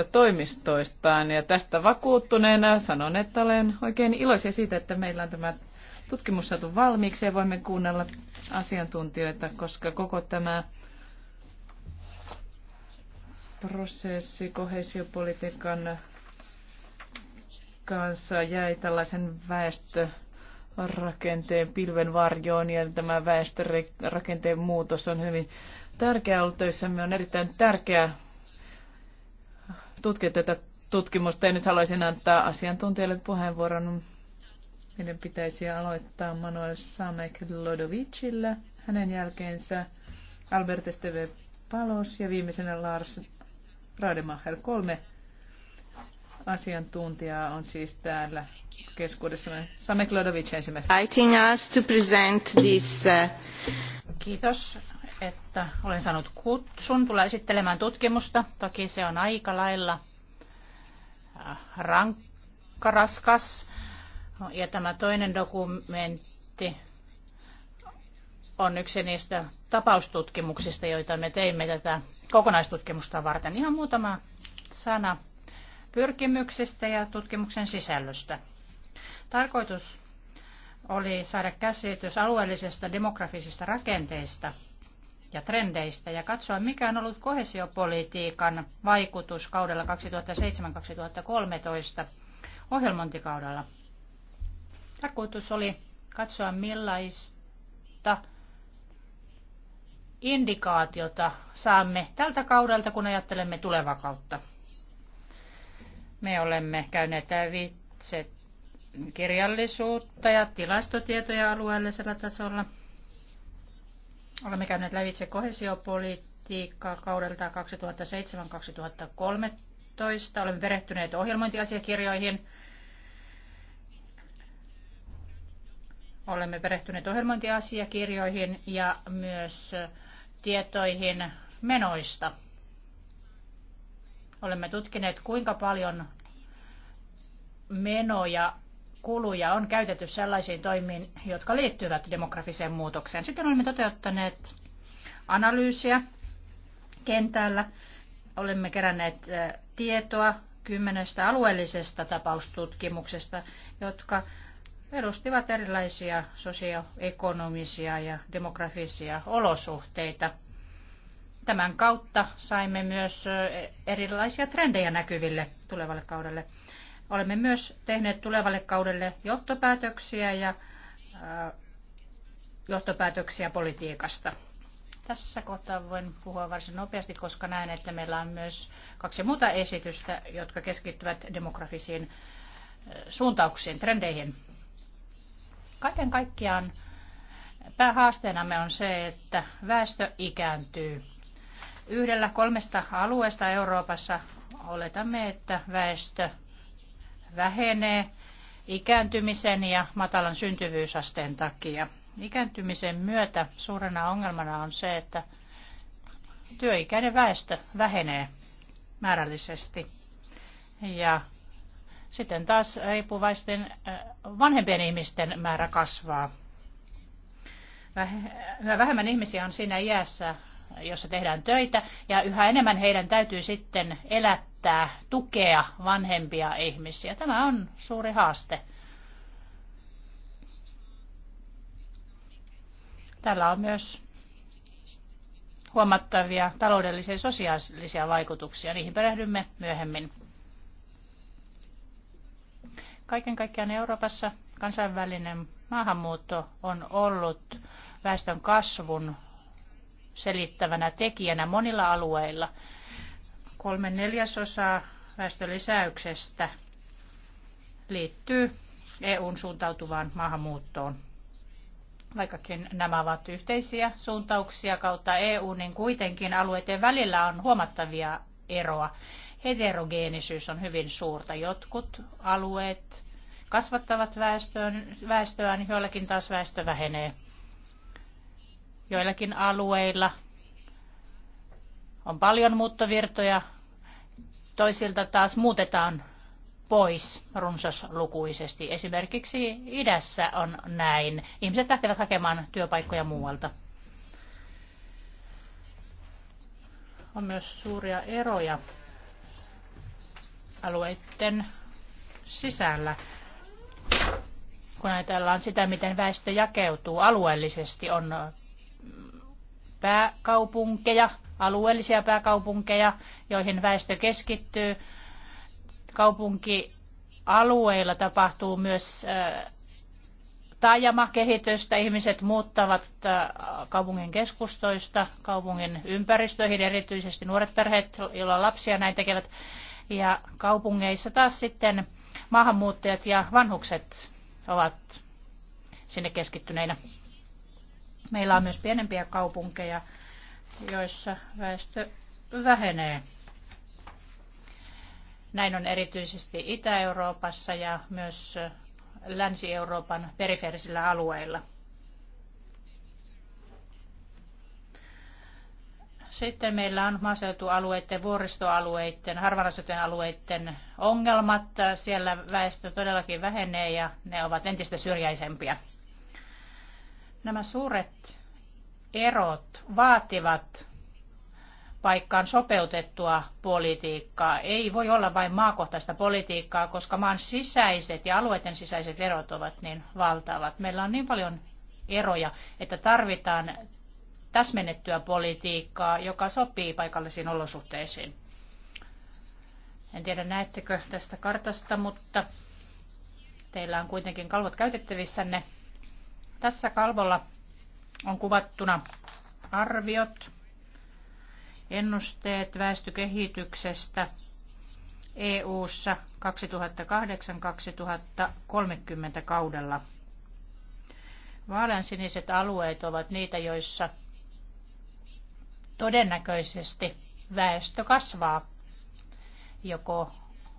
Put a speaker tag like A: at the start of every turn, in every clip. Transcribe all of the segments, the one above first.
A: omista toimistoistaan. Ja tästä vakuuttuneena sanon, että olen oikein iloisia siitä, että meillä on tämä tutkimus saatu valmiiksi ja voimme kuunnella asiantuntijoita, koska koko tämä prosessi kohesiopolitiikan kanssa jäi tällaisen väestörakenteen pilven varjoon ja tämä väestörakenteen muutos on hyvin tärkeä ollut Me On erittäin tärkeää tutkia tätä tutkimusta ja nyt haluaisin antaa asiantuntijalle puheenvuoron. Meidän pitäisi aloittaa Manuel Samek Lodovicilla, hänen jälkeensä Albert Esteve Palos ja viimeisenä Lars Rademacher. Kolme asiantuntijaa on siis täällä keskuudessamme.
B: Samek Lodovic ensimmäisenä. Uh, Kiitos että olen saanut kutsun tulla esittelemään tutkimusta. Toki se on aika lailla äh, rankka, raskas. Ja tämä toinen dokumentti on yksi niistä tapaustutkimuksista, joita me teimme tätä kokonaistutkimusta varten. Ihan muutama sana pyrkimyksistä ja tutkimuksen sisällöstä. Tarkoitus oli saada käsitys alueellisesta demografisista rakenteista – ja trendeistä ja katsoa, mikä on ollut kohesiopolitiikan vaikutus kaudella 2007-2013 ohjelmointikaudella. Tarkoitus oli katsoa, millaista indikaatiota saamme tältä kaudelta, kun ajattelemme tulevaa kautta. Me olemme käyneet lävitse kirjallisuutta ja tilastotietoja alueellisella tasolla – Olemme käyneet lävitse kohesiopolitiikkaa kaudelta 2007-2013. Olemme perehtyneet ohjelmointiasiakirjoihin. Olemme perehtyneet ohjelmointiasiakirjoihin ja myös tietoihin menoista. Olemme tutkineet, kuinka paljon menoja kuluja on käytetty sellaisiin toimiin, jotka liittyvät demografiseen muutokseen. Sitten olemme toteuttaneet analyysiä kentällä. Olemme keränneet tietoa kymmenestä alueellisesta tapaustutkimuksesta, jotka perustivat erilaisia sosioekonomisia ja demografisia olosuhteita. Tämän kautta saimme myös erilaisia trendejä näkyville tulevalle kaudelle. Olemme myös tehneet tulevalle kaudelle johtopäätöksiä ja johtopäätöksiä politiikasta. Tässä kohtaa voin puhua varsin nopeasti, koska näen, että meillä on myös kaksi muuta esitystä, jotka keskittyvät demografisiin suuntauksiin, trendeihin. Kaiken kaikkiaan päähaasteenamme on se, että väestö ikääntyy. Yhdellä kolmesta alueesta Euroopassa oletamme, että väestö vähenee ikääntymisen ja matalan syntyvyysasteen takia. Ikääntymisen myötä suurena ongelmana on se, että työikäinen väestö vähenee määrällisesti. Ja sitten taas riippuvaisten äh, vanhempien ihmisten määrä kasvaa. Vähemmän ihmisiä on siinä iässä, jossa tehdään töitä, ja yhä enemmän heidän täytyy sitten elättää, tukea vanhempia ihmisiä. Tämä on suuri haaste. Tällä on myös huomattavia taloudellisia ja sosiaalisia vaikutuksia. Niihin perehdymme myöhemmin. Kaiken kaikkiaan Euroopassa kansainvälinen maahanmuutto on ollut väestön kasvun selittävänä tekijänä monilla alueilla. Kolme neljäsosaa väestölisäyksestä liittyy EUn suuntautuvaan maahanmuuttoon. Vaikkakin nämä ovat yhteisiä suuntauksia kautta EU, niin kuitenkin alueiden välillä on huomattavia eroa. Heterogeenisyys on hyvin suurta. Jotkut alueet kasvattavat väestöön, väestöään, joillakin taas väestö vähenee. Joillakin alueilla on paljon muuttovirtoja, toisilta taas muutetaan pois runsaslukuisesti. Esimerkiksi idässä on näin. Ihmiset lähtevät hakemaan työpaikkoja muualta. On myös suuria eroja alueiden sisällä. Kun ajatellaan sitä, miten väestö jakeutuu alueellisesti, on pääkaupunkeja, alueellisia pääkaupunkeja, joihin väestö keskittyy. Kaupunkialueilla tapahtuu myös äh, taajamakehitystä. Ihmiset muuttavat äh, kaupungin keskustoista kaupungin ympäristöihin, erityisesti nuoret perheet, joilla on lapsia, näin tekevät. Ja kaupungeissa taas sitten maahanmuuttajat ja vanhukset ovat sinne keskittyneinä. Meillä on myös pienempiä kaupunkeja, joissa väestö vähenee. Näin on erityisesti Itä-Euroopassa ja myös Länsi-Euroopan perifeerisillä alueilla. Sitten meillä on maaseutualueiden, vuoristoalueiden, harvanasuttujen alueiden ongelmat. Siellä väestö todellakin vähenee ja ne ovat entistä syrjäisempiä. Nämä suuret erot vaativat paikkaan sopeutettua politiikkaa. Ei voi olla vain maakohtaista politiikkaa, koska maan sisäiset ja alueiden sisäiset erot ovat niin valtavat. Meillä on niin paljon eroja, että tarvitaan täsmennettyä politiikkaa, joka sopii paikallisiin olosuhteisiin. En tiedä näettekö tästä kartasta, mutta teillä on kuitenkin kalvot käytettävissänne. Tässä kalvolla on kuvattuna arviot, ennusteet väestökehityksestä EU-ssa 2008-2030 kaudella. Vaaleansiniset alueet ovat niitä, joissa todennäköisesti väestö kasvaa joko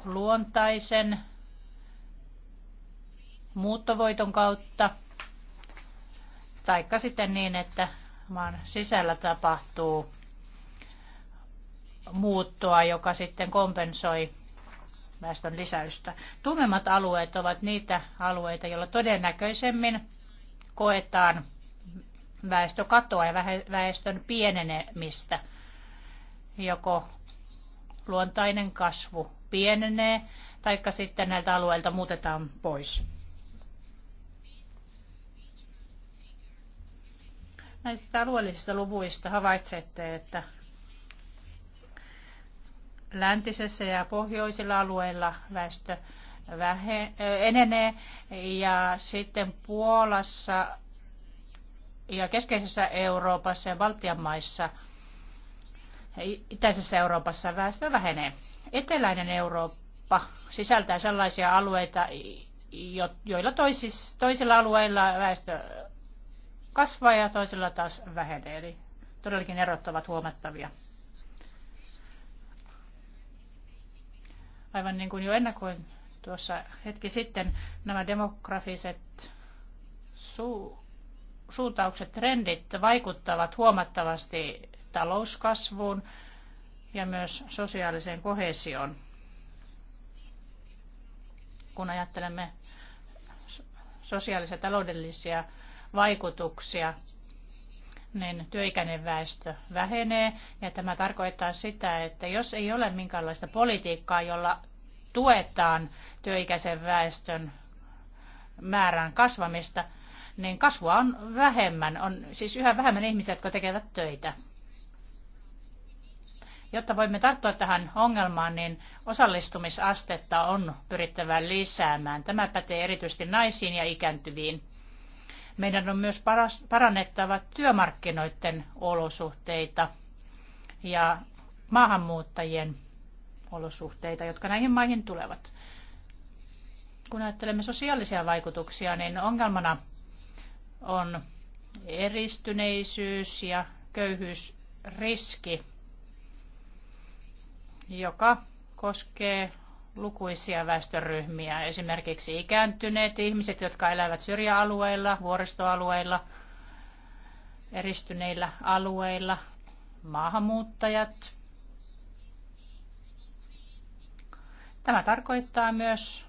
B: luontaisen muuttovoiton kautta – Taikka sitten niin, että maan sisällä tapahtuu muuttoa, joka sitten kompensoi väestön lisäystä. Tummemmat alueet ovat niitä alueita, joilla todennäköisemmin koetaan väestökatoa ja väestön pienenemistä. Joko luontainen kasvu pienenee, taikka sitten näiltä alueilta muutetaan pois. Näistä alueellisista luvuista havaitsette, että läntisessä ja pohjoisilla alueilla väestö vähe, enenee ja sitten Puolassa ja keskeisessä Euroopassa ja Baltian maissa, itäisessä Euroopassa väestö vähenee. Eteläinen Eurooppa sisältää sellaisia alueita, joilla toisilla alueilla väestö kasvaa ja toisella taas vähenee. Eli todellakin erot ovat huomattavia. Aivan niin kuin jo ennakoin tuossa hetki sitten, nämä demografiset su- suuntaukset, trendit vaikuttavat huomattavasti talouskasvuun ja myös sosiaaliseen kohesioon. Kun ajattelemme sosiaalisia taloudellisia vaikutuksia, niin työikäinen väestö vähenee. Ja tämä tarkoittaa sitä, että jos ei ole minkäänlaista politiikkaa, jolla tuetaan työikäisen väestön määrän kasvamista, niin kasvua on vähemmän. On siis yhä vähemmän ihmisiä, jotka tekevät töitä. Jotta voimme tarttua tähän ongelmaan, niin osallistumisastetta on pyrittävä lisäämään. Tämä pätee erityisesti naisiin ja ikääntyviin. Meidän on myös paras, parannettava työmarkkinoiden olosuhteita ja maahanmuuttajien olosuhteita, jotka näihin maihin tulevat. Kun ajattelemme sosiaalisia vaikutuksia, niin ongelmana on eristyneisyys ja köyhyysriski, joka koskee lukuisia väestöryhmiä, esimerkiksi ikääntyneet ihmiset, jotka elävät syrjäalueilla, vuoristoalueilla, eristyneillä alueilla, maahanmuuttajat. Tämä tarkoittaa myös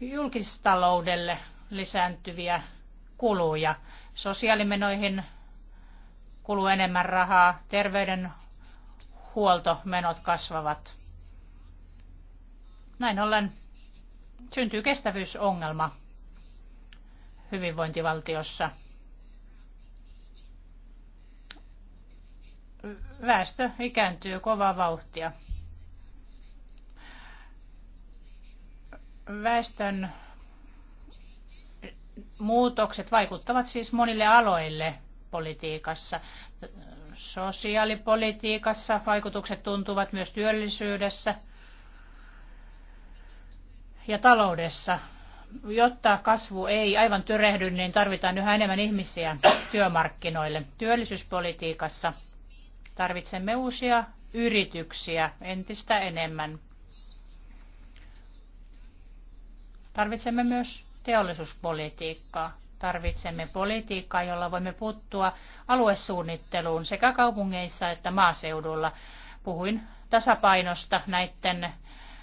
B: julkistaloudelle lisääntyviä kuluja. Sosiaalimenoihin kuluu enemmän rahaa, terveydenhuoltomenot kasvavat – näin ollen syntyy kestävyysongelma hyvinvointivaltiossa. Väestö ikääntyy kovaa vauhtia. Väestön muutokset vaikuttavat siis monille aloille politiikassa. Sosiaalipolitiikassa vaikutukset tuntuvat myös työllisyydessä – ja taloudessa. Jotta kasvu ei aivan tyrehdy, niin tarvitaan yhä enemmän ihmisiä työmarkkinoille. Työllisyyspolitiikassa tarvitsemme uusia yrityksiä entistä enemmän. Tarvitsemme myös teollisuuspolitiikkaa. Tarvitsemme politiikkaa, jolla voimme puuttua aluesuunnitteluun sekä kaupungeissa että maaseudulla. Puhuin tasapainosta näiden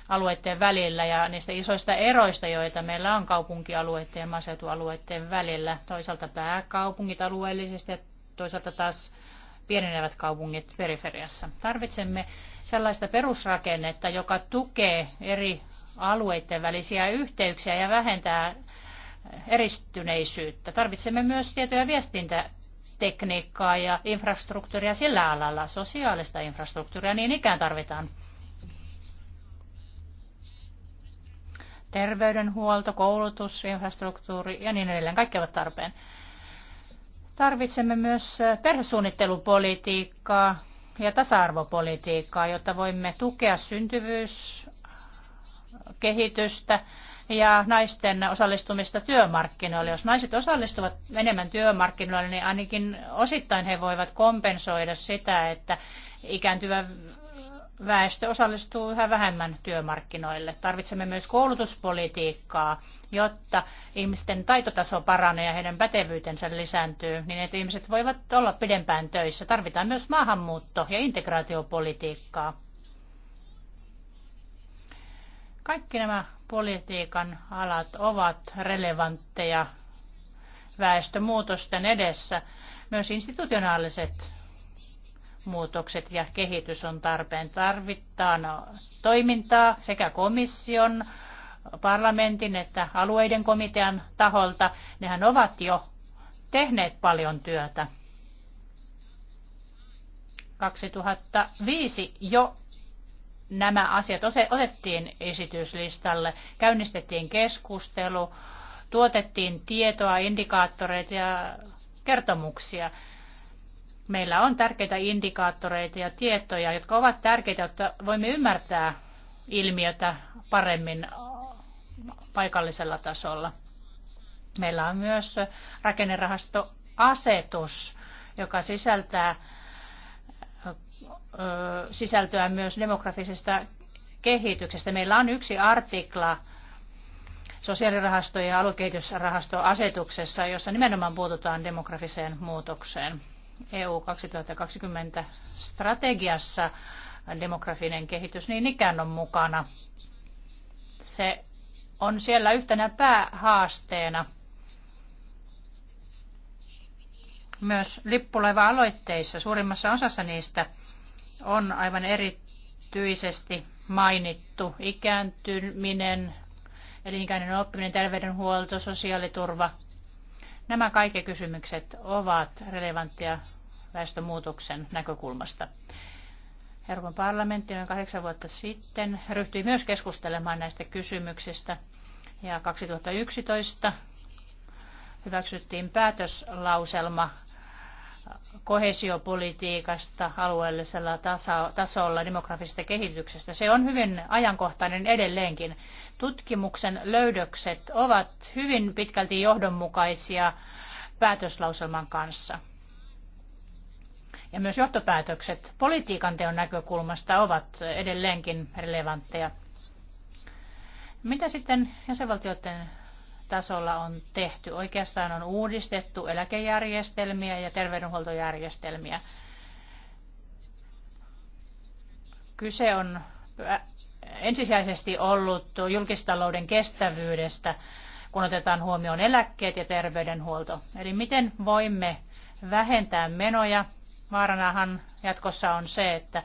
B: alueiden välillä ja niistä isoista eroista, joita meillä on kaupunkialueiden ja maaseutualueiden välillä. Toisaalta pääkaupungit alueellisesti ja toisaalta taas pienenevät kaupungit periferiassa. Tarvitsemme sellaista perusrakennetta, joka tukee eri alueiden välisiä yhteyksiä ja vähentää eristyneisyyttä. Tarvitsemme myös tieto- ja viestintätekniikkaa ja infrastruktuuria sillä alalla, sosiaalista infrastruktuuria niin ikään tarvitaan. terveydenhuolto, koulutus, infrastruktuuri ja niin edelleen. Kaikki ovat tarpeen. Tarvitsemme myös perhesuunnittelupolitiikkaa ja tasa-arvopolitiikkaa, jotta voimme tukea syntyvyyskehitystä ja naisten osallistumista työmarkkinoille. Jos naiset osallistuvat enemmän työmarkkinoille, niin ainakin osittain he voivat kompensoida sitä, että ikääntyvä väestö osallistuu yhä vähemmän työmarkkinoille. Tarvitsemme myös koulutuspolitiikkaa, jotta ihmisten taitotaso paranee ja heidän pätevyytensä lisääntyy, niin että ihmiset voivat olla pidempään töissä. Tarvitaan myös maahanmuutto- ja integraatiopolitiikkaa. Kaikki nämä politiikan alat ovat relevantteja väestömuutosten edessä. Myös institutionaaliset muutokset ja kehitys on tarpeen. Tarvitaan toimintaa sekä komission, parlamentin että alueiden komitean taholta. Nehän ovat jo tehneet paljon työtä. 2005 jo nämä asiat otettiin esityslistalle, käynnistettiin keskustelu, tuotettiin tietoa, indikaattoreita ja kertomuksia. Meillä on tärkeitä indikaattoreita ja tietoja, jotka ovat tärkeitä, jotta voimme ymmärtää ilmiötä paremmin paikallisella tasolla. Meillä on myös rakennerahastoasetus, joka sisältää sisältöä myös demografisesta kehityksestä. Meillä on yksi artikla sosiaalirahasto- ja aluekehitysrahastoasetuksessa, jossa nimenomaan puututaan demografiseen muutokseen. EU 2020 strategiassa demografinen kehitys niin ikään on mukana. Se on siellä yhtenä päähaasteena. Myös lippuleva aloitteissa suurimmassa osassa niistä, on aivan erityisesti mainittu ikääntyminen, elinikäinen oppiminen, terveydenhuolto, sosiaaliturva – Nämä kaikki kysymykset ovat relevanttia väestömuutoksen näkökulmasta. Euroopan parlamentti noin kahdeksan vuotta sitten ryhtyi myös keskustelemaan näistä kysymyksistä. Ja 2011 hyväksyttiin päätöslauselma kohesiopolitiikasta alueellisella tasolla, demografisesta kehityksestä. Se on hyvin ajankohtainen edelleenkin. Tutkimuksen löydökset ovat hyvin pitkälti johdonmukaisia päätöslauselman kanssa. Ja myös johtopäätökset politiikan teon näkökulmasta ovat edelleenkin relevantteja. Mitä sitten jäsenvaltioiden tasolla on tehty. Oikeastaan on uudistettu eläkejärjestelmiä ja terveydenhuoltojärjestelmiä. Kyse on ensisijaisesti ollut julkistalouden kestävyydestä, kun otetaan huomioon eläkkeet ja terveydenhuolto. Eli miten voimme vähentää menoja? Vaaranahan jatkossa on se, että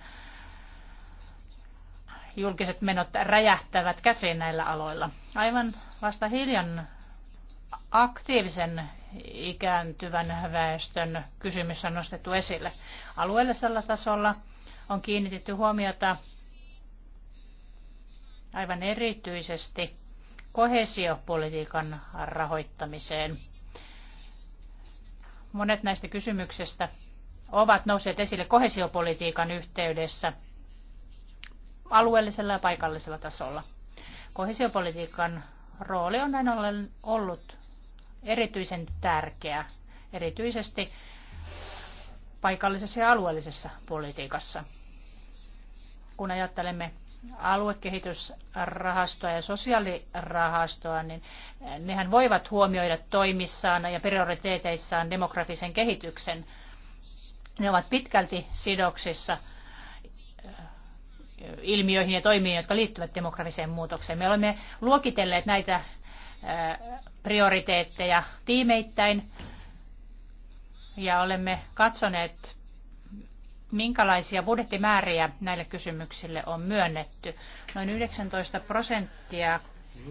B: julkiset menot räjähtävät käsiin näillä aloilla. Aivan Vasta hiljan aktiivisen ikääntyvän väestön kysymys on nostettu esille. Alueellisella tasolla on kiinnitetty huomiota aivan erityisesti kohesiopolitiikan rahoittamiseen. Monet näistä kysymyksistä ovat nousseet esille kohesiopolitiikan yhteydessä alueellisella ja paikallisella tasolla. Kohesiopolitiikan rooli on näin ollen ollut erityisen tärkeä, erityisesti paikallisessa ja alueellisessa politiikassa. Kun ajattelemme aluekehitysrahastoa ja sosiaalirahastoa, niin nehän voivat huomioida toimissaan ja prioriteeteissaan demografisen kehityksen. Ne ovat pitkälti sidoksissa – ilmiöihin ja toimiin, jotka liittyvät demografiseen muutokseen. Me olemme luokitelleet näitä prioriteetteja tiimeittäin ja olemme katsoneet, minkälaisia budjettimääriä näille kysymyksille on myönnetty. Noin 19 prosenttia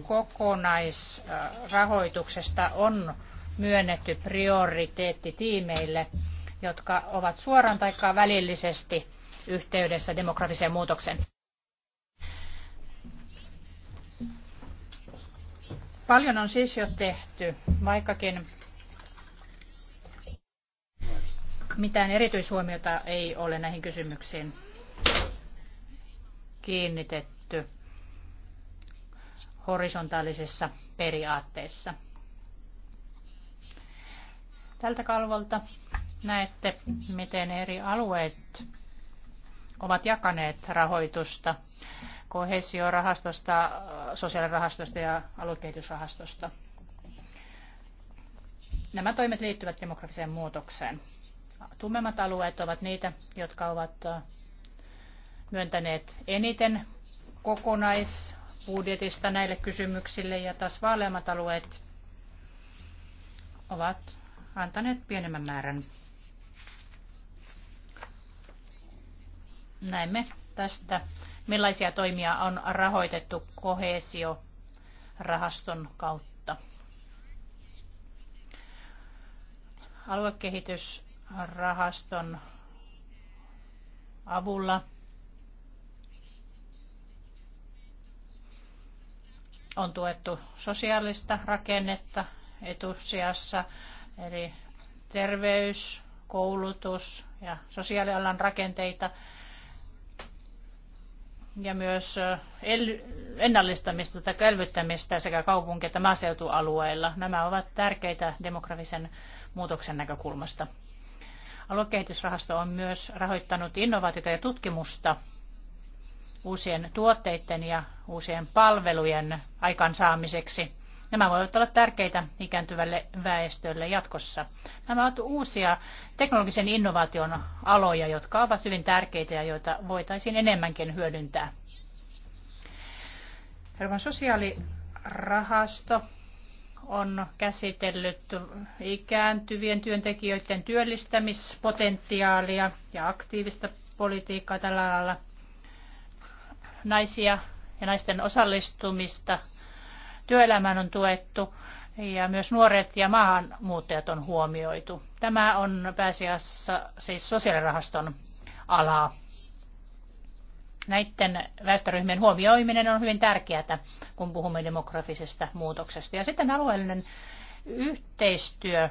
B: kokonaisrahoituksesta on myönnetty prioriteettitiimeille, jotka ovat suoraan tai välillisesti yhteydessä demokraattiseen muutokseen. Paljon on siis jo tehty, vaikkakin mitään erityishuomiota ei ole näihin kysymyksiin kiinnitetty horisontaalisessa periaatteessa. Tältä kalvolta näette, miten eri alueet ovat jakaneet rahoitusta kohesiorahastosta, sosiaalirahastosta ja aluekehitysrahastosta. Nämä toimet liittyvät demokraattiseen muutokseen. Tummemmat alueet ovat niitä, jotka ovat äh, myöntäneet eniten kokonaisbudjetista näille kysymyksille ja taas vaaleammat alueet ovat antaneet pienemmän määrän Näemme tästä, millaisia toimia on rahoitettu kohesiorahaston kautta. Aluekehitysrahaston avulla on tuettu sosiaalista rakennetta etusijassa, eli terveys, koulutus ja sosiaalialan rakenteita – ja myös ennallistamista tai elvyttämistä sekä kaupunki- että maaseutualueilla. Nämä ovat tärkeitä demografisen muutoksen näkökulmasta. Aluekehitysrahasto on myös rahoittanut innovaatiota ja tutkimusta uusien tuotteiden ja uusien palvelujen aikaansaamiseksi Nämä voivat olla tärkeitä ikääntyvälle väestölle jatkossa. Nämä ovat uusia teknologisen innovaation aloja, jotka ovat hyvin tärkeitä ja joita voitaisiin enemmänkin hyödyntää. Euroopan sosiaalirahasto on käsitellyt ikääntyvien työntekijöiden työllistämispotentiaalia ja aktiivista politiikkaa tällä alalla, naisia ja naisten osallistumista työelämään on tuettu ja myös nuoret ja maahanmuuttajat on huomioitu. Tämä on pääasiassa siis sosiaalirahaston alaa. Näiden väestöryhmien huomioiminen on hyvin tärkeää, kun puhumme demografisesta muutoksesta. Ja sitten alueellinen yhteistyö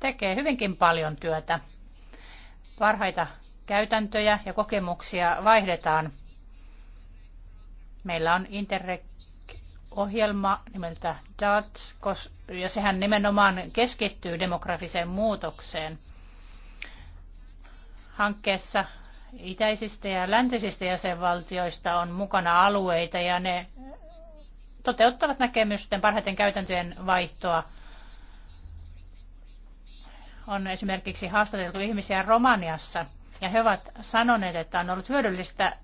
B: tekee hyvinkin paljon työtä. Parhaita käytäntöjä ja kokemuksia vaihdetaan – Meillä on Interreg-ohjelma nimeltä DAT, ja sehän nimenomaan keskittyy demografiseen muutokseen. Hankkeessa itäisistä ja läntisistä jäsenvaltioista on mukana alueita ja ne toteuttavat näkemysten parhaiten käytäntöjen vaihtoa. On esimerkiksi haastateltu ihmisiä Romaniassa ja he ovat sanoneet, että on ollut hyödyllistä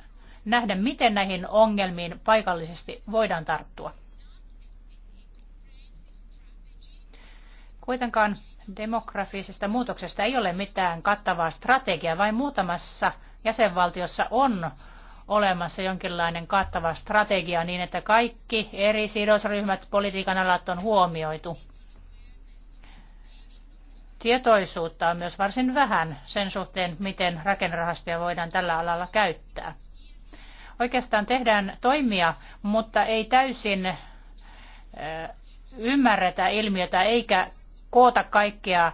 B: nähdä, miten näihin ongelmiin paikallisesti voidaan tarttua. Kuitenkaan demografisesta muutoksesta ei ole mitään kattavaa strategiaa, vain muutamassa jäsenvaltiossa on olemassa jonkinlainen kattava strategia niin, että kaikki eri sidosryhmät politiikan alat on huomioitu. Tietoisuutta on myös varsin vähän sen suhteen, miten rakennerahastoja voidaan tällä alalla käyttää. Oikeastaan tehdään toimia, mutta ei täysin ymmärretä ilmiötä eikä koota kaikkea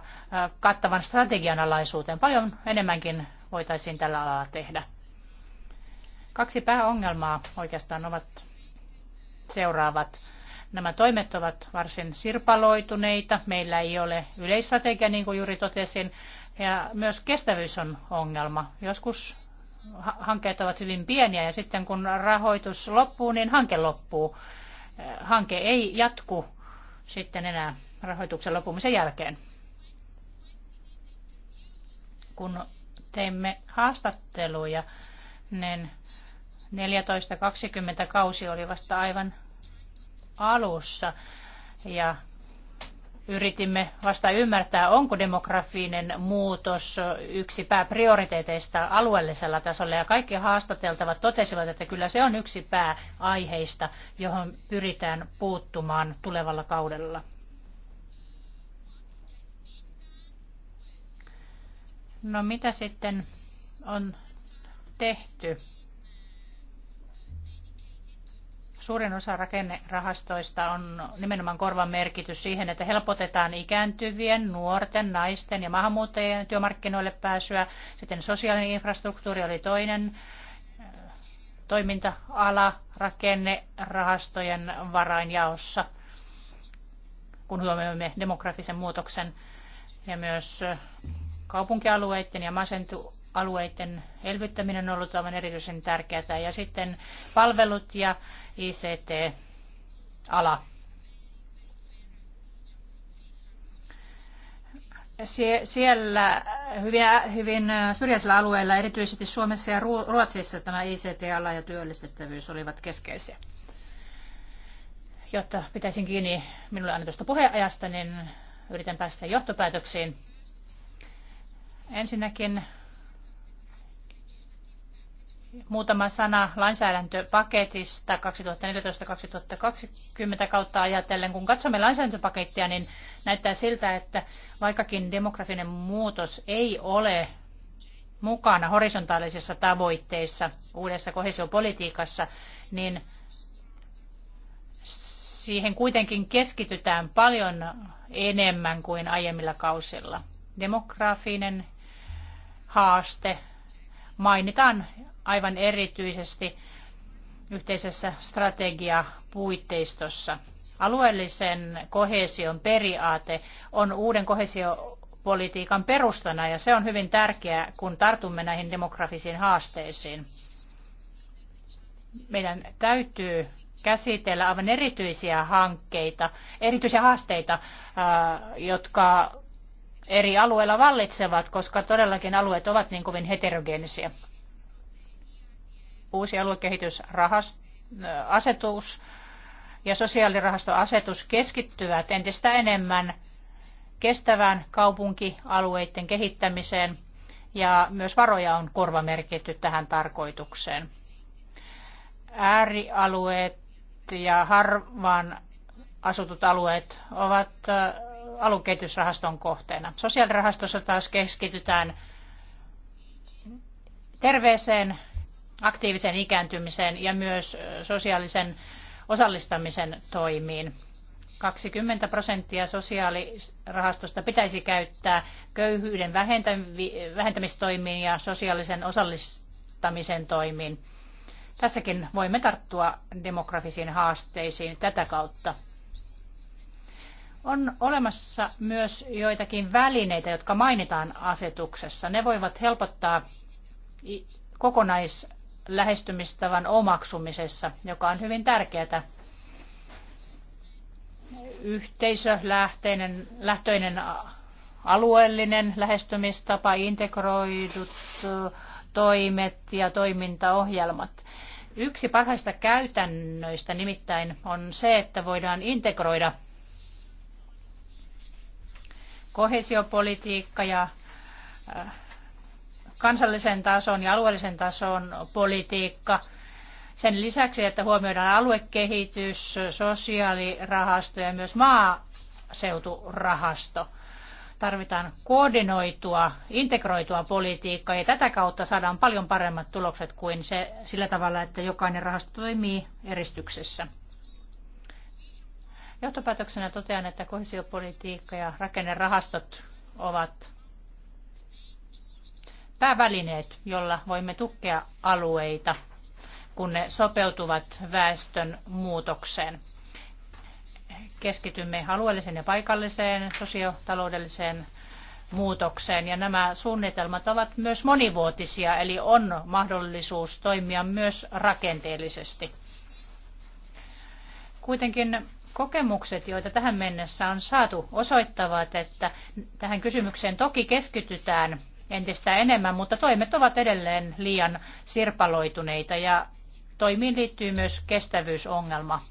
B: kattavan strategian alaisuuteen. Paljon enemmänkin voitaisiin tällä alalla tehdä. Kaksi pääongelmaa oikeastaan ovat seuraavat. Nämä toimet ovat varsin sirpaloituneita. Meillä ei ole yleistrategia, niin kuin juuri totesin. Ja myös kestävyys on ongelma. Joskus hankkeet ovat hyvin pieniä ja sitten kun rahoitus loppuu, niin hanke loppuu. Eh, hanke ei jatku sitten enää rahoituksen loppumisen jälkeen. Kun teimme haastatteluja, niin 14.20 kausi oli vasta aivan alussa ja yritimme vasta ymmärtää, onko demografinen muutos yksi pääprioriteeteista alueellisella tasolla. Ja kaikki haastateltavat totesivat, että kyllä se on yksi pääaiheista, johon pyritään puuttumaan tulevalla kaudella. No mitä sitten on tehty? Suurin osa rakennerahastoista on nimenomaan korvan merkitys siihen, että helpotetaan ikääntyvien, nuorten, naisten ja maahanmuuttajien työmarkkinoille pääsyä. Sitten sosiaalinen infrastruktuuri oli toinen toiminta-ala rakennerahastojen varainjaossa, kun huomioimme demografisen muutoksen ja myös kaupunkialueiden ja masentualueiden elvyttäminen on ollut aivan erityisen tärkeää. Ja sitten palvelut ja ICT-ala. Siellä hyviä, hyvin syrjäisillä alueilla, erityisesti Suomessa ja Ruotsissa, tämä ICT-ala ja työllistettävyys olivat keskeisiä. Jotta pitäisin kiinni minulle annetusta puheajasta, niin yritän päästä johtopäätöksiin. Ensinnäkin Muutama sana lainsäädäntöpaketista 2014-2020 kautta ajatellen. Kun katsomme lainsäädäntöpakettia, niin näyttää siltä, että vaikkakin demografinen muutos ei ole mukana horisontaalisissa tavoitteissa uudessa kohesiopolitiikassa, niin siihen kuitenkin keskitytään paljon enemmän kuin aiemmilla kausilla. Demografinen haaste mainitaan aivan erityisesti yhteisessä strategiapuitteistossa. Alueellisen kohesion periaate on uuden kohesiopolitiikan perustana ja se on hyvin tärkeää, kun tartumme näihin demografisiin haasteisiin. Meidän täytyy käsitellä aivan erityisiä hankkeita, erityisiä haasteita, jotka eri alueilla vallitsevat, koska todellakin alueet ovat niin kovin heterogeenisiä. Uusi aluekehitysasetus ja sosiaalirahastoasetus keskittyvät entistä enemmän kestävään kaupunkialueiden kehittämiseen ja myös varoja on korvamerkitty tähän tarkoitukseen. Äärialueet ja harvaan asutut alueet ovat kehitysrahaston kohteena. Sosiaalirahastossa taas keskitytään terveeseen, aktiiviseen ikääntymiseen ja myös sosiaalisen osallistamisen toimiin. 20 prosenttia sosiaalirahastosta pitäisi käyttää köyhyyden vähentämistoimiin ja sosiaalisen osallistamisen toimiin. Tässäkin voimme tarttua demografisiin haasteisiin tätä kautta. On olemassa myös joitakin välineitä, jotka mainitaan asetuksessa. Ne voivat helpottaa kokonaislähestymistavan omaksumisessa, joka on hyvin tärkeää. yhteisölähteinen, lähtöinen alueellinen lähestymistapa, integroidut toimet ja toimintaohjelmat. Yksi parhaista käytännöistä nimittäin on se, että voidaan integroida kohesiopolitiikka ja äh, kansallisen tason ja alueellisen tason politiikka. Sen lisäksi, että huomioidaan aluekehitys, sosiaalirahasto ja myös maaseuturahasto. Tarvitaan koordinoitua, integroitua politiikkaa ja tätä kautta saadaan paljon paremmat tulokset kuin se, sillä tavalla, että jokainen rahasto toimii eristyksessä. Johtopäätöksenä totean, että kohesiopolitiikka ja rakennerahastot ovat päävälineet, jolla voimme tukea alueita, kun ne sopeutuvat väestön muutokseen. Keskitymme alueelliseen ja paikalliseen sosiotaloudelliseen muutokseen ja nämä suunnitelmat ovat myös monivuotisia, eli on mahdollisuus toimia myös rakenteellisesti. Kuitenkin kokemukset, joita tähän mennessä on saatu, osoittavat, että tähän kysymykseen toki keskitytään entistä enemmän, mutta toimet ovat edelleen liian sirpaloituneita ja toimiin liittyy myös kestävyysongelma.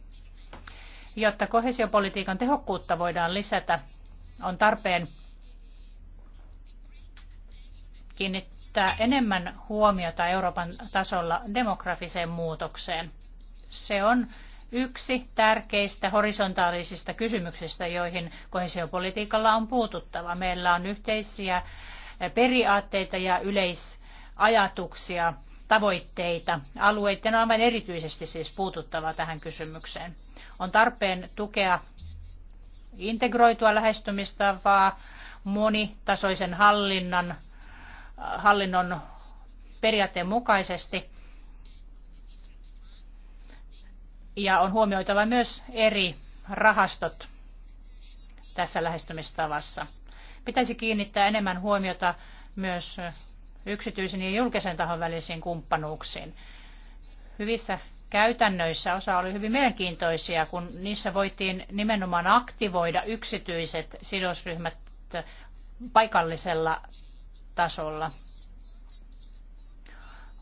B: Jotta kohesiopolitiikan tehokkuutta voidaan lisätä, on tarpeen kiinnittää enemmän huomiota Euroopan tasolla demografiseen muutokseen. Se on yksi tärkeistä horisontaalisista kysymyksistä, joihin kohesiopolitiikalla on puututtava. Meillä on yhteisiä periaatteita ja yleisajatuksia, tavoitteita. Alueiden on aivan erityisesti siis puututtava tähän kysymykseen. On tarpeen tukea integroitua lähestymistavaa, monitasoisen hallinnan, hallinnon periaatteen mukaisesti – Ja on huomioitava myös eri rahastot tässä lähestymistavassa. Pitäisi kiinnittää enemmän huomiota myös yksityisen ja julkisen tahon välisiin kumppanuuksiin. Hyvissä käytännöissä osa oli hyvin mielenkiintoisia, kun niissä voitiin nimenomaan aktivoida yksityiset sidosryhmät paikallisella tasolla.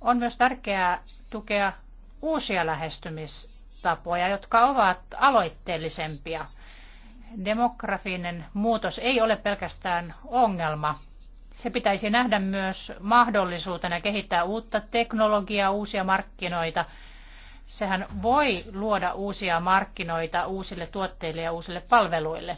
B: On myös tärkeää tukea uusia lähestymistapoja tapoja, jotka ovat aloitteellisempia. Demografinen muutos ei ole pelkästään ongelma. Se pitäisi nähdä myös mahdollisuutena kehittää uutta teknologiaa, uusia markkinoita. Sehän voi luoda uusia markkinoita uusille tuotteille ja uusille palveluille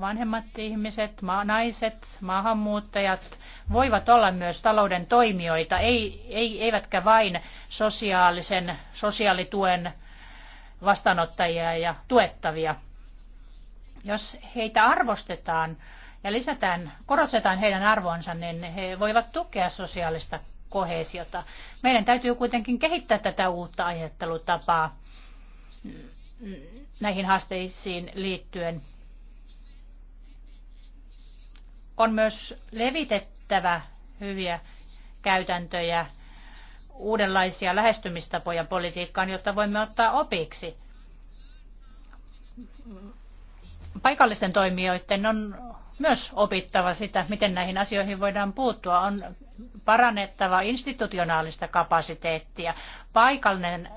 B: vanhemmat ihmiset, ma- naiset, maahanmuuttajat voivat olla myös talouden toimijoita, ei, ei, eivätkä vain sosiaalisen, sosiaalituen vastaanottajia ja tuettavia. Jos heitä arvostetaan ja lisätään, korotetaan heidän arvoonsa, niin he voivat tukea sosiaalista kohesiota. Meidän täytyy kuitenkin kehittää tätä uutta ajattelutapaa näihin haasteisiin liittyen. On myös levitettävä hyviä käytäntöjä uudenlaisia lähestymistapoja politiikkaan, jotta voimme ottaa opiksi. Paikallisten toimijoiden on myös opittava sitä, miten näihin asioihin voidaan puuttua. On parannettava institutionaalista kapasiteettia. Paikallinen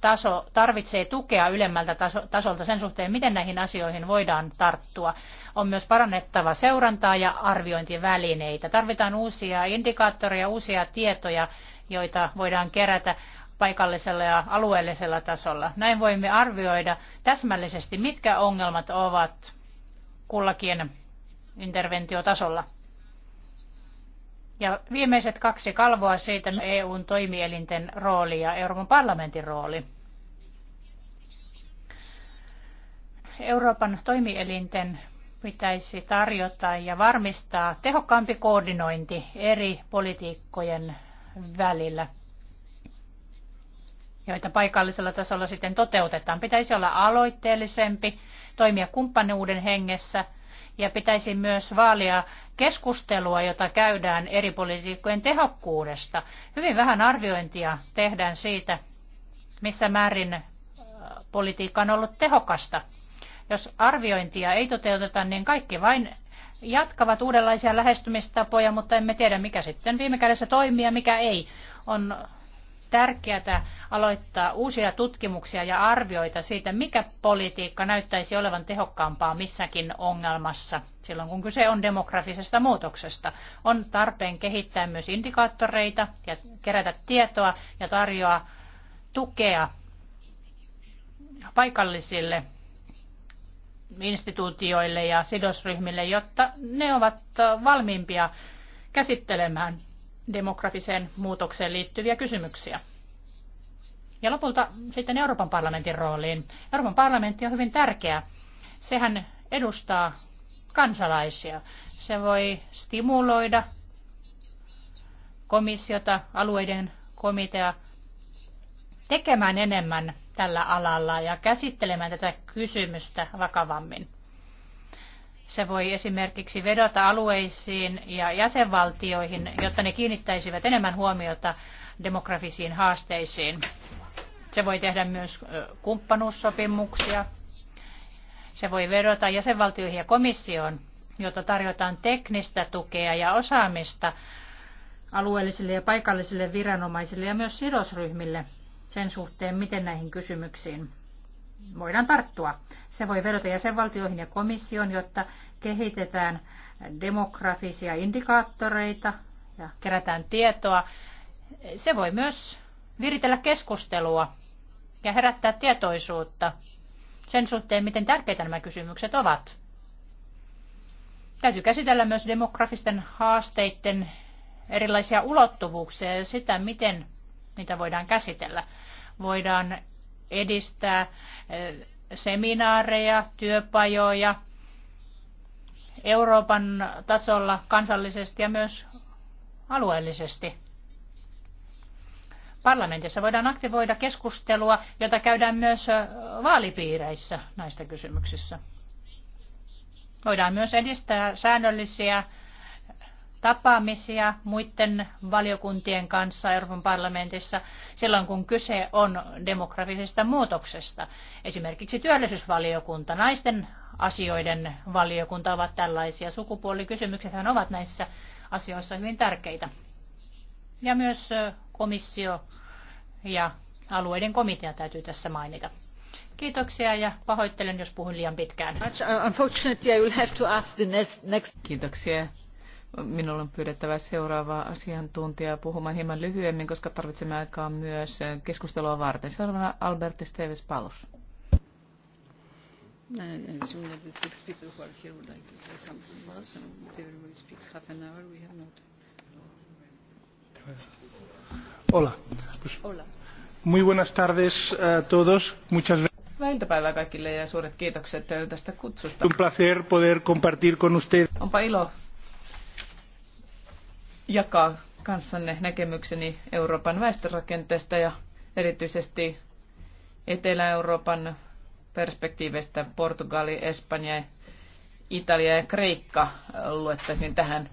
B: taso tarvitsee tukea ylemmältä tasolta sen suhteen, miten näihin asioihin voidaan tarttua. On myös parannettava seurantaa ja arviointivälineitä. Tarvitaan uusia indikaattoreja, uusia tietoja joita voidaan kerätä paikallisella ja alueellisella tasolla. Näin voimme arvioida täsmällisesti, mitkä ongelmat ovat kullakin interventiotasolla. Ja viimeiset kaksi kalvoa siitä EUn toimielinten rooli ja Euroopan parlamentin rooli. Euroopan toimielinten pitäisi tarjota ja varmistaa tehokkaampi koordinointi eri politiikkojen välillä, joita paikallisella tasolla sitten toteutetaan. Pitäisi olla aloitteellisempi, toimia kumppanuuden hengessä ja pitäisi myös vaalia keskustelua, jota käydään eri politiikkojen tehokkuudesta. Hyvin vähän arviointia tehdään siitä, missä määrin äh, politiikka on ollut tehokasta. Jos arviointia ei toteuteta, niin kaikki vain jatkavat uudenlaisia lähestymistapoja, mutta emme tiedä mikä sitten viime kädessä toimii ja mikä ei. On tärkeää aloittaa uusia tutkimuksia ja arvioita siitä, mikä politiikka näyttäisi olevan tehokkaampaa missäkin ongelmassa silloin, kun kyse on demografisesta muutoksesta. On tarpeen kehittää myös indikaattoreita ja kerätä tietoa ja tarjota tukea paikallisille instituutioille ja sidosryhmille, jotta ne ovat valmiimpia käsittelemään demografiseen muutokseen liittyviä kysymyksiä. Ja lopulta sitten Euroopan parlamentin rooliin. Euroopan parlamentti on hyvin tärkeä. Sehän edustaa kansalaisia. Se voi stimuloida komissiota, alueiden komitea tekemään enemmän tällä alalla ja käsittelemään tätä kysymystä vakavammin. Se voi esimerkiksi vedota alueisiin ja jäsenvaltioihin, jotta ne kiinnittäisivät enemmän huomiota demografisiin haasteisiin. Se voi tehdä myös kumppanuussopimuksia. Se voi vedota jäsenvaltioihin ja komissioon, jotta tarjotaan teknistä tukea ja osaamista alueellisille ja paikallisille viranomaisille ja myös sidosryhmille sen suhteen, miten näihin kysymyksiin voidaan tarttua. Se voi vedota jäsenvaltioihin ja komission, jotta kehitetään demografisia indikaattoreita ja kerätään tietoa. Se voi myös viritellä keskustelua ja herättää tietoisuutta sen suhteen, miten tärkeitä nämä kysymykset ovat. Täytyy käsitellä myös demografisten haasteiden erilaisia ulottuvuuksia ja sitä, miten mitä voidaan käsitellä. Voidaan edistää seminaareja, työpajoja Euroopan tasolla kansallisesti ja myös alueellisesti. Parlamentissa voidaan aktivoida keskustelua, jota käydään myös vaalipiireissä näistä kysymyksissä. Voidaan myös edistää säännöllisiä tapaamisia muiden valiokuntien kanssa Euroopan parlamentissa silloin, kun kyse on demografisesta muutoksesta. Esimerkiksi työllisyysvaliokunta, naisten asioiden valiokunta ovat tällaisia. Sukupuolikysymyksethän ovat näissä asioissa hyvin tärkeitä. Ja myös komissio ja alueiden komitea täytyy tässä mainita. Kiitoksia ja pahoittelen, jos puhun liian pitkään. Uh,
A: Kiitoksia. Minulla on pyydettävä seuraava asiantuntija puhumaan hieman lyhyemmin, koska tarvitsemme aikaa myös keskustelua varten. Seuraavana Albert Steves Palus.
C: Hola. Hola. Muy buenas tardes a todos. Muchas gracias.
A: iltapäivää kaikille ja suuret kiitokset tästä kutsusta.
C: Un placer poder compartir con usted.
A: Onpa ilo jakaa kanssanne näkemykseni Euroopan väestörakenteesta ja erityisesti Etelä-Euroopan perspektiiveistä Portugali, Espanja, Italia ja Kreikka luettaisiin tähän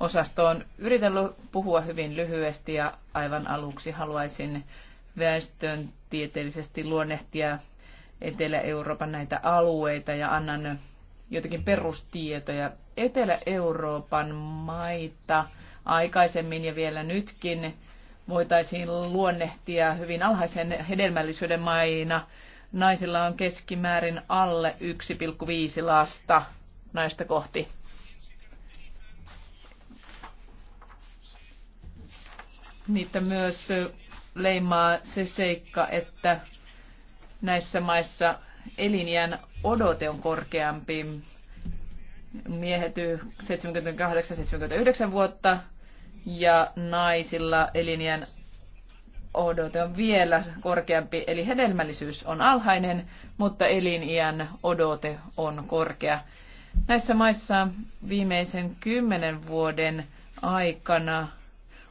A: osastoon. Yritän puhua hyvin lyhyesti ja aivan aluksi haluaisin väestön tieteellisesti luonnehtia Etelä-Euroopan näitä alueita ja annan jotakin perustietoja. Etelä-Euroopan maita aikaisemmin ja vielä nytkin voitaisiin luonnehtia hyvin alhaisen hedelmällisyyden maina. Naisilla on keskimäärin alle 1,5 lasta naista kohti. Niitä myös leimaa se seikka, että näissä maissa elinjään odote on korkeampi. Miehet 78-79 vuotta, ja naisilla elinjään odote on vielä korkeampi, eli hedelmällisyys on alhainen, mutta eliniän odote on korkea. Näissä maissa viimeisen kymmenen vuoden aikana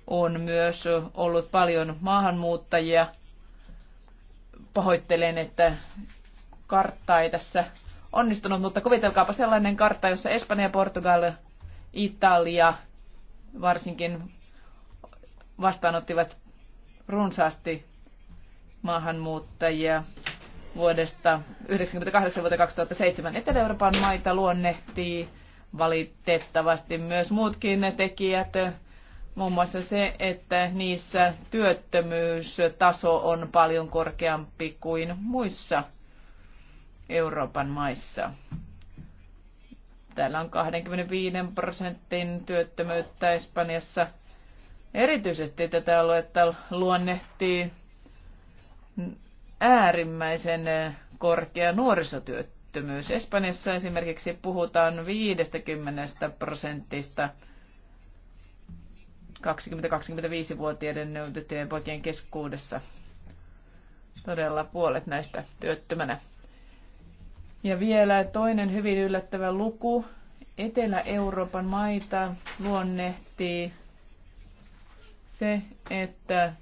A: on myös ollut paljon maahanmuuttajia. Pahoittelen, että kartta ei tässä onnistunut, mutta kuvitelkaapa sellainen kartta, jossa Espanja, Portugal, Italia, varsinkin vastaanottivat runsaasti maahanmuuttajia vuodesta 1998 vuoteen 2007. Etelä-Euroopan maita luonnehtii valitettavasti myös muutkin tekijät, muun muassa se, että niissä työttömyystaso on paljon korkeampi kuin muissa Euroopan maissa. Täällä on 25 prosentin työttömyyttä Espanjassa – Erityisesti tätä aluetta luonnehtii äärimmäisen korkea nuorisotyöttömyys. Espanjassa esimerkiksi puhutaan 50 prosentista 20-25-vuotiaiden neuvotettujen poikien keskuudessa. Todella puolet näistä työttömänä. Ja vielä toinen hyvin yllättävä luku. Etelä-Euroopan maita luonnehtii se, että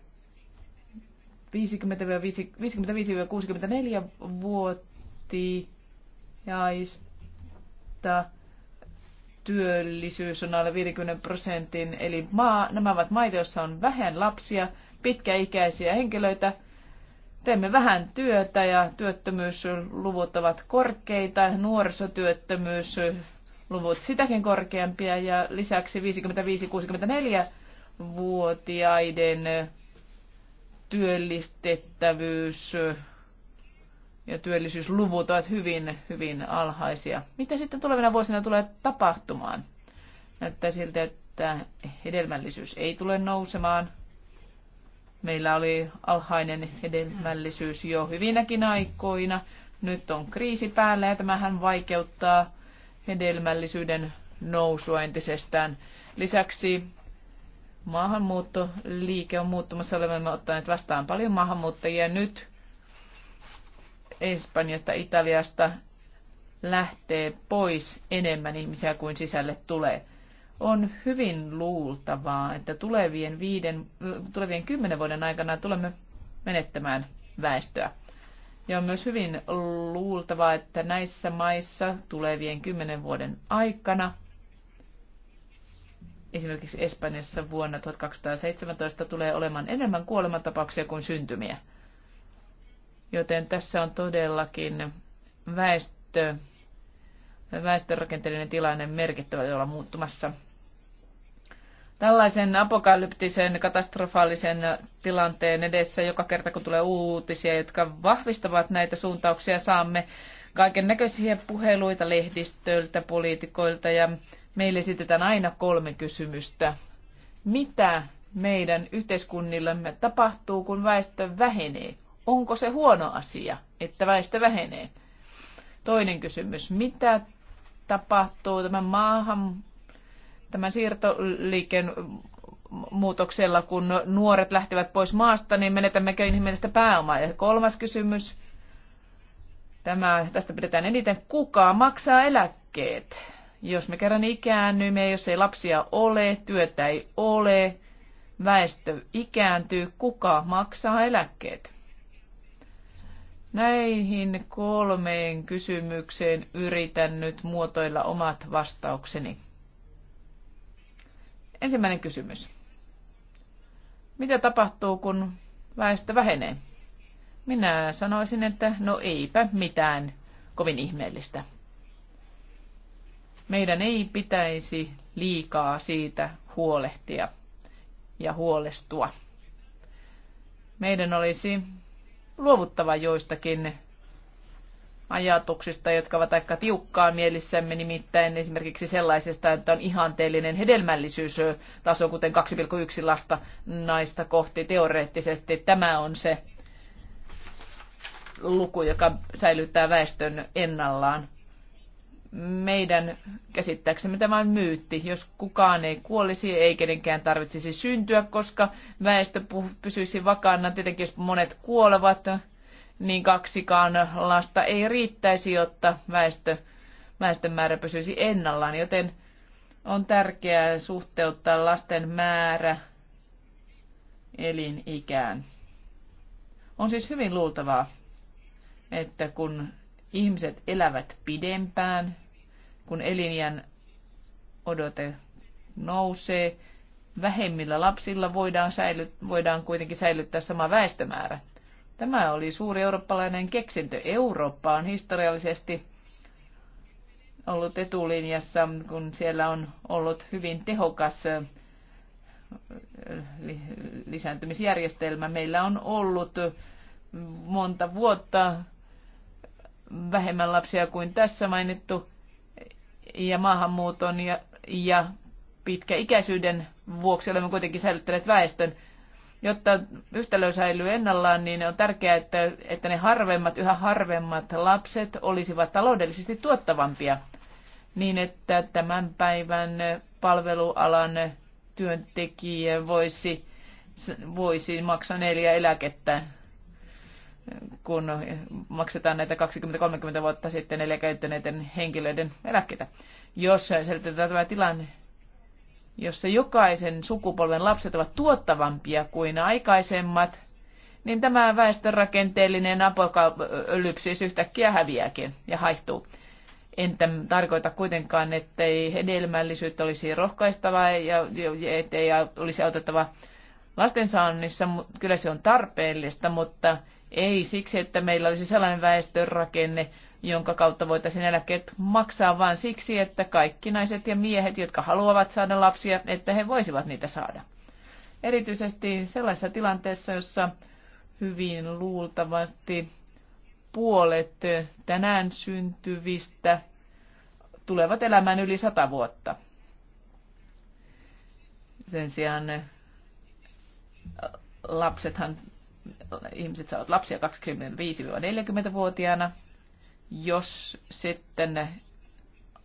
A: 55-64-vuotiaista työllisyys on alle 50 prosentin, eli maa, nämä ovat maita, joissa on vähän lapsia, pitkäikäisiä henkilöitä, teemme vähän työtä ja työttömyysluvut ovat korkeita, nuorisotyöttömyysluvut sitäkin korkeampia ja lisäksi 55-64 vuotiaiden työllistettävyys ja työllisyysluvut ovat hyvin, hyvin alhaisia. Mitä sitten tulevina vuosina tulee tapahtumaan? Näyttää siltä, että hedelmällisyys ei tule nousemaan. Meillä oli alhainen hedelmällisyys jo hyvinäkin aikoina. Nyt on kriisi päällä ja tämähän vaikeuttaa hedelmällisyyden nousua entisestään. Lisäksi maahanmuuttoliike on muuttumassa. Olemme ottaneet vastaan paljon maahanmuuttajia nyt. Espanjasta, Italiasta lähtee pois enemmän ihmisiä kuin sisälle tulee. On hyvin luultavaa, että tulevien, viiden, tulevien kymmenen vuoden aikana tulemme menettämään väestöä. Ja on myös hyvin luultavaa, että näissä maissa tulevien kymmenen vuoden aikana esimerkiksi Espanjassa vuonna 1217 tulee olemaan enemmän kuolemantapauksia kuin syntymiä. Joten tässä on todellakin väestö, väestörakenteellinen tilanne merkittävällä tavalla muuttumassa. Tällaisen apokalyptisen, katastrofaalisen tilanteen edessä joka kerta, kun tulee uutisia, jotka vahvistavat näitä suuntauksia, saamme kaiken näköisiä puheluita lehdistöltä, poliitikoilta ja Meille esitetään aina kolme kysymystä. Mitä meidän yhteiskunnillamme tapahtuu, kun väestö vähenee? Onko se huono asia, että väestö vähenee? Toinen kysymys. Mitä tapahtuu tämän maahan, tämän siirtoliikkeen muutoksella, kun nuoret lähtevät pois maasta, niin menetämmekö inhimillistä pääomaa? Ja kolmas kysymys. Tämä, tästä pidetään eniten. Kuka maksaa eläkkeet? Jos me kerran ikäännymme, jos ei lapsia ole, työtä ei ole, väestö ikääntyy, kuka maksaa eläkkeet? Näihin kolmeen kysymykseen yritän nyt muotoilla omat vastaukseni. Ensimmäinen kysymys. Mitä tapahtuu, kun väestö vähenee? Minä sanoisin, että no eipä mitään kovin ihmeellistä. Meidän ei pitäisi liikaa siitä huolehtia ja huolestua. Meidän olisi luovuttava joistakin ajatuksista, jotka ovat aika tiukkaa mielissämme, nimittäin esimerkiksi sellaisesta, että on ihanteellinen hedelmällisyystaso, kuten 2,1 lasta naista kohti teoreettisesti. Tämä on se luku, joka säilyttää väestön ennallaan meidän käsittääksemme tämä on myytti. Jos kukaan ei kuolisi, ei kenenkään tarvitsisi syntyä, koska väestö pysyisi vakaana. Tietenkin jos monet kuolevat, niin kaksikaan lasta ei riittäisi, jotta väestö, väestön määrä pysyisi ennallaan. Joten on tärkeää suhteuttaa lasten määrä elinikään. On siis hyvin luultavaa, että kun ihmiset elävät pidempään, kun elinjän odote nousee, vähemmillä lapsilla voidaan, säily, voidaan kuitenkin säilyttää sama väestömäärä. Tämä oli suuri eurooppalainen keksintö. Eurooppa on historiallisesti ollut etulinjassa, kun siellä on ollut hyvin tehokas lisääntymisjärjestelmä. Meillä on ollut monta vuotta vähemmän lapsia kuin tässä mainittu ja maahanmuuton ja, ja pitkäikäisyyden vuoksi olemme kuitenkin säilyttäneet väestön. Jotta yhtälö säilyy ennallaan, niin on tärkeää, että, että ne harvemmat, yhä harvemmat lapset olisivat taloudellisesti tuottavampia niin, että tämän päivän palvelualan työntekijä voisi, voisi maksaa neljä eläkettä kun maksetaan näitä 20-30 vuotta sitten eli henkilöiden eläkkeitä. Jos selitetään tämä tilanne, jossa jokaisen sukupolven lapset ovat tuottavampia kuin aikaisemmat, niin tämä väestörakenteellinen apokalypsis yhtäkkiä häviääkin ja haihtuu. En tarkoita kuitenkaan, ettei hedelmällisyyttä olisi rohkaistavaa ja ettei olisi autettava lastensaannissa. Kyllä se on tarpeellista, mutta ei siksi, että meillä olisi sellainen väestörakenne, jonka kautta voitaisiin eläkkeet maksaa, vaan siksi, että kaikki naiset ja miehet, jotka haluavat saada lapsia, että he voisivat niitä saada. Erityisesti sellaisessa tilanteessa, jossa hyvin luultavasti puolet tänään syntyvistä tulevat elämään yli sata vuotta. Sen sijaan lapsethan ihmiset saavat lapsia 25-40-vuotiaana. Jos sitten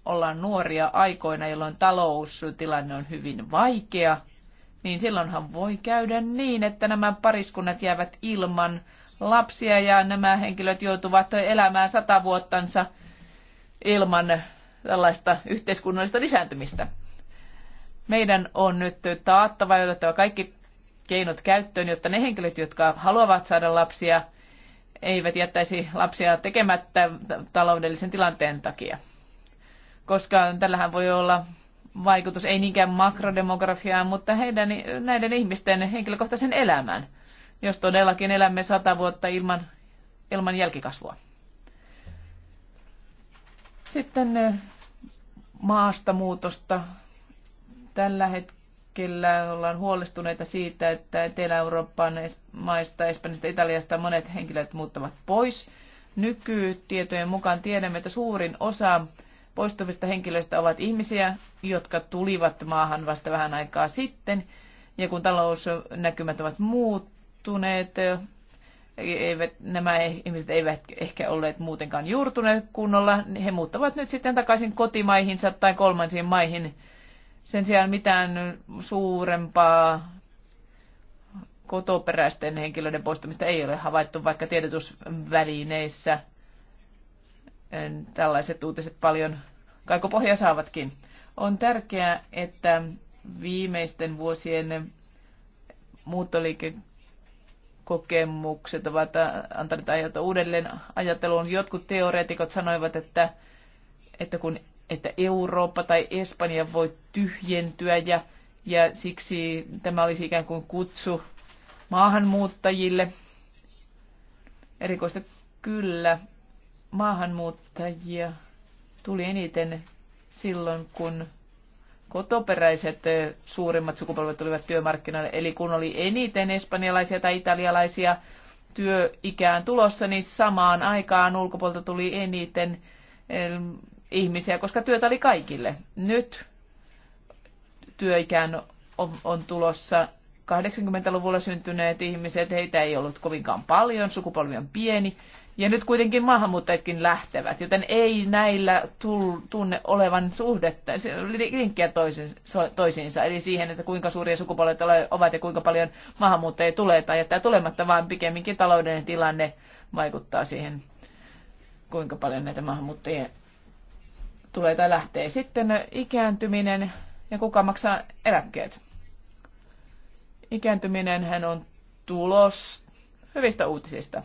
A: ollaan nuoria aikoina, jolloin taloustilanne on hyvin vaikea, niin silloinhan voi käydä niin, että nämä pariskunnat jäävät ilman lapsia ja nämä henkilöt joutuvat elämään sata vuottansa ilman tällaista yhteiskunnallista lisääntymistä. Meidän on nyt taattava ja kaikki keinot käyttöön, jotta ne henkilöt, jotka haluavat saada lapsia, eivät jättäisi lapsia tekemättä taloudellisen tilanteen takia. Koska tällähän voi olla vaikutus ei niinkään makrodemografiaan, mutta heidän, näiden ihmisten henkilökohtaisen elämään, jos todellakin elämme sata vuotta ilman, ilman jälkikasvua. Sitten eh, maastamuutosta. Tällä hetkellä hetkellä ollaan huolestuneita siitä, että Etelä-Euroopan maista, Espanjasta, Italiasta monet henkilöt muuttavat pois. Nykytietojen mukaan tiedämme, että suurin osa poistuvista henkilöistä ovat ihmisiä, jotka tulivat maahan vasta vähän aikaa sitten. Ja kun talousnäkymät ovat muuttuneet, eivät, nämä ihmiset eivät ehkä olleet muutenkaan juurtuneet kunnolla, he muuttavat nyt sitten takaisin kotimaihinsa tai kolmansiin maihin – sen sijaan mitään suurempaa kotoperäisten henkilöiden poistamista ei ole havaittu, vaikka tiedotusvälineissä eh, tällaiset uutiset paljon kaikopohja saavatkin. On tärkeää, että viimeisten vuosien muuttoliikekokemukset ovat antaneet aiheuta uudelleen ajatteluun. Jotkut teoreetikot sanoivat, että, että kun että Eurooppa tai Espanja voi tyhjentyä ja, ja siksi tämä olisi ikään kuin kutsu maahanmuuttajille. Erikoista kyllä, maahanmuuttajia tuli eniten silloin, kun kotoperäiset suurimmat sukupolvet tulivat työmarkkinoille. Eli kun oli eniten espanjalaisia tai italialaisia työikään tulossa, niin samaan aikaan ulkopuolta tuli eniten ihmisiä, koska työtä oli kaikille. Nyt työikään on, on tulossa 80-luvulla syntyneet ihmiset, heitä ei ollut kovinkaan paljon, sukupolvi on pieni. Ja nyt kuitenkin maahanmuuttajatkin lähtevät, joten ei näillä tunne olevan suhdetta, linkkiä toisiinsa, eli siihen, että kuinka suuria sukupolvet ovat ja kuinka paljon maahanmuuttajia tulee tai jättää tulematta, vaan pikemminkin taloudellinen tilanne vaikuttaa siihen, kuinka paljon näitä maahanmuuttajia tulee tai lähtee. Sitten ikääntyminen ja kuka maksaa eläkkeet. Ikääntyminen hän on tulos hyvistä uutisista.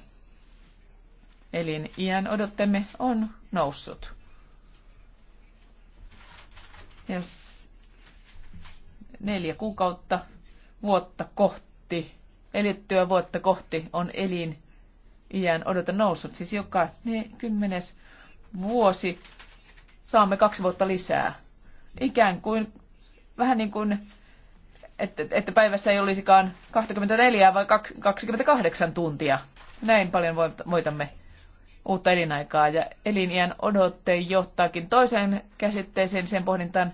A: Eli iän odottemme on noussut. ja neljä kuukautta vuotta kohti, elittyä vuotta kohti on elin iän odota noussut. Siis joka ne, kymmenes vuosi saamme kaksi vuotta lisää. Ikään kuin, vähän niin kuin, että, että päivässä ei olisikaan 24 vai 28 tuntia. Näin paljon voitamme uutta elinaikaa ja eliniän odotte johtaakin toiseen käsitteeseen sen pohdintaan.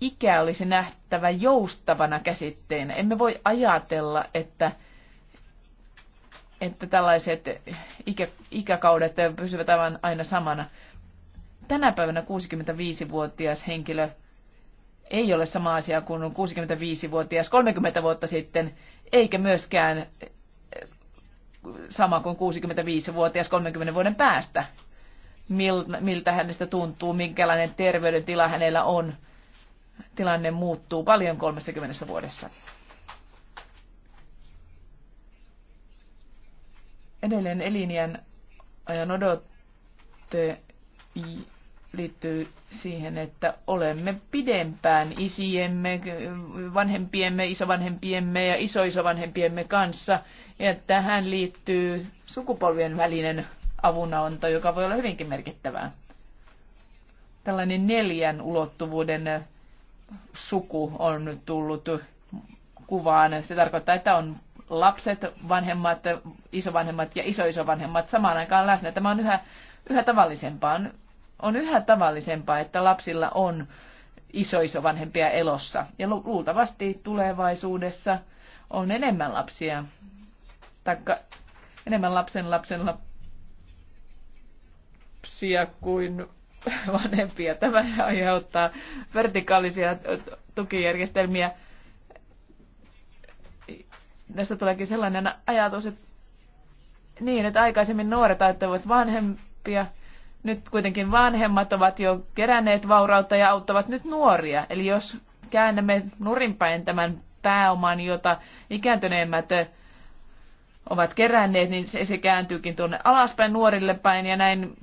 A: Ikä olisi nähtävä joustavana käsitteenä. Emme voi ajatella, että, että tällaiset ikä, ikäkaudet pysyvät aivan aina samana. Tänä päivänä 65-vuotias henkilö ei ole sama asia kuin 65-vuotias 30 vuotta sitten, eikä myöskään eh, sama kuin 65-vuotias 30 vuoden päästä. Miltä hänestä tuntuu, minkälainen terveydentila hänellä on. Tilanne muuttuu paljon 30 vuodessa. Edelleen eliniän ajan odotte liittyy siihen, että olemme pidempään isiemme, vanhempiemme, isovanhempiemme ja isoisovanhempiemme kanssa. Ja tähän liittyy sukupolvien välinen avunanto, joka voi olla hyvinkin merkittävää. Tällainen neljän ulottuvuuden suku on nyt tullut kuvaan. Se tarkoittaa, että on lapset, vanhemmat, isovanhemmat ja isoisovanhemmat samaan aikaan läsnä. Tämä on yhä, yhä tavallisempaa. On on yhä tavallisempaa, että lapsilla on isoisovanhempia elossa. Ja luultavasti tulevaisuudessa on enemmän lapsia, taikka enemmän lapsen lapsen lapsia kuin vanhempia. Tämä aiheuttaa vertikaalisia tukijärjestelmiä. Tästä tuleekin sellainen ajatus, että niin, että aikaisemmin nuoret ajattelivat vanhempia, nyt kuitenkin vanhemmat ovat jo keränneet vaurautta ja auttavat nyt nuoria. Eli jos käännämme nurinpäin tämän pääoman, jota ikääntyneemmät ovat keränneet, niin se, se kääntyykin tuonne alaspäin nuorille päin ja näin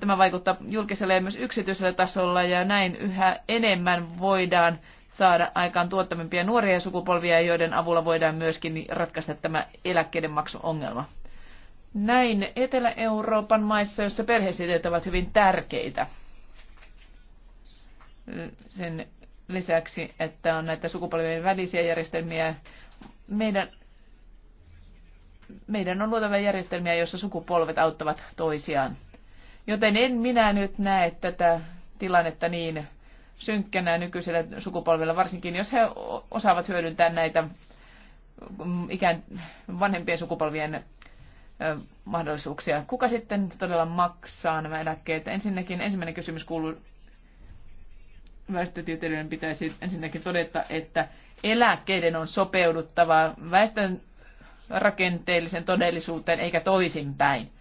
A: tämä vaikuttaa julkisella ja myös yksityisellä tasolla ja näin yhä enemmän voidaan saada aikaan tuottamimpia nuoria sukupolvia, joiden avulla voidaan myöskin ratkaista tämä eläkkeiden maksuongelma. Näin Etelä-Euroopan maissa, joissa perhesiteet ovat hyvin tärkeitä. Sen lisäksi, että on näitä sukupolvien välisiä järjestelmiä, meidän, meidän on luotava järjestelmiä, joissa sukupolvet auttavat toisiaan. Joten en minä nyt näe tätä tilannetta niin synkkänä nykyisellä sukupolvella, varsinkin jos he osaavat hyödyntää näitä mm, ikään vanhempien sukupolvien mahdollisuuksia. Kuka sitten todella maksaa nämä eläkkeet? Ensinnäkin ensimmäinen kysymys kuuluu, väestötieteilijöiden pitäisi ensinnäkin todeta, että eläkkeiden on sopeuduttava väestön rakenteellisen todellisuuteen eikä toisinpäin.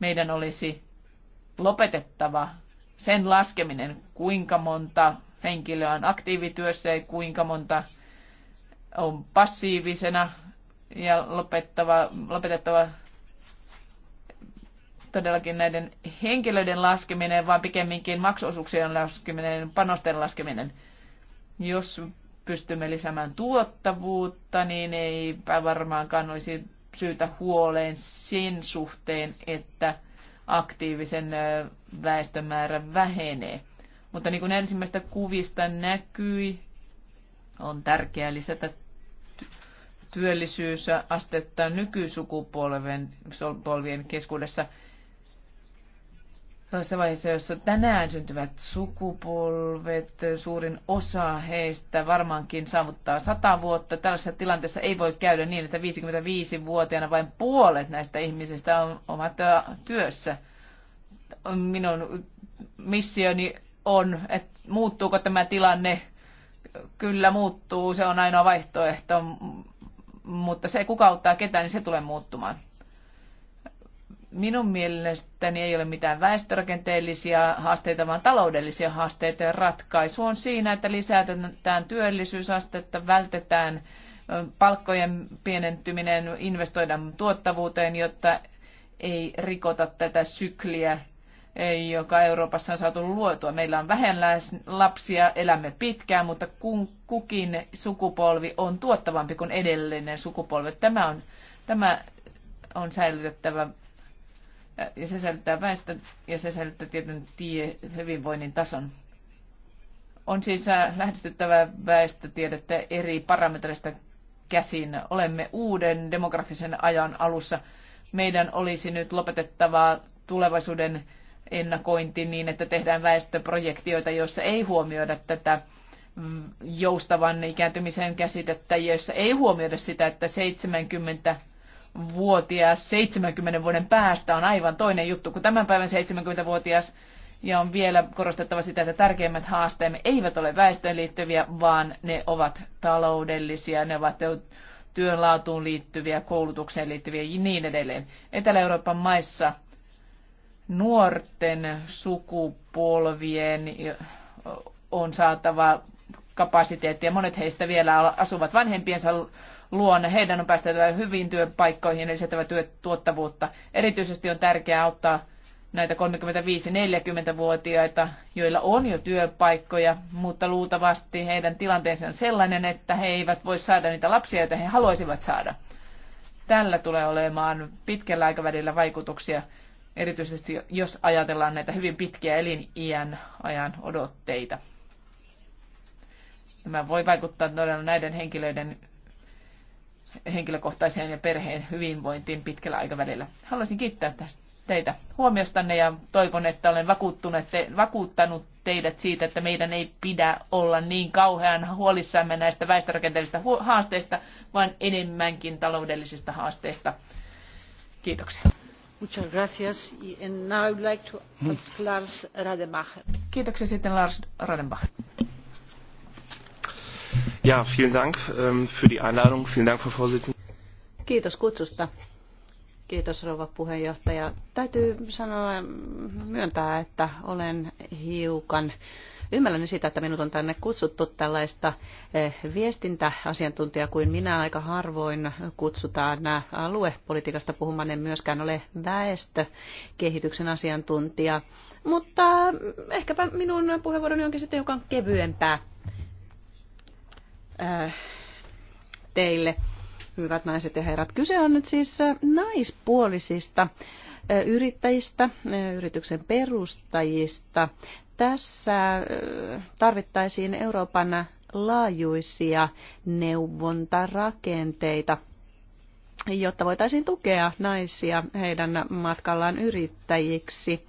A: Meidän olisi lopetettava sen laskeminen, kuinka monta henkilöä on aktiivityössä ja kuinka monta on passiivisena ja lopettava, lopetettava todellakin näiden henkilöiden laskeminen, vaan pikemminkin maksuosuuksien laskeminen, panosten laskeminen. Jos pystymme lisäämään tuottavuutta, niin ei varmaankaan olisi syytä huoleen sen suhteen, että aktiivisen väestömäärä vähenee. Mutta niin kuin ensimmäistä kuvista näkyi, on tärkeää lisätä työllisyysastetta nykysukupolvien keskuudessa – sellaisessa vaiheessa, jossa tänään syntyvät sukupolvet, suurin osa heistä varmaankin saavuttaa 100 vuotta. Tällaisessa tilanteessa ei voi käydä niin, että 55-vuotiaana vain puolet näistä ihmisistä on, omat työssä. Minun missioni on, että muuttuuko tämä tilanne. Kyllä muuttuu, se on ainoa vaihtoehto, mutta se kuka auttaa ketään, niin se tulee muuttumaan. Minun mielestäni ei ole mitään väestörakenteellisia haasteita, vaan taloudellisia haasteita. Ja ratkaisu on siinä, että lisätään työllisyysastetta, vältetään palkkojen pienentyminen, investoidaan tuottavuuteen, jotta ei rikota tätä sykliä, e, joka Euroopassa on saatu luotua. Meillä on vähän lapsia, elämme pitkään, mutta kukin sukupolvi on tuottavampi kuin edellinen sukupolvi. Tämä on, tämä on säilytettävä ja se säilyttää väestön ja se säilyttää tietyn tie, hyvinvoinnin tason. On siis äh, lähestyttävää väestötiedettä eri parametreista käsin. Olemme uuden demografisen ajan alussa. Meidän olisi nyt lopetettava tulevaisuuden ennakointi niin, että tehdään väestöprojektioita, joissa ei huomioida tätä joustavan ikääntymisen käsitettä, joissa ei huomioida sitä, että 70 vuotias 70 vuoden päästä on aivan toinen juttu kuin tämän päivän 70-vuotias. Ja on vielä korostettava sitä, että tärkeimmät haasteemme eivät ole väestöön liittyviä, vaan ne ovat taloudellisia, ne ovat työn laatuun liittyviä, koulutukseen liittyviä ja niin edelleen. Etelä-Euroopan maissa nuorten sukupolvien on saatava kapasiteettia. Monet heistä vielä asuvat vanhempiensa luonne. Heidän on päästävä hyvin työpaikkoihin ja lisättävä työ, tuottavuutta. Erityisesti on tärkeää auttaa näitä 35-40-vuotiaita, joilla on jo työpaikkoja, mutta luultavasti heidän tilanteensa on sellainen, että he eivät voi saada niitä lapsia, joita he haluaisivat saada. Tällä tulee olemaan pitkällä aikavälillä vaikutuksia, erityisesti jos ajatellaan näitä hyvin pitkiä eliniän ajan odotteita. Tämä voi vaikuttaa todella näiden henkilöiden henkilökohtaiseen ja perheen hyvinvointiin pitkällä aikavälillä. Haluaisin kiittää tästä teitä huomiostanne ja toivon, että olen vakuuttunut, te, vakuuttanut teidät siitä, että meidän ei pidä olla niin kauhean huolissamme näistä väestörakenteellisista haasteista, vaan enemmänkin taloudellisista haasteista.
D: Kiitoksia. Muchas gracias. And now I would like to ask mm. Lars Rademacher.
A: Kiitoksia sitten Lars Rademacher.
C: Ja, vielen Dank ähm, für die Einladung. Vielen Dank, Frau Vorsitzende.
D: Kiitos kutsusta. Kiitos rouva puheenjohtaja. Täytyy sanoa ähm, myöntää, että olen hiukan ymmärrän sitä, että minut on tänne kutsuttu tällaista äh, viestintäasiantuntijaa kuin minä. Aika harvoin kutsutaan nämä aluepolitiikasta puhumaan, en myöskään ole väestökehityksen asiantuntija. Mutta äh, ehkäpä minun puheenvuoroni onkin sitten joka kevyempää Äh, teille, hyvät naiset ja herrat. Kyse on nyt siis äh, naispuolisista äh, yrittäjistä, yrityksen perustajista. Tässä tarvittaisiin Euroopan laajuisia neuvontarakenteita, jotta voitaisiin tukea naisia heidän matkallaan yrittäjiksi.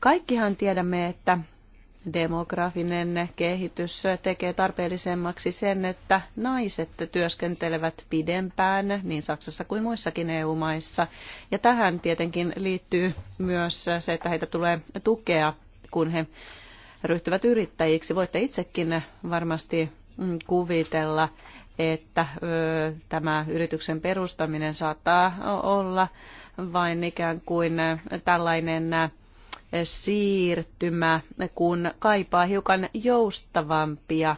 D: Kaikkihan tiedämme, että demografinen kehitys tekee tarpeellisemmaksi sen, että naiset työskentelevät pidempään niin Saksassa kuin muissakin EU-maissa. Ja tähän tietenkin liittyy myös se, että heitä tulee tukea, kun he ryhtyvät yrittäjiksi. Voitte itsekin varmasti kuvitella, että tämä yrityksen perustaminen saattaa olla vain ikään kuin tällainen siirtymä, kun kaipaa hiukan joustavampia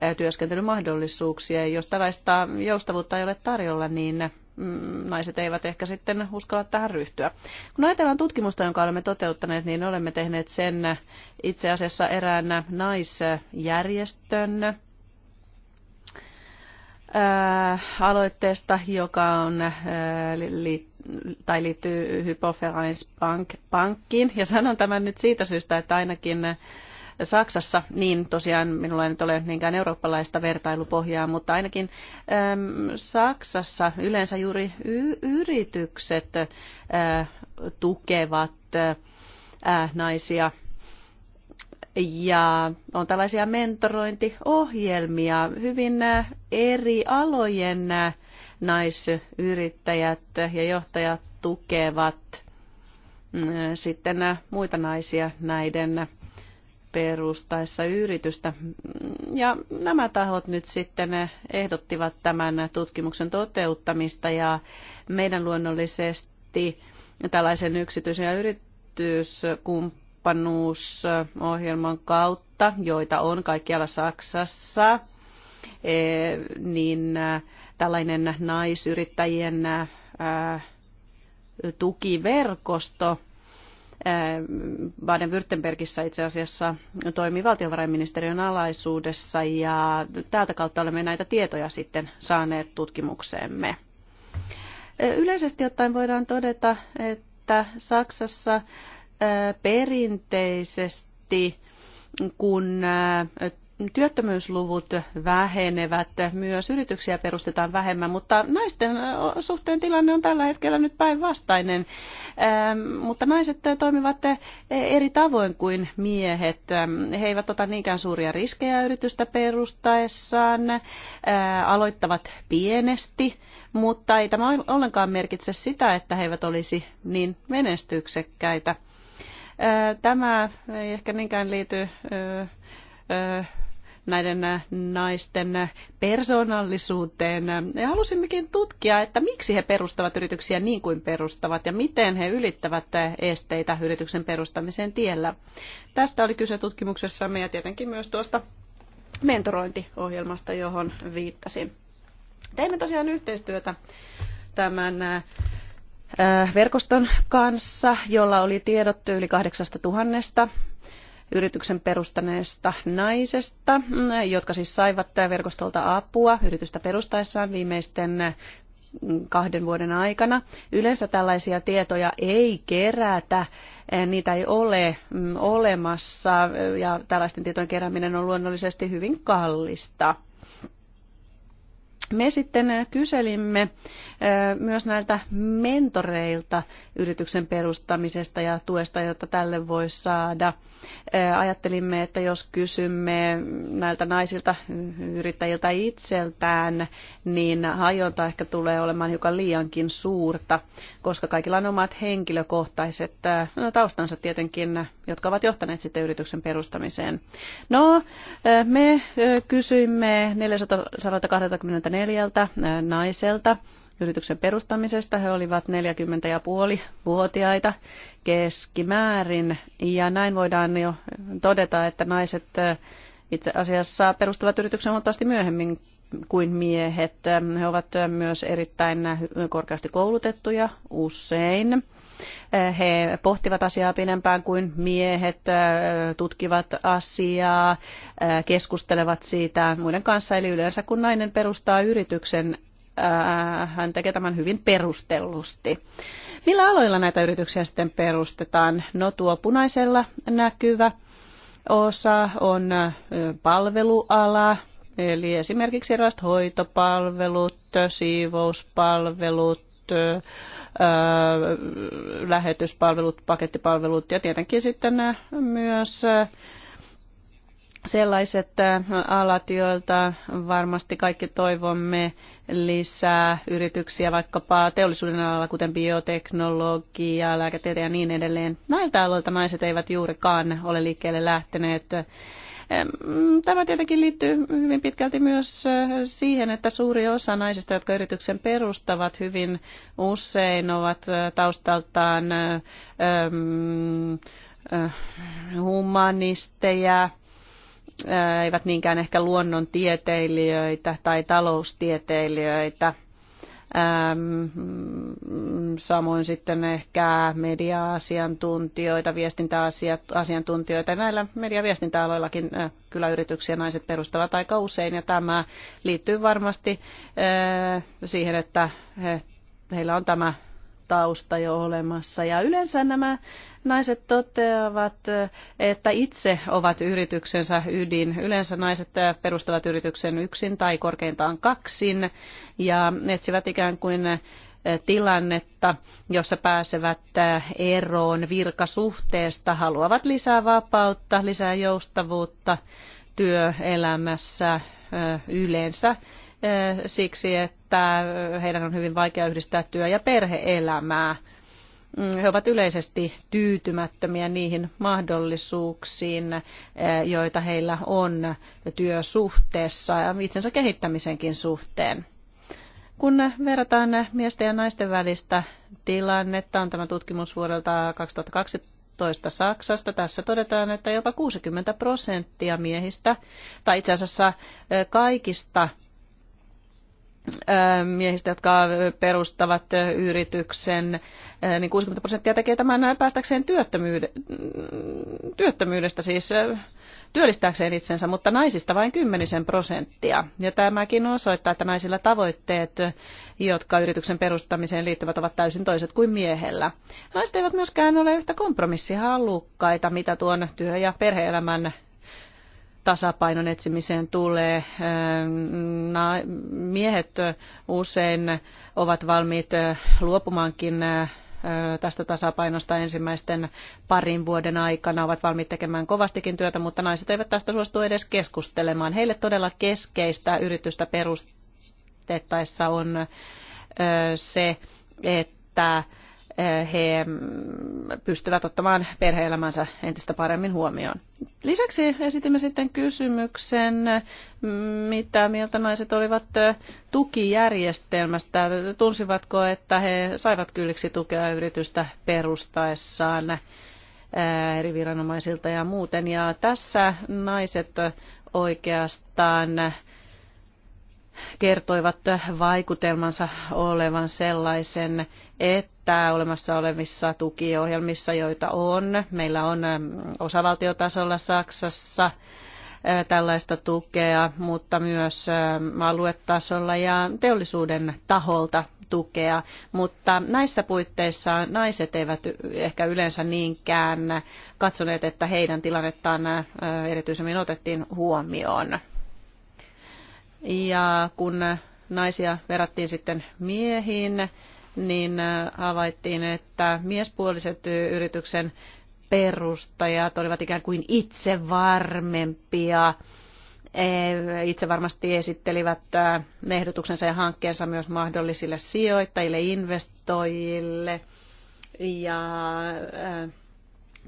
D: eh, työskentelymahdollisuuksia. Jos tällaista joustavuutta ei ole tarjolla, niin mm, naiset eivät ehkä sitten uskalla tähän ryhtyä. Kun ajatellaan tutkimusta, jonka olemme toteuttaneet, niin olemme tehneet sen itse asiassa erään naisjärjestön aloitteesta, joka on, tai liittyy Hypoferais Bank, Pankkiin. Ja sanon tämän nyt siitä syystä, että ainakin Saksassa, niin tosiaan minulla ei nyt ole niinkään eurooppalaista vertailupohjaa, mutta ainakin äm, Saksassa yleensä juuri y- yritykset ä, tukevat ä, naisia ja on tällaisia mentorointiohjelmia hyvin äh, eri alojen äh, naisyrittäjät ja johtajat tukevat mm, sitten äh, muita naisia näiden perustaessa yritystä. Mm, ja nämä tahot nyt sitten ehdottivat tämän tutkimuksen toteuttamista ja meidän luonnollisesti tällaisen yksityisen ja yrityskumppanin kumppanuusohjelman kautta, joita on kaikkialla Saksassa, e, niin tällainen naisyrittäjien tukiverkosto Baden-Württembergissä itse asiassa toimii valtiovarainministeriön alaisuudessa ja täältä kautta olemme näitä tietoja sitten saaneet tutkimukseemme. E, yleisesti ottaen voidaan todeta, että Saksassa perinteisesti, kun työttömyysluvut vähenevät, myös yrityksiä perustetaan vähemmän, mutta naisten suhteen tilanne on tällä hetkellä nyt päinvastainen. Mutta naiset toimivat eri tavoin kuin miehet. He eivät ota niinkään suuria riskejä yritystä perustaessaan, aloittavat pienesti, mutta ei tämä ollenkaan merkitse sitä, että he eivät olisi niin menestyksekkäitä Tämä ei ehkä niinkään liity näiden naisten persoonallisuuteen. Ja halusimmekin tutkia, että miksi he perustavat yrityksiä niin kuin perustavat ja miten he ylittävät esteitä yrityksen perustamisen tiellä. Tästä oli kyse tutkimuksessamme ja tietenkin myös tuosta mentorointiohjelmasta, johon viittasin. Teimme tosiaan yhteistyötä tämän Äh, verkoston kanssa, jolla oli tiedot yli 8000 yrityksen perustaneesta naisesta, mm, jotka siis saivat verkostolta apua yritystä perustaessaan viimeisten mm, kahden vuoden aikana. Yleensä tällaisia tietoja ei kerätä, äh, niitä ei ole mm, olemassa ja tällaisten tietojen kerääminen on luonnollisesti hyvin kallista. Me sitten äh, kyselimme äh, myös näiltä mentoreilta yrityksen perustamisesta ja tuesta, jota tälle voi saada. Äh, ajattelimme, että jos kysymme näiltä naisilta yrittäjiltä itseltään, niin hajonta ehkä tulee olemaan hiukan liiankin suurta, koska kaikilla on omat henkilökohtaiset no, taustansa tietenkin, jotka ovat johtaneet sitten yrityksen perustamiseen. No, me kysyimme 424 neljältä naiselta yrityksen perustamisesta. He olivat 40,5-vuotiaita keskimäärin ja näin voidaan jo todeta, että naiset itse asiassa perustavat yrityksen huomattavasti myöhemmin kuin miehet. He ovat myös erittäin korkeasti koulutettuja usein. He pohtivat asiaa pidempään kuin miehet, äh, tutkivat asiaa, äh, keskustelevat siitä muiden kanssa. Eli yleensä kun nainen perustaa yrityksen, äh, hän tekee tämän hyvin perustellusti. Millä aloilla näitä yrityksiä sitten perustetaan? No tuo punaisella näkyvä osa on palveluala, eli esimerkiksi erilaiset hoitopalvelut, siivouspalvelut, lähetyspalvelut, pakettipalvelut ja tietenkin sitten myös sellaiset alat, joilta varmasti kaikki toivomme lisää yrityksiä, vaikkapa teollisuuden alalla, kuten bioteknologia, lääketiede ja niin edelleen. Näiltä aloilta naiset eivät juurikaan ole liikkeelle lähteneet Tämä tietenkin liittyy hyvin pitkälti myös siihen, että suuri osa naisista, jotka yrityksen perustavat, hyvin usein ovat taustaltaan humanisteja, eivät niinkään ehkä luonnontieteilijöitä tai taloustieteilijöitä – samoin sitten ehkä media-asiantuntijoita, viestintäasiantuntijoita. Näillä mediaviestintäaloillakin kyllä yrityksiä naiset perustavat aika usein ja tämä liittyy varmasti siihen, että he, heillä on tämä tausta jo olemassa. Ja yleensä nämä naiset toteavat, että itse ovat yrityksensä ydin. Yleensä naiset perustavat yrityksen yksin tai korkeintaan kaksin ja etsivät ikään kuin tilannetta, jossa pääsevät eroon virkasuhteesta, haluavat lisää vapautta, lisää joustavuutta työelämässä yleensä Eh, siksi, että heidän on hyvin vaikea yhdistää työ- ja perheelämää. Mm, he ovat yleisesti tyytymättömiä niihin mahdollisuuksiin, eh, joita heillä on työsuhteessa ja itsensä kehittämisenkin suhteen. Kun verrataan miesten ja naisten välistä tilannetta, on tämä tutkimus vuodelta 2012 Saksasta. Tässä todetaan, että jopa 60 prosenttia miehistä, tai itse asiassa eh, kaikista miehistä, jotka perustavat yrityksen, niin 60 prosenttia tekee tämän päästäkseen työttömyydestä, siis työllistääkseen itsensä, mutta naisista vain kymmenisen prosenttia. Ja tämäkin osoittaa, että naisilla tavoitteet, jotka yrityksen perustamiseen liittyvät, ovat täysin toiset kuin miehellä. Naiset eivät myöskään ole yhtä kompromissihallukkaita, mitä tuon työ- ja perheelämän tasapainon etsimiseen tulee. Miehet usein ovat valmiit luopumaankin tästä tasapainosta ensimmäisten parin vuoden aikana, ovat valmiit tekemään kovastikin työtä, mutta naiset eivät tästä suostu edes keskustelemaan. Heille todella keskeistä yritystä perustettaessa on se, että he pystyvät ottamaan perheelämänsä entistä paremmin huomioon. Lisäksi esitimme sitten kysymyksen, mitä mieltä naiset olivat tukijärjestelmästä. Tunsivatko, että he saivat kylliksi tukea yritystä perustaessaan eh, eri viranomaisilta ja muuten. Ja tässä naiset oikeastaan kertoivat vaikutelmansa olevan sellaisen, että olemassa olevissa tukiohjelmissa, joita on, meillä on osavaltiotasolla Saksassa tällaista tukea, mutta myös aluetasolla ja teollisuuden taholta tukea, mutta näissä puitteissa naiset eivät ehkä yleensä niinkään katsoneet, että heidän tilannettaan erityisemmin otettiin huomioon. Ja kun naisia verrattiin sitten miehiin, niin äh, havaittiin, että miespuoliset yrityksen perustajat olivat ikään kuin itsevarmempia. E, itse varmasti esittelivät äh, ehdotuksensa ja hankkeensa myös mahdollisille sijoittajille, investoijille ja äh,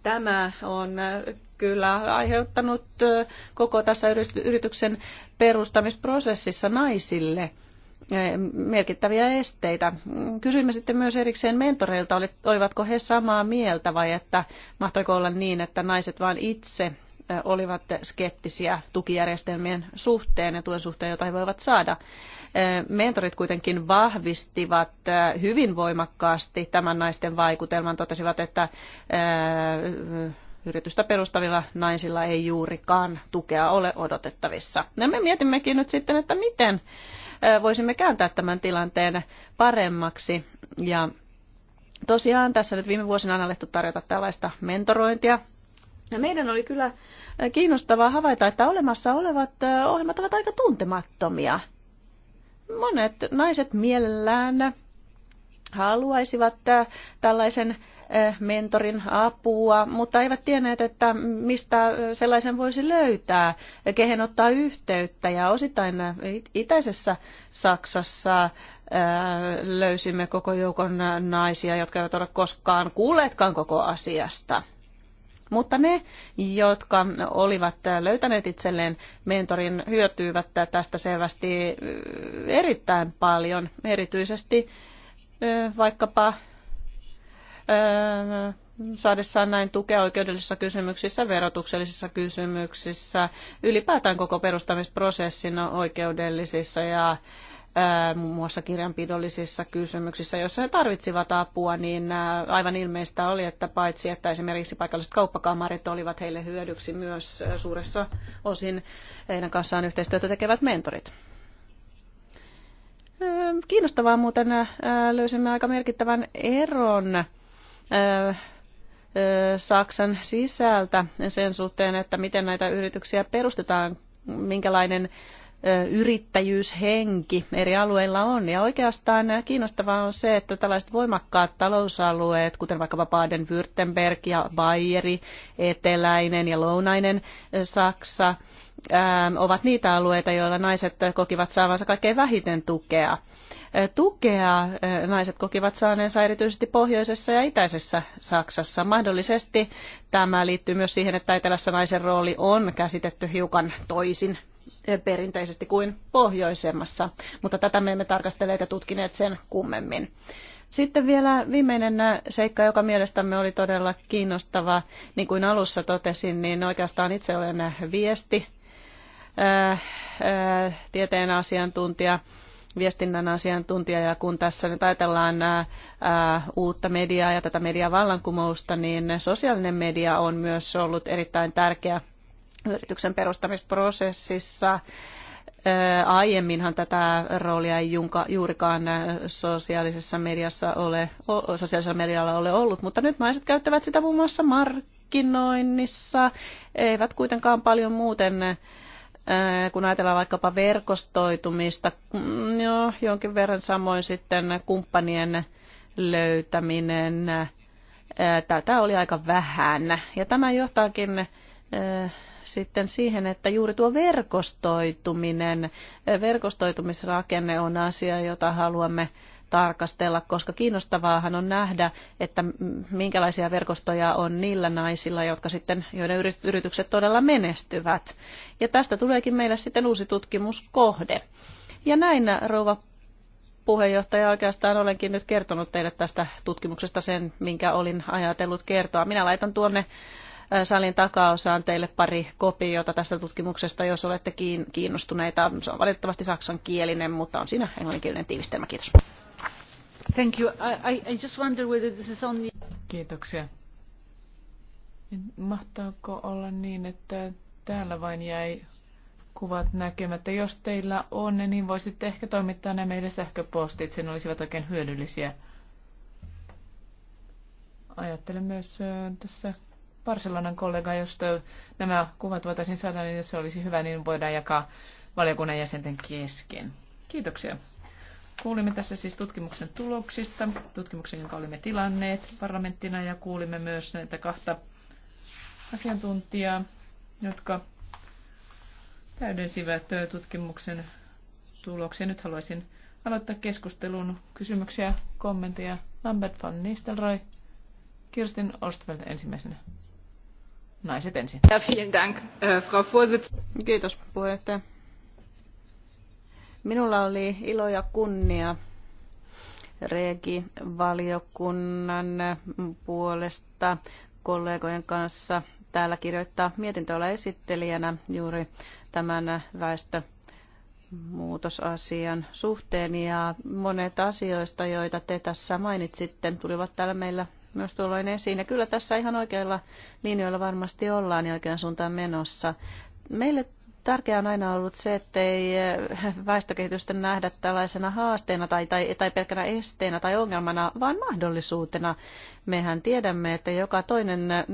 D: Tämä on äh, kyllä aiheuttanut äh, koko tässä yrityksen perustamisprosessissa naisille äh, merkittäviä esteitä. Kysyimme sitten myös erikseen mentoreilta, olivatko he samaa mieltä vai että mahtoiko olla niin, että naiset vain itse olivat skeptisiä tukijärjestelmien suhteen ja tuen suhteen, jota he voivat saada. Mentorit kuitenkin vahvistivat hyvin voimakkaasti tämän naisten vaikutelman, totesivat, että yritystä perustavilla naisilla ei juurikaan tukea ole odotettavissa. Ja me mietimmekin nyt sitten, että miten voisimme kääntää tämän tilanteen paremmaksi ja Tosiaan tässä nyt viime vuosina on alettu tarjota tällaista mentorointia ja meidän oli kyllä kiinnostavaa havaita, että olemassa olevat ohjelmat ovat aika tuntemattomia monet naiset mielellään haluaisivat äh, tällaisen äh, mentorin apua, mutta eivät tienneet, että mistä äh, sellaisen voisi löytää, kehen ottaa yhteyttä. Ja osittain itäisessä Saksassa löysimme koko joukon naisia, jotka eivät ole koskaan kuulleetkaan koko asiasta. Mutta ne, jotka olivat löytäneet itselleen mentorin, hyötyivät tästä selvästi erittäin paljon, erityisesti vaikkapa saadessaan näin tukea oikeudellisissa kysymyksissä, verotuksellisissa kysymyksissä, ylipäätään koko perustamisprosessin oikeudellisissa ja muun muassa kirjanpidollisissa kysymyksissä, joissa he tarvitsivat apua, niin aivan ilmeistä oli, että paitsi että esimerkiksi paikalliset kauppakamarit olivat heille hyödyksi, myös suuressa osin heidän kanssaan yhteistyötä tekevät mentorit. Kiinnostavaa muuten löysimme aika merkittävän eron Saksan sisältä sen suhteen, että miten näitä yrityksiä perustetaan, minkälainen yrittäjyyshenki eri alueilla on. Ja oikeastaan kiinnostavaa on se, että tällaiset voimakkaat talousalueet, kuten vaikka Baden-Württemberg ja Bayeri, eteläinen ja lounainen Saksa, ovat niitä alueita, joilla naiset kokivat saavansa kaikkein vähiten tukea. Tukea naiset kokivat saaneensa erityisesti pohjoisessa ja itäisessä Saksassa. Mahdollisesti tämä liittyy myös siihen, että etelässä naisen rooli on käsitetty hiukan toisin perinteisesti kuin pohjoisemmassa, mutta tätä me emme tarkastelleet ja tutkineet sen kummemmin. Sitten vielä viimeinen seikka, joka mielestämme oli todella kiinnostava. Niin kuin alussa totesin, niin oikeastaan itse olen viesti, äh, äh, tieteen asiantuntija, viestinnän asiantuntija. Ja kun tässä nyt ajatellaan äh, uutta mediaa ja tätä mediavallankumousta, niin sosiaalinen media on myös ollut erittäin tärkeä yrityksen perustamisprosessissa. Aiemminhan tätä roolia ei juurikaan sosiaalisessa mediassa ole, sosiaalisella medialla ole ollut, mutta nyt naiset käyttävät sitä muun muassa markkinoinnissa, eivät kuitenkaan paljon muuten kun ajatellaan vaikkapa verkostoitumista, mm, jo, jonkin verran samoin sitten kumppanien löytäminen, tätä oli aika vähän. Ja tämä johtaakin sitten siihen, että juuri tuo verkostoituminen, eh, verkostoitumisrakenne on asia, jota haluamme tarkastella, koska kiinnostavaahan on nähdä, että minkälaisia verkostoja on niillä naisilla, jotka sitten, joiden yritykset todella menestyvät. Ja tästä tuleekin meillä sitten uusi tutkimuskohde. Ja näin, rouva puheenjohtaja, oikeastaan olenkin nyt kertonut teille tästä tutkimuksesta sen, minkä olin ajatellut kertoa. Minä laitan tuonne salin takaosaan teille pari kopiota tästä tutkimuksesta, jos olette kiinnostuneita. Se on valitettavasti saksankielinen, mutta on siinä englanninkielinen tiivistelmä. Kiitos.
A: Thank you. I, I just wonder whether this is only... Kiitoksia. Mahtaako olla niin, että täällä vain jäi kuvat näkemättä? Jos teillä on ne, niin voisitte ehkä toimittaa ne meille sähköpostit, sen olisivat oikein hyödyllisiä. Ajattelen myös tässä Barcelonan kollega, jos nämä kuvat voitaisiin saada, niin se olisi hyvä, niin voidaan jakaa valiokunnan jäsenten kesken. Kiitoksia. Kuulimme tässä siis tutkimuksen tuloksista, tutkimuksen, jonka olimme tilanneet parlamenttina, ja kuulimme myös näitä kahta asiantuntijaa, jotka täydensivät tutkimuksen tuloksia. Nyt haluaisin aloittaa keskustelun kysymyksiä, kommentteja. Lambert van Nistelrooy, Kirstin Ostfeld ensimmäisenä.
D: Naiset ensin. Ja, vielen äh, Kiitos puheenjohtaja. Minulla oli ilo ja kunnia Regi-valiokunnan puolesta kollegojen kanssa täällä kirjoittaa olla esittelijänä juuri tämän väestö muutosasian suhteen ja monet asioista, joita te tässä mainitsitte, tulivat täällä meillä myös tuolloin esiin. Ja kyllä tässä ihan oikeilla linjoilla varmasti ollaan ja oikean suuntaan menossa. Meille tärkeää on aina ollut se, ettei eh, väestökehitystä nähdä tällaisena haasteena tai, tai, tai pelkänä esteenä tai ongelmana, vaan mahdollisuutena. Mehän tiedämme, että joka toinen eh,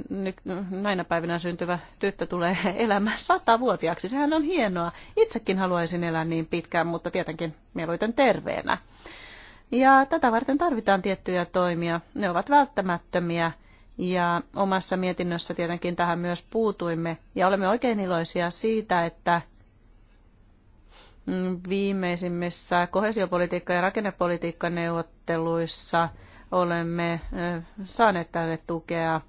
D: näinä päivinä syntyvä tyttö tulee elämään satavuotiaaksi. Sehän on hienoa. Itsekin haluaisin elää niin pitkään, mutta tietenkin mieluiten terveenä. Ja tätä varten tarvitaan tiettyjä toimia. Ne ovat välttämättömiä ja omassa mietinnössä tietenkin tähän myös puutuimme. Ja olemme oikein iloisia siitä, että mm, viimeisimmissä kohesiopolitiikka- ja rakennepolitiikkaneuvotteluissa olemme saaneet tälle tukea.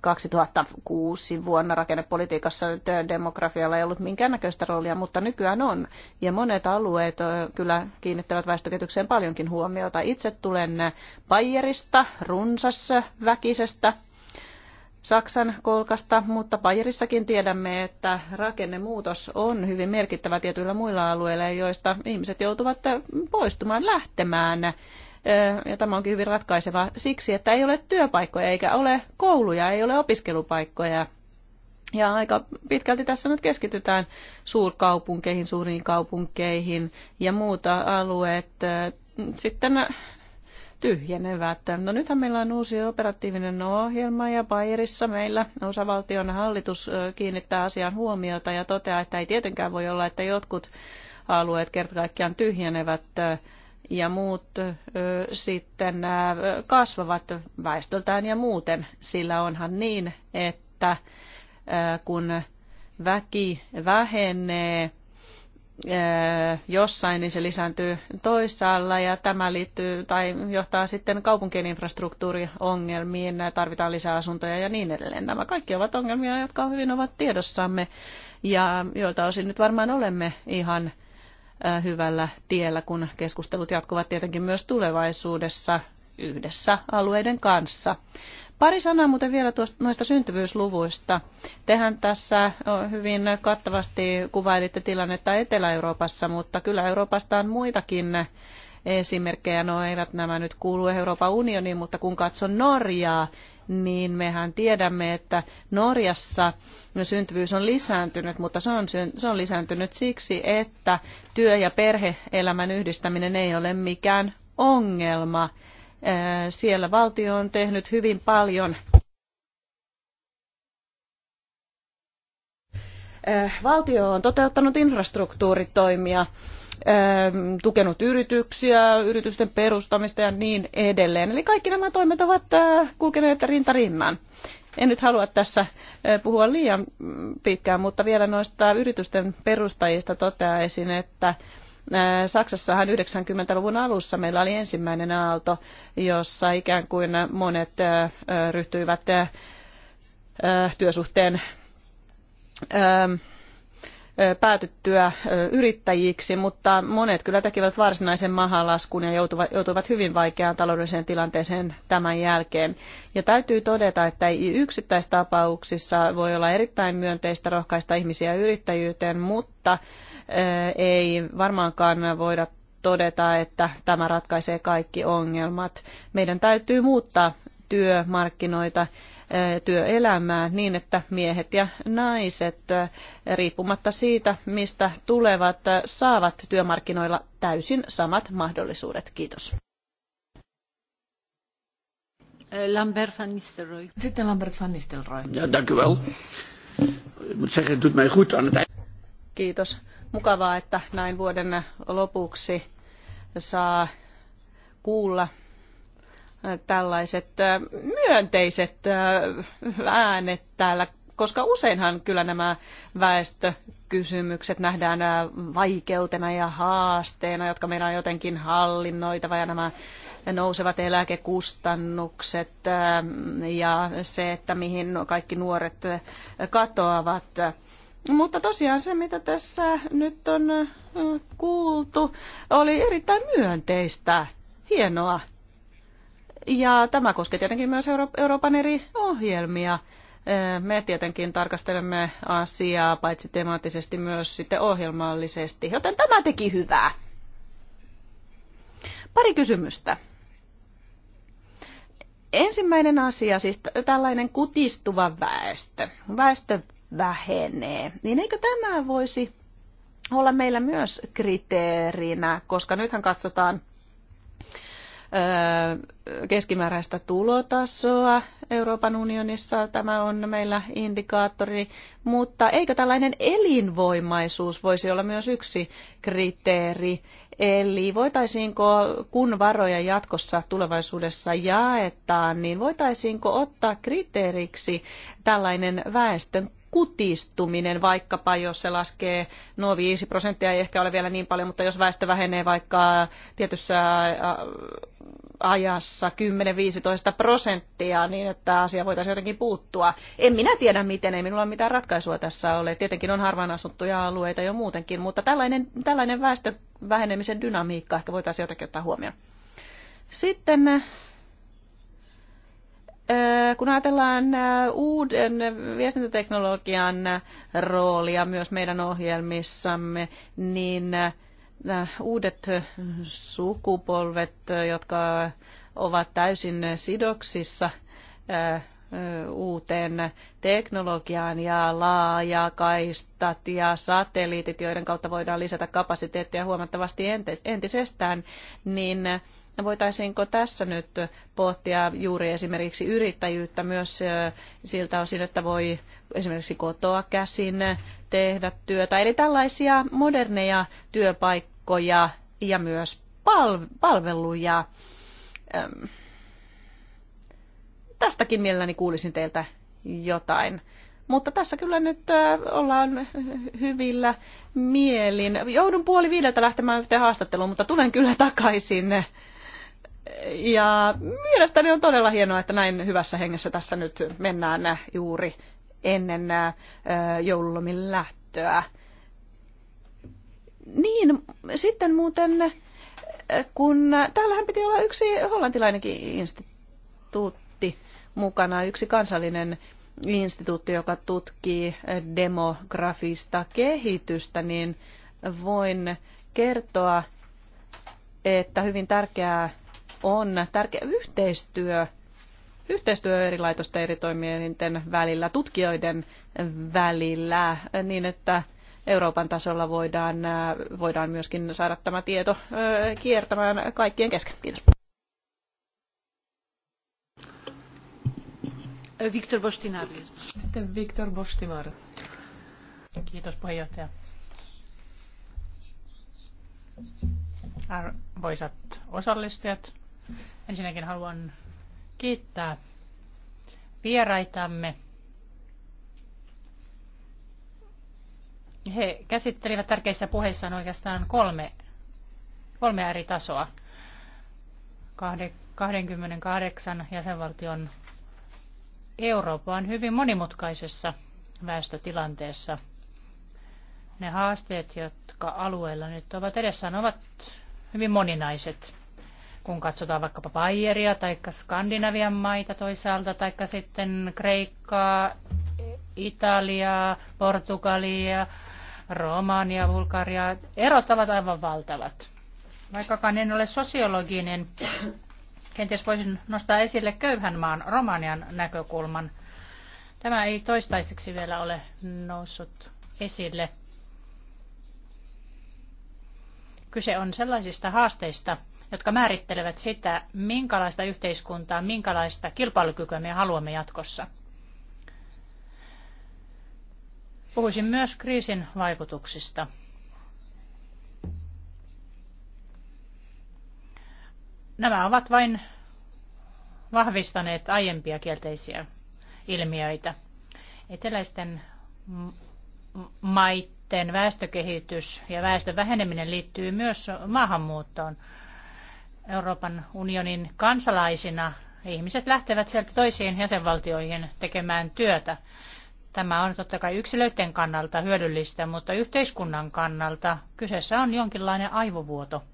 D: 2006 vuonna rakennepolitiikassa nyt demografialla ei ollut minkäännäköistä roolia, mutta nykyään on. Ja monet alueet kyllä kiinnittävät väestökehitykseen paljonkin huomiota. Itse tulen Bayerista, runsassa, väkisestä, Saksan kolkasta, mutta Bayerissakin tiedämme, että rakennemuutos on hyvin merkittävä tietyillä muilla alueilla, joista ihmiset joutuvat poistumaan, lähtemään ja tämä onkin hyvin ratkaisevaa, siksi, että ei ole työpaikkoja eikä ole kouluja, ei ole opiskelupaikkoja. Ja aika pitkälti tässä nyt keskitytään suurkaupunkeihin, suuriin kaupunkeihin ja muuta alueet sitten tyhjenevät. No nythän meillä on uusi operatiivinen ohjelma ja Bayerissa meillä osavaltion hallitus kiinnittää asiaan huomiota ja toteaa, että ei tietenkään voi olla, että jotkut alueet kertakaikkiaan tyhjenevät ja muut sitten kasvavat väestöltään ja muuten, sillä onhan niin, että kun väki vähenee jossain, niin se lisääntyy toisaalla ja tämä liittyy tai johtaa sitten kaupunkien infrastruktuuriongelmiin, tarvitaan lisää asuntoja ja niin edelleen. Nämä kaikki ovat ongelmia, jotka hyvin ovat tiedossamme ja joilta osin nyt varmaan olemme ihan hyvällä tiellä, kun keskustelut jatkuvat tietenkin myös tulevaisuudessa yhdessä alueiden kanssa. Pari sanaa muuten vielä tuosta, noista syntyvyysluvuista. Tehän tässä hyvin kattavasti kuvailitte tilannetta Etelä-Euroopassa, mutta kyllä Euroopasta on muitakin esimerkkejä. No eivät nämä nyt kuulu Euroopan unioniin, mutta kun katson Norjaa, niin mehän tiedämme, että Norjassa syntyvyys on lisääntynyt, mutta se on, se on lisääntynyt siksi, että työ- ja perheelämän yhdistäminen ei ole mikään ongelma. Siellä valtio on tehnyt hyvin paljon valtio on toteuttanut infrastruktuuritoimia Ähm, tukenut yrityksiä, yritysten perustamista ja niin edelleen. Eli kaikki nämä toimet ovat äh, kulkeneet rinta rinnan. En nyt halua tässä äh, puhua liian pitkään, mutta vielä noista yritysten perustajista toteaisin, että äh, Saksassahan 90-luvun alussa meillä oli ensimmäinen aalto, jossa ikään kuin monet ryhtyivät työsuhteen ähm, päätyttyä yrittäjiksi, mutta monet kyllä tekivät varsinaisen mahalaskun ja joutuvat, joutuivat hyvin vaikeaan taloudelliseen tilanteeseen tämän jälkeen. Ja täytyy todeta, että yksittäistapauksissa voi olla erittäin myönteistä rohkaista ihmisiä yrittäjyyteen, mutta ei varmaankaan voida todeta, että tämä ratkaisee kaikki ongelmat. Meidän täytyy muuttaa työmarkkinoita Eh, työelämää niin, että miehet ja naiset eh, riippumatta siitä, mistä tulevat, eh, saavat työmarkkinoilla täysin samat mahdollisuudet. Kiitos.
A: Lambert van Nistelrooy. Sitten Lambert van Nistelrooy.
D: Ja,
C: dank u wel. Ik moet zeggen, het
D: Kiitos. Mukavaa, että näin vuoden lopuksi saa kuulla tällaiset myönteiset äänet täällä, koska useinhan kyllä nämä väestökysymykset nähdään vaikeutena ja haasteena, jotka meidän on jotenkin hallinnoitava ja nämä nousevat eläkekustannukset ja se, että mihin kaikki nuoret katoavat. Mutta tosiaan se, mitä tässä nyt on kuultu, oli erittäin myönteistä, hienoa. Ja tämä koskee tietenkin myös Euro- Euroopan eri ohjelmia. Me tietenkin tarkastelemme asiaa paitsi temaattisesti myös sitten ohjelmallisesti, joten tämä teki hyvää. Pari kysymystä. Ensimmäinen asia, siis tällainen kutistuva väestö. Väestö vähenee. Niin eikö tämä voisi olla meillä myös kriteerinä, koska nythän katsotaan keskimääräistä tulotasoa Euroopan unionissa. Tämä on meillä indikaattori, mutta eikö tällainen elinvoimaisuus voisi olla myös yksi kriteeri? Eli voitaisiinko, kun varoja jatkossa tulevaisuudessa jaetaan, niin voitaisiinko ottaa kriteeriksi tällainen väestön kutistuminen, vaikkapa jos se laskee, no 5 prosenttia ei ehkä ole vielä niin paljon, mutta jos väestö vähenee vaikka tietyssä äh, ajassa 10-15 prosenttia, niin että asia voitaisiin jotenkin puuttua. En minä tiedä miten, ei minulla mitään ratkaisua tässä ole. Tietenkin on harvaan asuttuja alueita jo muutenkin, mutta tällainen, tällainen väestön vähenemisen dynamiikka ehkä voitaisiin jotenkin ottaa huomioon. Sitten kun ajatellaan uuden viestintäteknologian roolia myös meidän ohjelmissamme, niin uudet sukupolvet, jotka ovat täysin sidoksissa uuteen teknologiaan ja laajakaistat ja satelliitit, joiden kautta voidaan lisätä kapasiteettia huomattavasti entisestään, niin No voitaisiinko tässä nyt pohtia juuri esimerkiksi yrittäjyyttä myös siltä osin, että voi esimerkiksi kotoa käsin tehdä työtä. Eli tällaisia moderneja työpaikkoja ja myös palveluja. Tästäkin mielelläni kuulisin teiltä jotain. Mutta tässä kyllä nyt ollaan hyvillä mielin. Joudun puoli viideltä lähtemään yhteen haastatteluun, mutta tulen kyllä takaisin. Ja mielestäni on todella hienoa, että näin hyvässä hengessä tässä nyt mennään juuri ennen äh, joululomin lähtöä. Niin, sitten muuten, äh, kun täällähän piti olla yksi hollantilainenkin instituutti mukana, yksi kansallinen instituutti, joka tutkii demografista kehitystä, niin voin kertoa, että hyvin tärkeää on tärkeä yhteistyö, yhteistyö eri laitosten eri toimijoiden välillä, tutkijoiden välillä, niin että Euroopan tasolla voidaan, voidaan myöskin saada tämä tieto kiertämään kaikkien kesken. Kiitos. Viktor Bostinar. Sitten
B: Viktor Bostimar. Kiitos puheenjohtaja. Arvoisat osallistujat, Ensinnäkin haluan kiittää vieraitamme. He käsittelivät tärkeissä puheissaan oikeastaan kolme, kolme eri tasoa. 28 jäsenvaltion Eurooppa on hyvin monimutkaisessa väestötilanteessa. Ne haasteet, jotka alueella nyt ovat edessään, ovat hyvin moninaiset kun katsotaan vaikkapa Bayeria tai Skandinavian maita toisaalta, tai sitten Kreikkaa, Italiaa, Portugalia, Romania, Bulgaria, erot ovat aivan valtavat. Vaikkakaan en ole sosiologinen, niin kenties voisin nostaa esille köyhän maan Romanian näkökulman. Tämä ei toistaiseksi vielä ole noussut esille. Kyse on sellaisista haasteista, jotka määrittelevät sitä, minkälaista yhteiskuntaa, minkälaista kilpailukykyä me haluamme jatkossa. Puhuisin myös kriisin vaikutuksista. Nämä ovat vain vahvistaneet aiempia kielteisiä ilmiöitä. Eteläisten maiden väestökehitys ja väestön väheneminen liittyy myös maahanmuuttoon. Euroopan unionin kansalaisina ihmiset lähtevät sieltä toisiin jäsenvaltioihin tekemään työtä. Tämä on totta kai yksilöiden kannalta hyödyllistä, mutta yhteiskunnan kannalta kyseessä on jonkinlainen aivovuoto.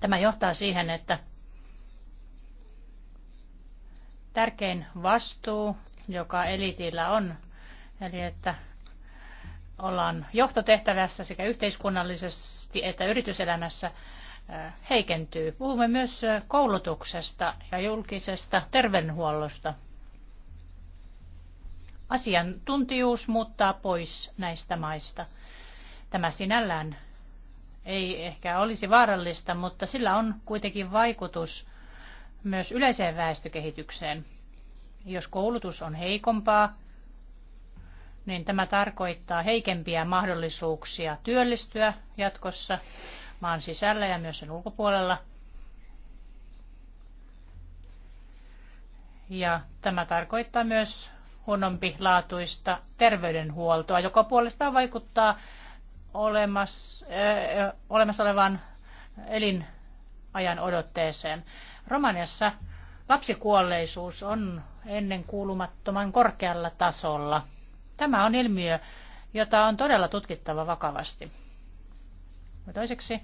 B: Tämä johtaa siihen, että tärkein vastuu, joka elitillä on, eli että ollaan johtotehtävässä sekä yhteiskunnallisesti että yrityselämässä heikentyy. Puhumme myös koulutuksesta ja julkisesta terveydenhuollosta. Asiantuntijuus muuttaa pois näistä maista. Tämä sinällään ei ehkä olisi vaarallista, mutta sillä on kuitenkin vaikutus myös yleiseen väestökehitykseen. Jos koulutus on heikompaa, niin tämä tarkoittaa heikempiä mahdollisuuksia työllistyä jatkossa maan sisällä ja myös sen ulkopuolella. Ja tämä tarkoittaa myös huonompi laatuista terveydenhuoltoa, joka puolestaan vaikuttaa olemassa, äh, olemassa olevan elinajan odotteeseen. Romaniassa lapsikuolleisuus on ennen kuulumattoman korkealla tasolla – Tämä on ilmiö, jota on todella tutkittava vakavasti. Ja toiseksi,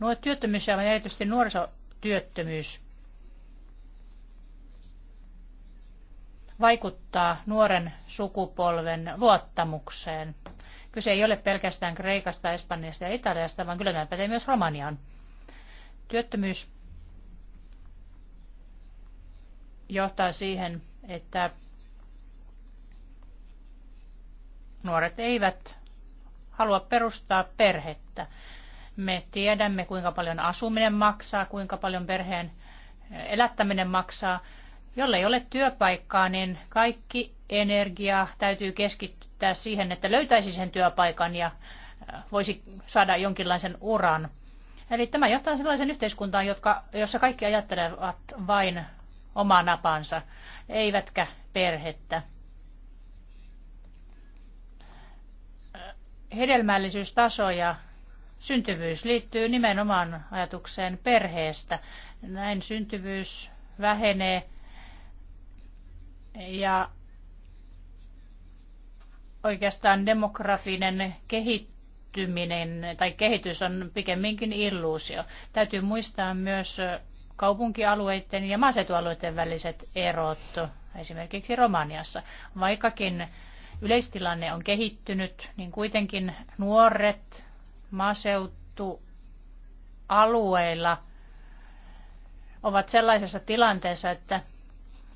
B: nuo työttömyys ja erityisesti nuorisotyöttömyys vaikuttaa nuoren sukupolven luottamukseen. Kyse ei ole pelkästään Kreikasta, Espanjasta ja Italiasta, vaan kyllä tämä pätee myös Romaniaan. Työttömyys johtaa siihen, että Nuoret eivät halua perustaa perhettä. Me tiedämme, kuinka paljon asuminen maksaa, kuinka paljon perheen eh, elättäminen maksaa. Jolle ei ole työpaikkaa, niin kaikki energia täytyy keskittää siihen, että löytäisi sen työpaikan ja eh, voisi saada jonkinlaisen uran. Eli tämä johtaa sellaisen yhteiskuntaan, jotka, jossa kaikki ajattelevat vain omaa napansa, eivätkä perhettä. hedelmällisyystaso ja syntyvyys liittyy nimenomaan ajatukseen perheestä. Näin syntyvyys vähenee ja oikeastaan demografinen kehittyminen tai kehitys on pikemminkin illuusio. Täytyy muistaa myös kaupunkialueiden ja maaseutualueiden väliset erot, esimerkiksi Romaniassa. Vaikkakin yleistilanne on kehittynyt, niin kuitenkin nuoret maaseutualueilla ovat sellaisessa tilanteessa, että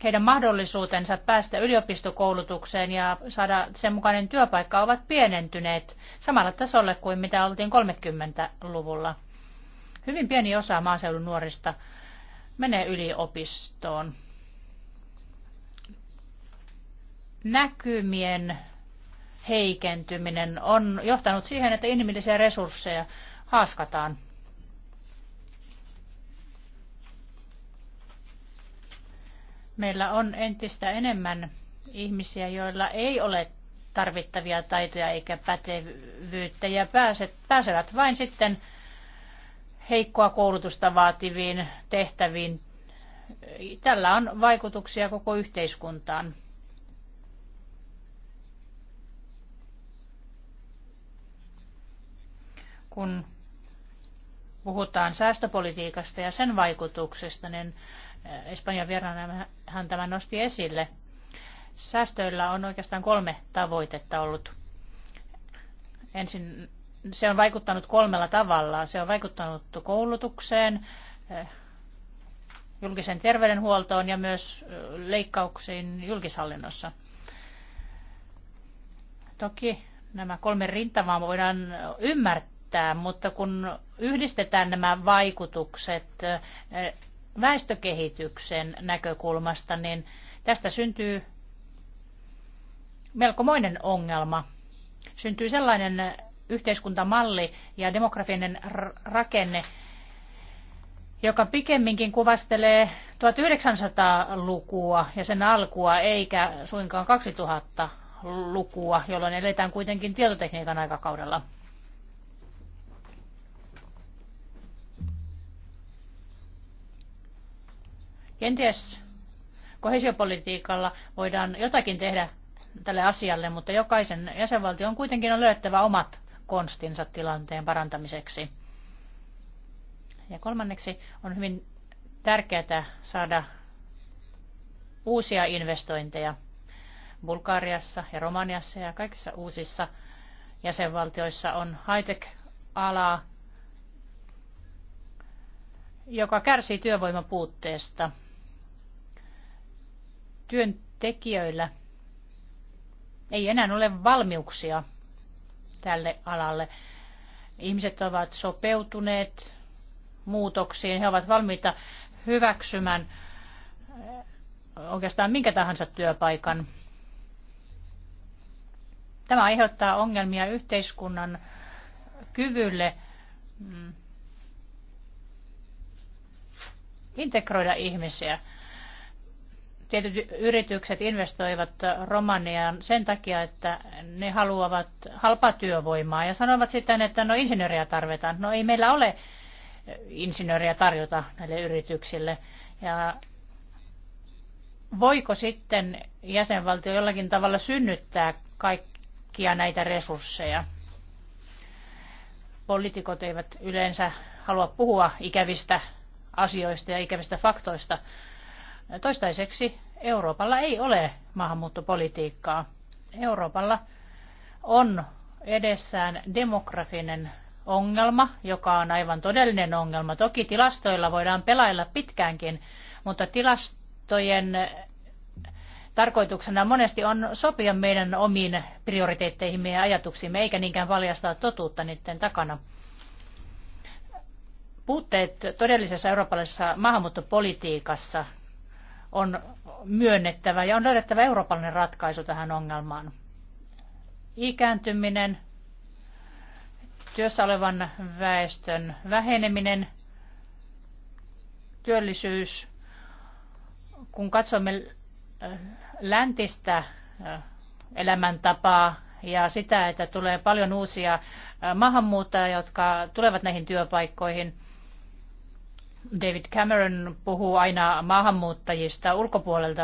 B: heidän mahdollisuutensa päästä yliopistokoulutukseen ja saada sen mukainen työpaikka ovat pienentyneet samalla tasolle kuin mitä oltiin 30-luvulla. Hyvin pieni osa maaseudun nuorista menee yliopistoon. näkymien heikentyminen on johtanut siihen, että inhimillisiä resursseja haaskataan. Meillä on entistä enemmän ihmisiä, joilla ei ole tarvittavia taitoja eikä pätevyyttä ja pääset, pääsevät vain sitten heikkoa koulutusta vaativiin tehtäviin. Tällä on vaikutuksia koko yhteiskuntaan. kun puhutaan säästöpolitiikasta ja sen vaikutuksesta, niin eh, Espanjan vieraana hän tämän nosti esille. Säästöillä on oikeastaan kolme tavoitetta ollut. Ensin se on vaikuttanut kolmella tavalla. Se on vaikuttanut koulutukseen, eh, julkisen terveydenhuoltoon ja myös eh, leikkauksiin julkishallinnossa. Toki nämä kolme rintamaa voidaan ymmärtää riittää, mutta kun yhdistetään nämä vaikutukset väestökehityksen näkökulmasta, niin tästä syntyy melkomoinen ongelma. Syntyy sellainen yhteiskuntamalli ja demografinen rakenne, joka pikemminkin kuvastelee 1900-lukua ja sen alkua, eikä suinkaan 2000-lukua, jolloin eletään kuitenkin tietotekniikan aikakaudella. Kenties kohesiopolitiikalla voidaan jotakin tehdä tälle asialle, mutta jokaisen jäsenvaltion kuitenkin on löydettävä omat konstinsa tilanteen parantamiseksi. Ja kolmanneksi on hyvin tärkeää saada uusia investointeja Bulgariassa ja Romaniassa ja kaikissa uusissa jäsenvaltioissa on high-tech-alaa, joka kärsii työvoimapuutteesta – työntekijöillä ei enää ole valmiuksia tälle alalle. Ihmiset ovat sopeutuneet muutoksiin, he ovat valmiita hyväksymään äh, oikeastaan minkä tahansa työpaikan. Tämä aiheuttaa ongelmia yhteiskunnan kyvylle mm, integroida ihmisiä tietyt yritykset investoivat Romaniaan sen takia, että ne haluavat halpaa työvoimaa ja sanovat sitten, että no insinööriä tarvitaan. No ei meillä ole insinööriä tarjota näille yrityksille. Ja voiko sitten jäsenvaltio jollakin tavalla synnyttää kaikkia näitä resursseja? Poliitikot eivät yleensä halua puhua ikävistä asioista ja ikävistä faktoista, Toistaiseksi Euroopalla ei ole maahanmuuttopolitiikkaa. Euroopalla on edessään demografinen ongelma, joka on aivan todellinen ongelma. Toki tilastoilla voidaan pelailla pitkäänkin, mutta tilastojen tarkoituksena monesti on sopia meidän omiin prioriteetteihimme ja ajatuksiimme, eikä niinkään valjastaa totuutta niiden takana. Puutteet todellisessa eurooppalaisessa maahanmuuttopolitiikassa on myönnettävä ja on löydettävä eurooppalainen ratkaisu tähän ongelmaan. Ikääntyminen, työssä olevan väestön väheneminen, työllisyys. Kun katsomme äh, läntistä äh, elämäntapaa ja sitä, että tulee paljon uusia äh, maahanmuuttajia, jotka tulevat näihin työpaikkoihin – David Cameron puhuu aina maahanmuuttajista ulkopuolelta,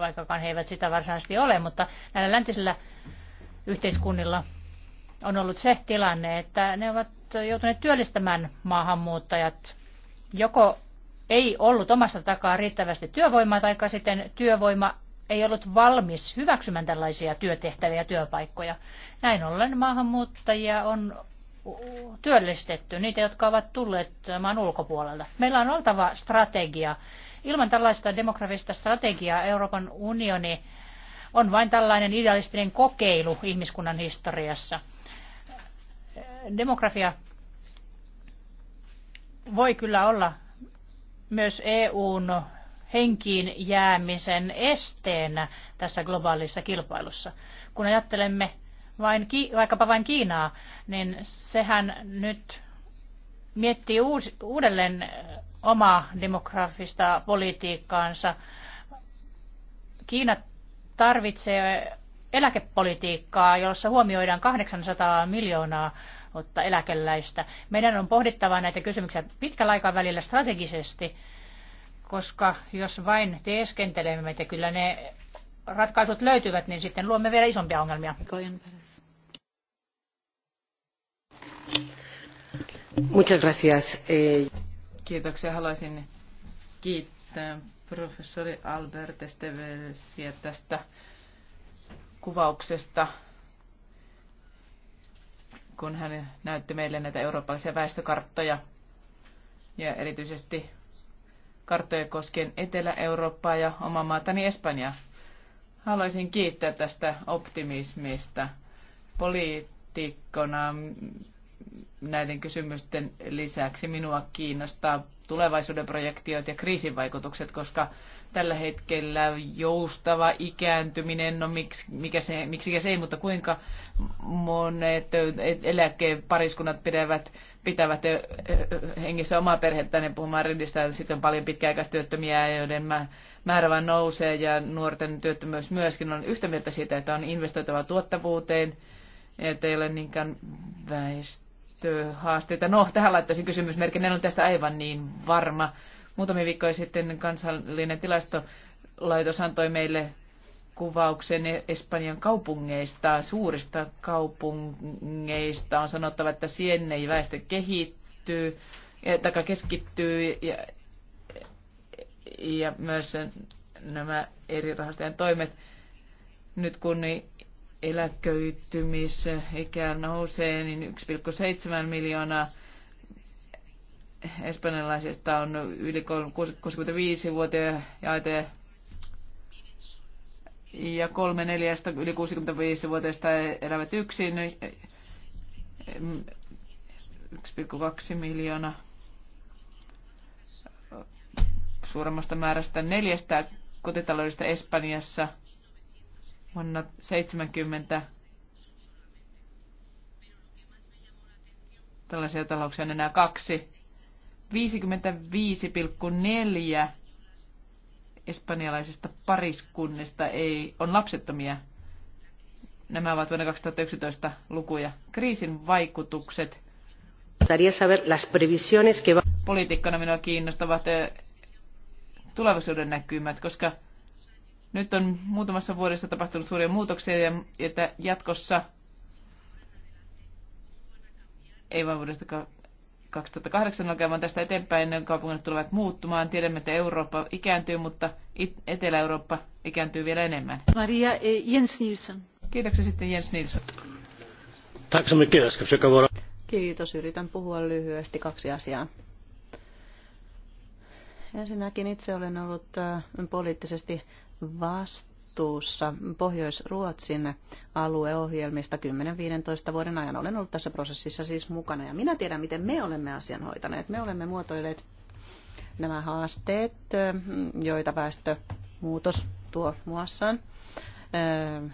B: vaikkakaan he eivät sitä varsinaisesti ole, mutta näillä läntisillä yhteiskunnilla on ollut se tilanne, että ne ovat joutuneet työllistämään maahanmuuttajat. Joko ei ollut omasta takaa riittävästi työvoimaa, tai sitten työvoima ei ollut valmis hyväksymään tällaisia työtehtäviä ja työpaikkoja. Näin ollen maahanmuuttajia on työllistetty, niitä, jotka ovat tulleet maan ulkopuolelta. Meillä on oltava strategia. Ilman tällaista demografista strategiaa Euroopan unioni on vain tällainen idealistinen kokeilu ihmiskunnan historiassa. Demografia voi kyllä olla myös EUn henkiin jäämisen esteenä tässä globaalissa kilpailussa. Kun ajattelemme vain, vaikkapa vain Kiinaa, niin sehän nyt miettii uus, uudelleen omaa demografista politiikkaansa. Kiina tarvitsee eläkepolitiikkaa, jossa huomioidaan 800 miljoonaa mutta eläkeläistä. Meidän on pohdittava näitä kysymyksiä pitkällä aikavälillä strategisesti, koska jos vain teeskentelemme, että kyllä ne ratkaisut löytyvät, niin sitten luomme vielä isompia ongelmia.
C: Muchas gracias.
A: Eh, Kiitoksia. Haluaisin kiittää professori Albert Estevesiä tästä kuvauksesta, kun hän näytti meille näitä eurooppalaisia väestökarttoja ja erityisesti karttoja koskien Etelä-Eurooppaa ja omaa maatani Espanjaa. Haluaisin kiittää tästä optimismista. Poliit poliitikkona näiden kysymysten lisäksi minua kiinnostaa tulevaisuuden projektiot ja kriisin vaikutukset, koska tällä hetkellä joustava ikääntyminen, no miksi, mikä se, miksi se ei, mutta kuinka monet eläkkeen pariskunnat pidävät, pitävät hengissä omaa perhettään niin puhumaan ridistä, sitten on paljon pitkäaikaistyöttömiä, joiden määrä vaan nousee ja nuorten työttömyys myöskin on yhtä mieltä siitä, että on investoitava tuottavuuteen, ettei ole niinkään väestöhaasteita. No, tähän laittaisin kysymysmerkin, en ole tästä aivan niin varma. Muutamia viikkoja sitten kansallinen tilastolaitos antoi meille kuvauksen Espanjan kaupungeista, suurista kaupungeista. On sanottava, että sienne väestö kehittyy, taka keskittyy ja, ja myös nämä eri rahastojen toimet. Nyt kun eläköitymisikä nousee, niin 1,7 miljoonaa espanjalaisista on yli 65-vuotiaita ja kolme neljästä yli 65-vuotiaista elävät yksin, 1,2 miljoonaa suuremmasta määrästä neljästä kotitaloudesta Espanjassa – vuonna 70 tällaisia talouksia on enää kaksi. 55,4 espanjalaisista pariskunnista ei, on lapsettomia. Nämä ovat vuonna 2011 lukuja. Kriisin vaikutukset. Politiikkana minua kiinnostavat eh, tulevaisuuden näkymät, koska nyt on muutamassa vuodessa tapahtunut suuria muutoksia ja että jatkossa ei vain vuodesta 2008 alkaen, vaan tästä eteenpäin kaupungit tulevat muuttumaan. Tiedämme, että Eurooppa ikääntyy, mutta
D: Etelä-Eurooppa
A: ikääntyy vielä enemmän.
D: Maria e, Jens Nilsson. Kiitoksia sitten Jens Nilsson. Kiitos. Yritän puhua lyhyesti kaksi asiaa. Ensinnäkin itse olen ollut äh, poliittisesti vastuussa Pohjois-Ruotsin alueohjelmista 10-15 vuoden ajan. Olen ollut tässä prosessissa siis mukana ja minä tiedän, miten me olemme asian hoitaneet. Me olemme muotoilleet nämä haasteet, joita väestömuutos tuo muassaan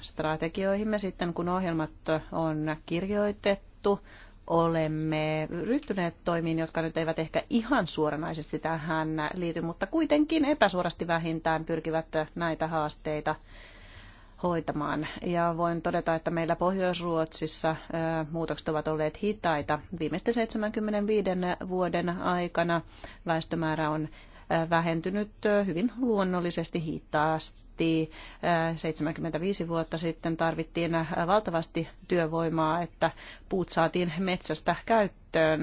D: strategioihimme sitten, kun ohjelmat on kirjoitettu, olemme ryhtyneet toimiin, jotka nyt eivät ehkä ihan suoranaisesti tähän liity, mutta kuitenkin epäsuorasti vähintään pyrkivät näitä haasteita hoitamaan. Ja voin todeta, että meillä Pohjois-Ruotsissa muutokset ovat olleet hitaita. Viimeisten 75 vuoden aikana väestömäärä on vähentynyt hyvin luonnollisesti hitaasti miettii, 75 äh, vuotta sitten tarvittiin äh, valtavasti työvoimaa, että puut saatiin metsästä käyttöön,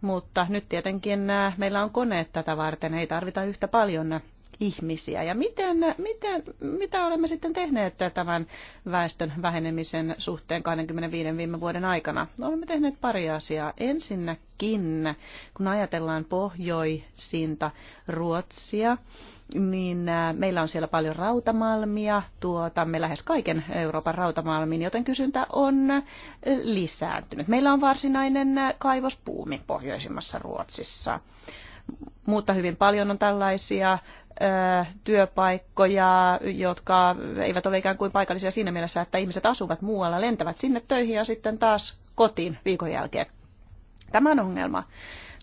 D: mutta nyt tietenkin äh, meillä on koneet tätä varten, ei tarvita yhtä paljon ihmisiä. Ja miten, miten, mitä olemme sitten tehneet tämän väestön vähenemisen suhteen 25 viime vuoden aikana? Olemme tehneet pari asiaa. Ensinnäkin, kun ajatellaan pohjoisinta Ruotsia, niin äh, meillä on siellä paljon rautamalmia, tuotamme lähes kaiken Euroopan rautamalmin, joten kysyntä on äh, lisääntynyt. Meillä on varsinainen äh, kaivospuumi pohjoisimmassa Ruotsissa mutta hyvin paljon on tällaisia työpaikkoja, jotka eivät ole ikään kuin paikallisia siinä mielessä, että ihmiset asuvat muualla, lentävät sinne töihin ja sitten taas kotiin viikon jälkeen. Tämä on ongelma.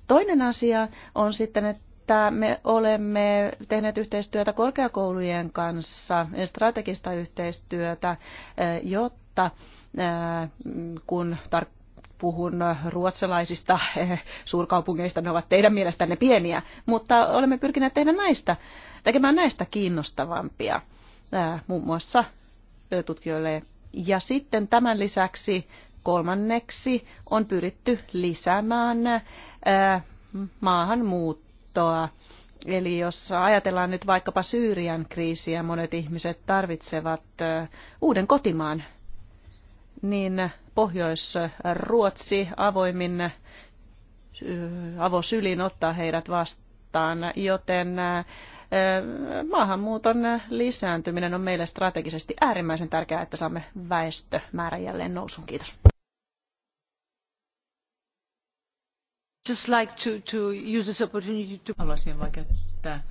D: Toinen asia on sitten, että me olemme tehneet yhteistyötä korkeakoulujen kanssa, strategista yhteistyötä, jotta kun tar- puhun ruotsalaisista eh, suurkaupungeista, ne ovat teidän mielestänne pieniä, mutta olemme pyrkineet tehdä näistä, tekemään näistä kiinnostavampia eh, muun muassa eh, tutkijoille. Ja sitten tämän lisäksi kolmanneksi on pyritty lisäämään maahanmuuttoa. Eli jos ajatellaan nyt vaikkapa Syyrian kriisiä, monet ihmiset tarvitsevat uuden kotimaan niin Pohjois-Ruotsi avoimin avosylin ottaa heidät vastaan, joten maahanmuuton lisääntyminen on meille strategisesti äärimmäisen tärkeää, että saamme väestömäärän jälleen nousuun. Kiitos. Just like to, to
A: use this opportunity to... Haluaisin vain käyttää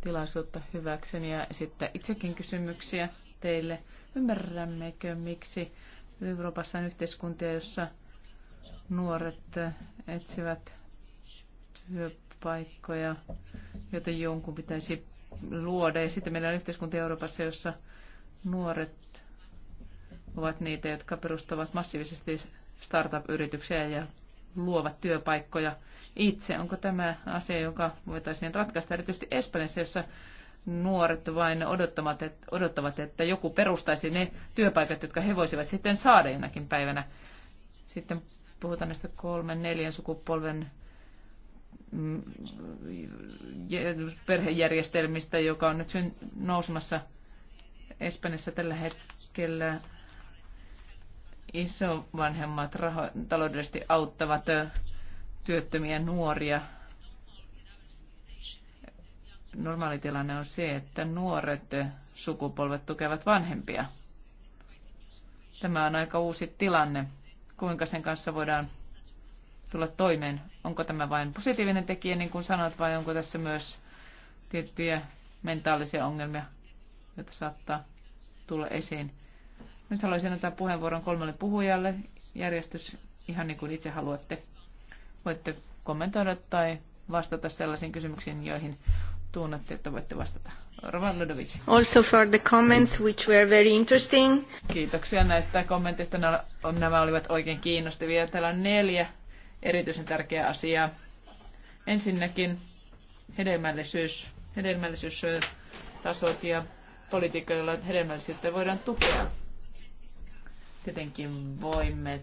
A: tilaisuutta hyväkseni ja esittää itsekin kysymyksiä teille. Ymmärrämmekö, miksi Euroopassa on yhteiskuntia, jossa nuoret etsivät työpaikkoja, joita jonkun pitäisi luoda. Ja sitten meillä on yhteiskunta Euroopassa, jossa nuoret ovat niitä, jotka perustavat massiivisesti startup-yrityksiä ja luovat työpaikkoja itse. Onko tämä asia, joka voitaisiin ratkaista erityisesti Espanjassa, jossa nuoret vain odottavat, että, odottavat, että joku perustaisi ne työpaikat, jotka he voisivat sitten saada jonakin päivänä. Sitten puhutaan näistä kolmen, neljän sukupolven mm, perhejärjestelmistä, joka on nyt nousemassa Espanjassa tällä hetkellä. Isovanhemmat taloudellisesti auttavat työttömiä nuoria Normaali tilanne on se, että nuoret sukupolvet tukevat vanhempia. Tämä on aika uusi tilanne. Kuinka sen kanssa voidaan tulla toimeen? Onko tämä vain positiivinen tekijä, niin kuin sanot, vai onko tässä myös tiettyjä mentaalisia ongelmia, joita saattaa tulla esiin? Nyt haluaisin antaa puheenvuoron kolmelle puhujalle. Järjestys ihan niin kuin itse haluatte. Voitte kommentoida tai vastata sellaisiin kysymyksiin, joihin tunnette, että voitte vastata. Rovanodovic. Also for the
D: comments which were very interesting.
A: Kiitoksia näistä kommenteista. Nämä olivat oikein kiinnostavia. Täällä on neljä erityisen tärkeää asiaa. Ensinnäkin hedelmällisyys, hedelmällisyystasot ja politiikka, jolla hedelmällisyyttä voidaan tukea. Tietenkin voimme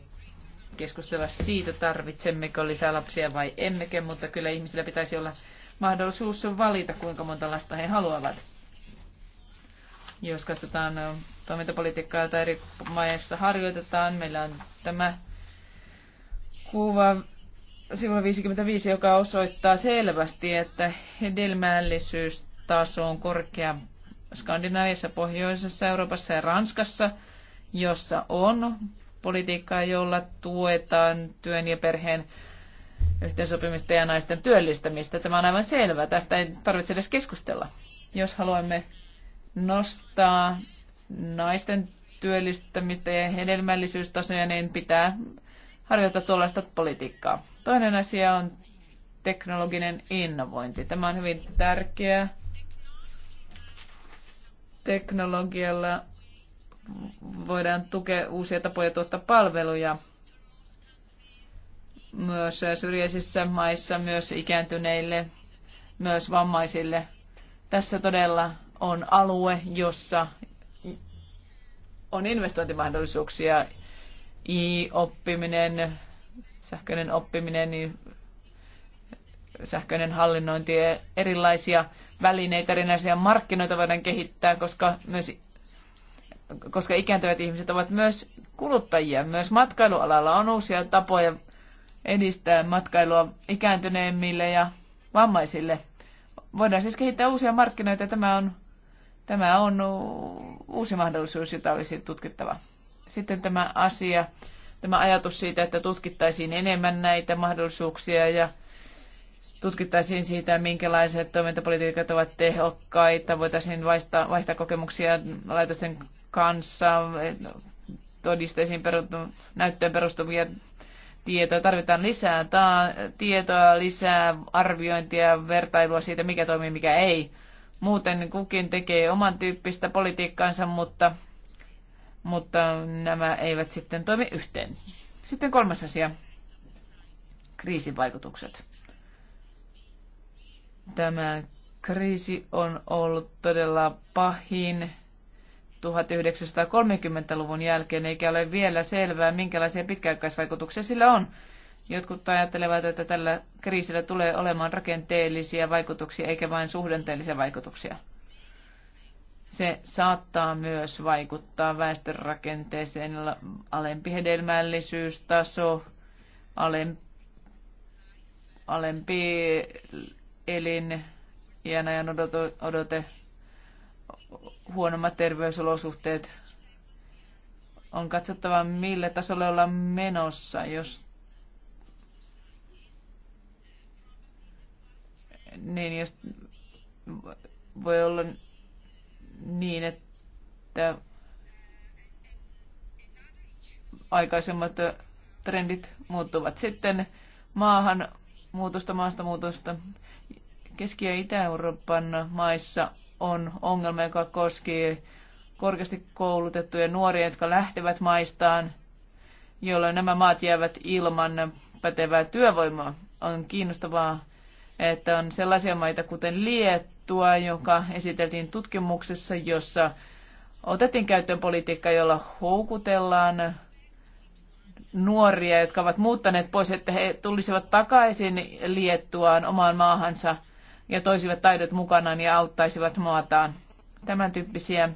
A: keskustella siitä, tarvitsemmeko lisää lapsia vai emmekö, mutta kyllä ihmisillä pitäisi olla mahdollisuus valita, kuinka monta lasta he haluavat. Jos katsotaan toimintapolitiikkaa, jota eri maissa harjoitetaan, meillä on tämä kuva sivulla 55, joka osoittaa selvästi, että hedelmällisyystaso on korkea Skandinaviassa, Pohjoisessa, Euroopassa ja Ranskassa, jossa on politiikkaa, jolla tuetaan työn ja perheen yhteensopimista ja naisten työllistämistä. Tämä on aivan selvä. Tästä ei tarvitse edes keskustella. Jos haluamme nostaa naisten työllistämistä ja hedelmällisyystasoja, niin pitää harjoittaa tuollaista politiikkaa. Toinen asia on teknologinen innovointi. Tämä on hyvin tärkeää. Teknologialla voidaan tukea uusia tapoja tuottaa palveluja myös syrjäisissä maissa, myös ikääntyneille, myös vammaisille. Tässä todella on alue, jossa on investointimahdollisuuksia. I-oppiminen, sähköinen oppiminen, niin sähköinen hallinnointi ja erilaisia välineitä, erinäisiä markkinoita voidaan kehittää, koska myös koska ikääntyvät ihmiset ovat myös kuluttajia. Myös matkailualalla on uusia tapoja edistää matkailua ikääntyneemmille ja vammaisille. Voidaan siis kehittää uusia markkinoita ja tämä on, tämä on uusi mahdollisuus, jota olisi tutkittava. Sitten tämä asia, tämä ajatus siitä, että tutkittaisiin enemmän näitä mahdollisuuksia ja tutkittaisiin siitä, minkälaiset toimintapolitiikat ovat tehokkaita, voitaisiin vaihtaa, vaihtaa kokemuksia laitosten kanssa, todisteisiin perustu, näyttöön perustuvia tietoa, tarvitaan lisää ta- tietoa, lisää arviointia, vertailua siitä, mikä toimii, mikä ei. Muuten kukin tekee oman tyyppistä politiikkaansa, mutta, mutta nämä eivät sitten toimi yhteen. Sitten kolmas asia, kriisin vaikutukset. Tämä kriisi on ollut todella pahin 1930-luvun jälkeen, eikä ole vielä selvää, minkälaisia pitkäaikaisvaikutuksia sillä on. Jotkut ajattelevat, että tällä kriisillä tulee olemaan rakenteellisia vaikutuksia eikä vain suhdanteellisia vaikutuksia. Se saattaa myös vaikuttaa väestörakenteeseen, alempi hedelmällisyystaso, alempi, alempi elin, iän ajan odote, huonommat terveysolosuhteet. On katsottava, mille tasolle ollaan menossa, jos niin jos voi olla niin, että aikaisemmat trendit muuttuvat sitten maahan muutosta, maasta muutosta. Keski- ja Itä-Euroopan maissa on ongelma, joka koskee korkeasti koulutettuja nuoria, jotka lähtevät maistaan, jolloin nämä maat jäävät ilman pätevää työvoimaa. On kiinnostavaa, että on sellaisia maita kuten Liettua, joka esiteltiin tutkimuksessa, jossa otettiin käyttöön politiikka, jolla houkutellaan nuoria, jotka ovat muuttaneet pois, että he tulisivat takaisin Liettuaan omaan maahansa – ja toisivat taidot mukanaan ja auttaisivat maataan. Tämän tyyppisiä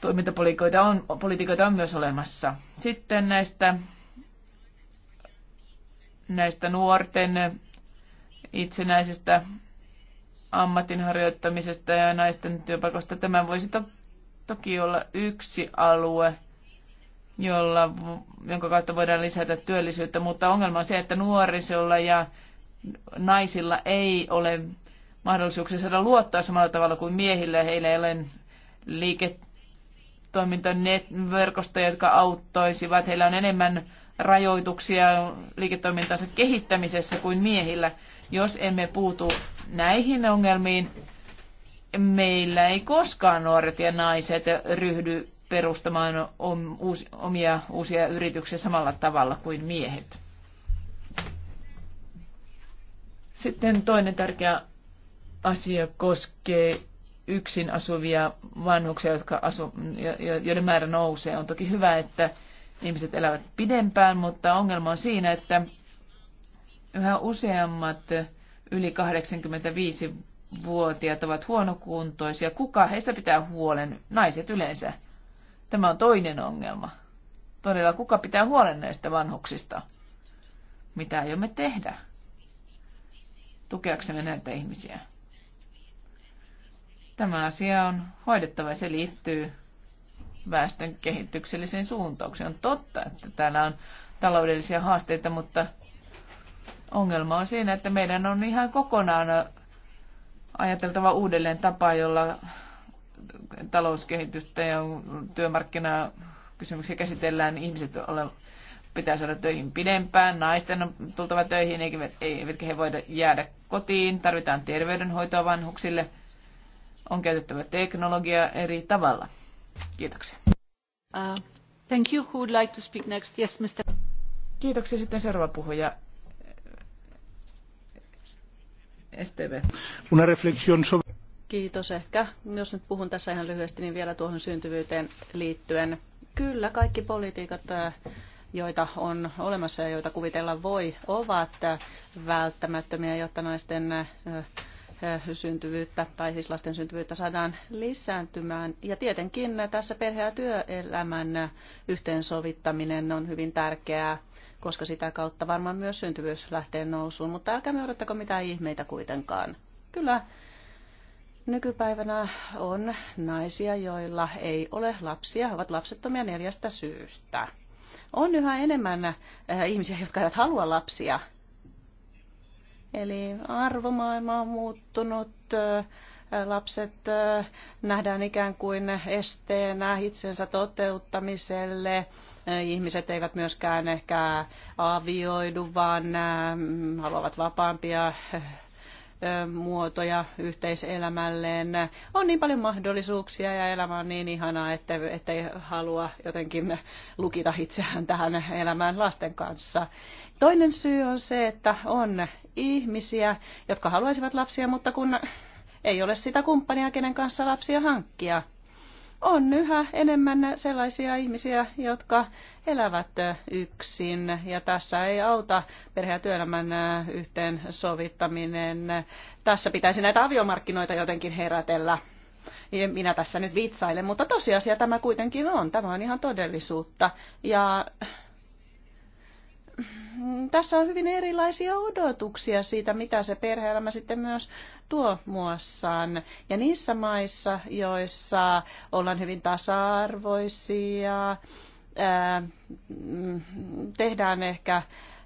A: toimintapolitiikoita on, politiikoita on myös olemassa. Sitten näistä, näistä nuorten itsenäisestä ammatinharjoittamisesta ja naisten työpaikoista. Tämä voisi to, toki olla yksi alue, jolla, jonka kautta voidaan lisätä työllisyyttä, mutta ongelma on se, että nuorisolla ja naisilla ei ole mahdollisuuksia saada luottaa samalla tavalla kuin miehillä. Heillä ei ole liiketoimintaverkostoja, jotka auttoisivat. Heillä on enemmän rajoituksia liiketoimintansa kehittämisessä kuin miehillä. Jos emme puutu näihin ongelmiin, meillä ei koskaan nuoret ja naiset ryhdy perustamaan omia uusia yrityksiä samalla tavalla kuin miehet. Sitten toinen tärkeä asia koskee yksin asuvia vanhuksia, jotka asu, joiden määrä nousee. On toki hyvä, että ihmiset elävät pidempään, mutta ongelma on siinä, että yhä useammat yli 85-vuotiaat ovat huonokuntoisia. Kuka heistä pitää huolen? Naiset yleensä. Tämä on toinen ongelma. Todella, kuka pitää huolen näistä vanhuksista? Mitä aiomme tehdä? tukeaksemme näitä ihmisiä. Tämä asia on hoidettava ja se liittyy väestön kehitykselliseen suuntaukseen. On totta, että täällä on taloudellisia haasteita, mutta ongelma on siinä, että meidän on ihan kokonaan ajateltava uudelleen tapa, jolla talouskehitystä ja työmarkkinakysymyksiä käsitellään. Ihmiset pitää saada töihin pidempään, naisten on tultava töihin, eivätkä he voida jäädä kotiin, tarvitaan terveydenhoitoa vanhuksille, on käytettävä teknologiaa eri tavalla. Kiitoksia.
D: Uh, thank you. Who
A: would like to speak
D: next? Yes, Mr. Kiitoksia. Sitten seuraava puhuja. STV.
C: Una reflexión sobre...
D: Kiitos ehkä. Jos nyt puhun tässä ihan lyhyesti, niin vielä tuohon syntyvyyteen liittyen. Kyllä, kaikki politiikat äh, joita on olemassa ja joita kuvitella voi, ovat välttämättömiä, jotta naisten syntyvyyttä tai siis lasten syntyvyyttä saadaan lisääntymään. Ja tietenkin tässä perhe- ja työelämän yhteensovittaminen on hyvin tärkeää, koska sitä kautta varmaan myös syntyvyys lähtee nousuun. Mutta älkää me odottako mitään ihmeitä kuitenkaan. Kyllä nykypäivänä on naisia, joilla ei ole lapsia, ovat lapsettomia neljästä syystä on yhä enemmän äh, ihmisiä, jotka eivät halua lapsia. Eli arvomaailma on muuttunut, äh, lapset äh, nähdään ikään kuin esteenä itsensä toteuttamiselle. Ihmiset eivät myöskään ehkä avioidu, vaan haluavat vapaampia muotoja yhteiselämälleen. On niin paljon mahdollisuuksia ja elämä on niin ihanaa, että, ettei halua jotenkin lukita itseään tähän elämään lasten kanssa. Toinen syy on se, että on ihmisiä, jotka haluaisivat lapsia, mutta kun ei ole sitä kumppania, kenen kanssa lapsia hankkia on yhä enemmän sellaisia ihmisiä, jotka elävät yksin. Ja tässä ei auta perhe- ja työelämän yhteensovittaminen. Tässä pitäisi näitä aviomarkkinoita jotenkin herätellä. Minä tässä nyt vitsailen, mutta tosiasia tämä kuitenkin on. Tämä on ihan todellisuutta. Ja Mm, tässä on hyvin erilaisia odotuksia siitä, mitä se perheelämä sitten myös tuo muassaan. Ja niissä maissa, joissa ollaan hyvin tasa-arvoisia, mm, tehdään ehkä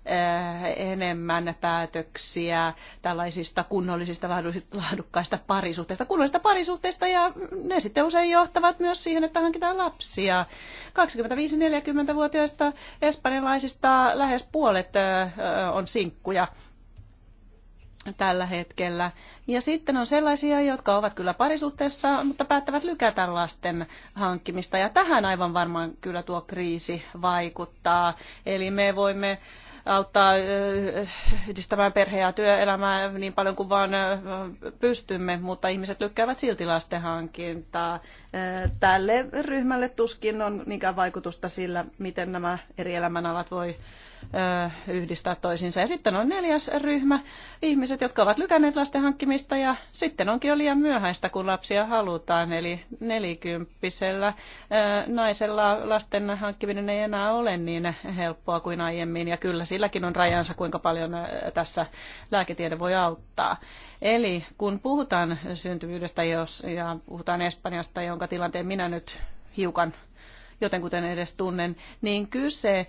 D: Eh, enemmän päätöksiä tällaisista kunnollisista laadukkaista parisuhteista, kunnollisista parisuhteista ja ne sitten usein johtavat myös siihen, että hankitaan lapsia. 25-40-vuotiaista espanjalaisista lähes puolet eh, eh, on sinkkuja tällä hetkellä. Ja sitten on sellaisia, jotka ovat kyllä parisuhteessa, mutta päättävät lykätä lasten hankkimista. Ja tähän aivan varmaan kyllä tuo kriisi vaikuttaa. Eli me voimme auttaa yhdistämään perhe- ja työelämää niin paljon kuin vaan pystymme, mutta ihmiset lykkäävät silti lasten hankintaa. Tälle ryhmälle tuskin on niinkään vaikutusta sillä, miten nämä eri elämänalat voi yhdistää toisiinsa. Ja sitten on neljäs ryhmä, ihmiset, jotka ovat lykänneet lasten hankkimista ja sitten onkin jo liian myöhäistä, kun lapsia halutaan. Eli nelikymppisellä naisella lasten hankkiminen ei enää ole niin helppoa kuin aiemmin. Ja kyllä silläkin on rajansa, kuinka paljon tässä lääketiede voi auttaa. Eli kun puhutaan syntyvyydestä jos, ja puhutaan Espanjasta, jonka tilanteen minä nyt hiukan joten kuten edes tunnen, niin kyse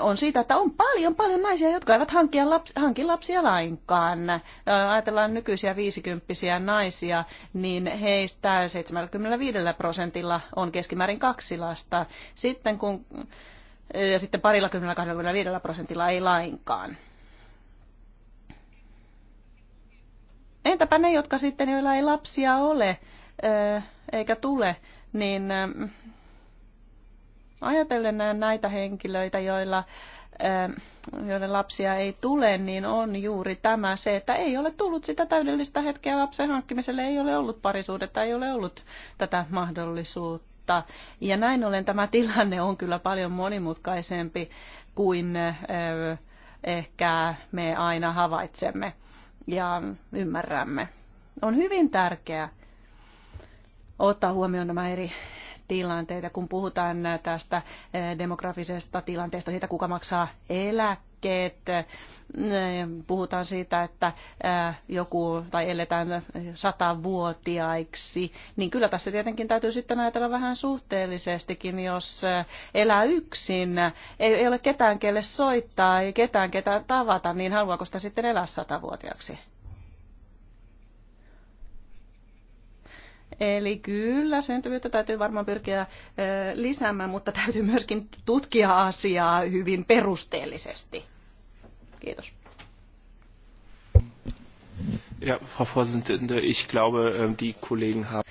D: on siitä, että on paljon, paljon naisia, jotka eivät hankia laps, hanki lapsia lainkaan. Ajatellaan nykyisiä viisikymppisiä naisia, niin heistä 75 prosentilla on keskimäärin kaksi lasta. Sitten kun, ja sitten parilla 25 prosentilla ei lainkaan. Entäpä ne, jotka sitten, joilla ei lapsia ole eikä tule, niin Ajatellen näitä henkilöitä, joilla ähm, joille lapsia ei tule, niin on juuri tämä se, että ei ole tullut sitä täydellistä hetkeä lapsen hankkimiselle, ei ole ollut parisuudetta, ei ole ollut tätä mahdollisuutta. Ja näin ollen tämä tilanne on kyllä paljon monimutkaisempi kuin äh, ehkä me aina havaitsemme ja ymmärrämme. On hyvin tärkeää ottaa huomioon nämä eri tilanteita, kun puhutaan tästä eh, demografisesta tilanteesta, siitä kuka maksaa eläkkeet. Eh, puhutaan siitä, että eh, joku tai eletään satavuotiaiksi, niin kyllä tässä tietenkin täytyy sitten ajatella vähän suhteellisestikin, jos elää yksin, ei, ei ole ketään kelle soittaa, ei ketään ketään tavata, niin haluaako sitä sitten elää satavuotiaaksi? Eli kyllä, syntyvyyttä täytyy varmaan pyrkiä lisäämään, mutta täytyy myöskin tutkia asiaa hyvin perusteellisesti. Kiitos.
C: Ja, Frau Vorsitzende, ich glaube, ähm, die Kollegen haben...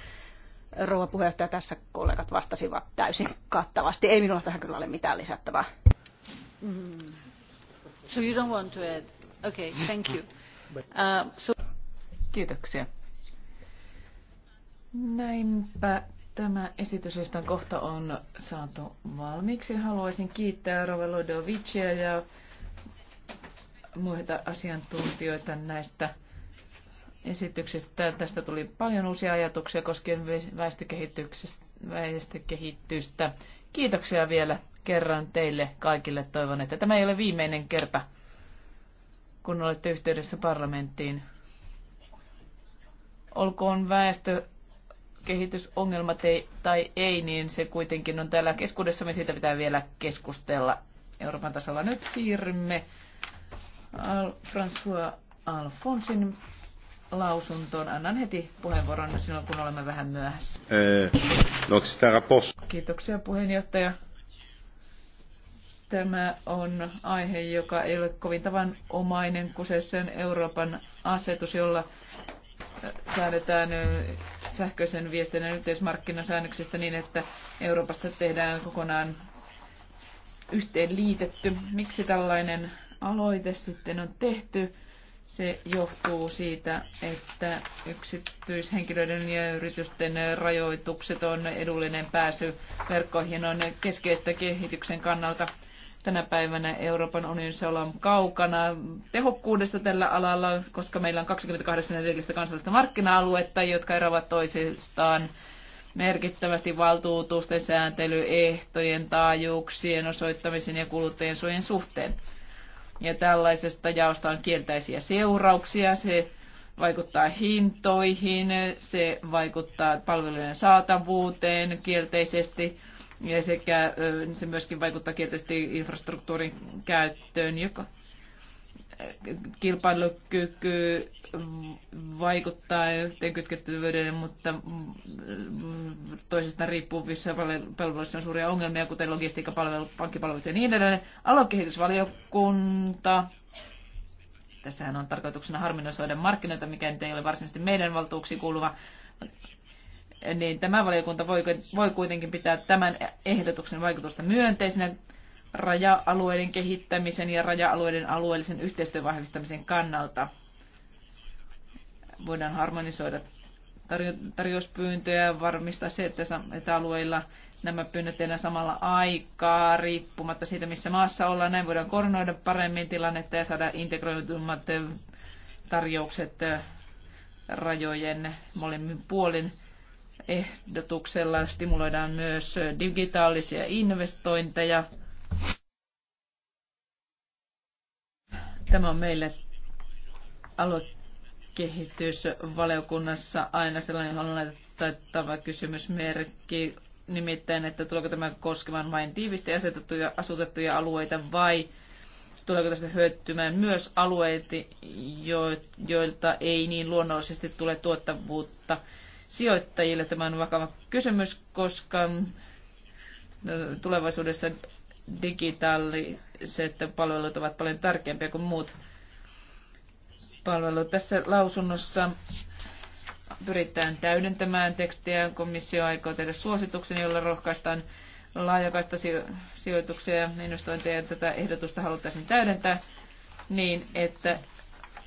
D: Rouva puheenjohtaja, tässä kollegat vastasivat täysin kattavasti. Ei minulla tähän kyllä ole mitään lisättävää. Mm. So you don't want to add? Okay, thank you. Uh, so... Kiitoksia.
C: Näinpä
A: tämä esityslistan kohta on saatu valmiiksi. Haluaisin kiittää Rovelo Dovicia ja muita asiantuntijoita näistä esityksistä. Tästä tuli paljon uusia ajatuksia koskien väestökehitystä. Kiitoksia vielä kerran teille kaikille. Toivon, että tämä ei ole viimeinen kerta, kun olette yhteydessä parlamenttiin. Olkoon väestö kehitysongelma tai ei, niin se kuitenkin on täällä Me Siitä pitää vielä keskustella Euroopan tasolla. Nyt siirrymme Al- François Alfonsin lausuntoon. Annan heti puheenvuoron silloin, kun olemme vähän myöhässä.
C: Eh, no,
A: Kiitoksia puheenjohtaja. Tämä on aihe, joka ei ole kovin tavanomainen, kun se sen Euroopan asetus, jolla säädetään eh, sähköisen viestinnän yhteismarkkinasäännöksistä niin, että Euroopasta tehdään kokonaan yhteenliitetty. Miksi tällainen aloite sitten on tehty? Se johtuu siitä, että yksityishenkilöiden ja yritysten rajoitukset on edullinen pääsy verkkoihin on keskeistä kehityksen kannalta. Tänä päivänä Euroopan unionissa ollaan kaukana tehokkuudesta tällä alalla, koska meillä on 28 erillistä kansallista markkina-aluetta, jotka eroavat toisistaan merkittävästi valtuutusten sääntelyehtojen, taajuuksien osoittamisen ja kuluttajien suojen suhteen. Ja tällaisesta jaosta on kieltäisiä seurauksia. Se vaikuttaa hintoihin, se vaikuttaa palvelujen saatavuuteen kielteisesti ja sekä niin se myöskin vaikuttaa kielteisesti infrastruktuurin käyttöön, joka kilpailukyky vaikuttaa yhteenkytkettävyyden, mutta mm, mm, toisesta riippuvissa palveluissa on suuria ongelmia, kuten logistiikkapalvelut, pankkipalvelut ja niin edelleen. Aluekehitysvaliokunta Tässähän on tarkoituksena harminoisoida markkinoita, mikä ei ole varsinaisesti meidän valtuuksiin kuuluva niin tämä valiokunta voi, voi kuitenkin pitää tämän ehdotuksen vaikutusta myönteisenä raja-alueiden kehittämisen ja raja-alueiden alueellisen yhteistyön vahvistamisen kannalta. Voidaan harmonisoida tarjo- tarjouspyyntöjä ja varmistaa se, että, että alueilla nämä pyynnöt tehdään samalla aikaa, riippumatta siitä, missä maassa ollaan. Näin voidaan koronoida paremmin tilannetta ja saada integroitumat eh, tarjoukset eh, rajojen molemmin puolin ehdotuksella stimuloidaan myös digitaalisia investointeja. Tämä on meille aluekehitysvaliokunnassa aina sellainen, johon on laitettava kysymysmerkki, nimittäin, että tuleeko tämä koskemaan vain tiivisti asetettuja, asutettuja alueita vai tuleeko tästä hyötymään myös alueita, joilta ei niin luonnollisesti tule tuottavuutta sijoittajille. Tämä on vakava kysymys, koska mm, tulevaisuudessa digitaaliset palvelut ovat paljon tärkeämpiä kuin muut palvelut. Tässä lausunnossa pyritään täydentämään tekstiä. Komissio aikoo tehdä suosituksen, jolla rohkaistaan laajakaista sijoituksia ja investointeja. Tätä ehdotusta haluttaisiin täydentää niin, että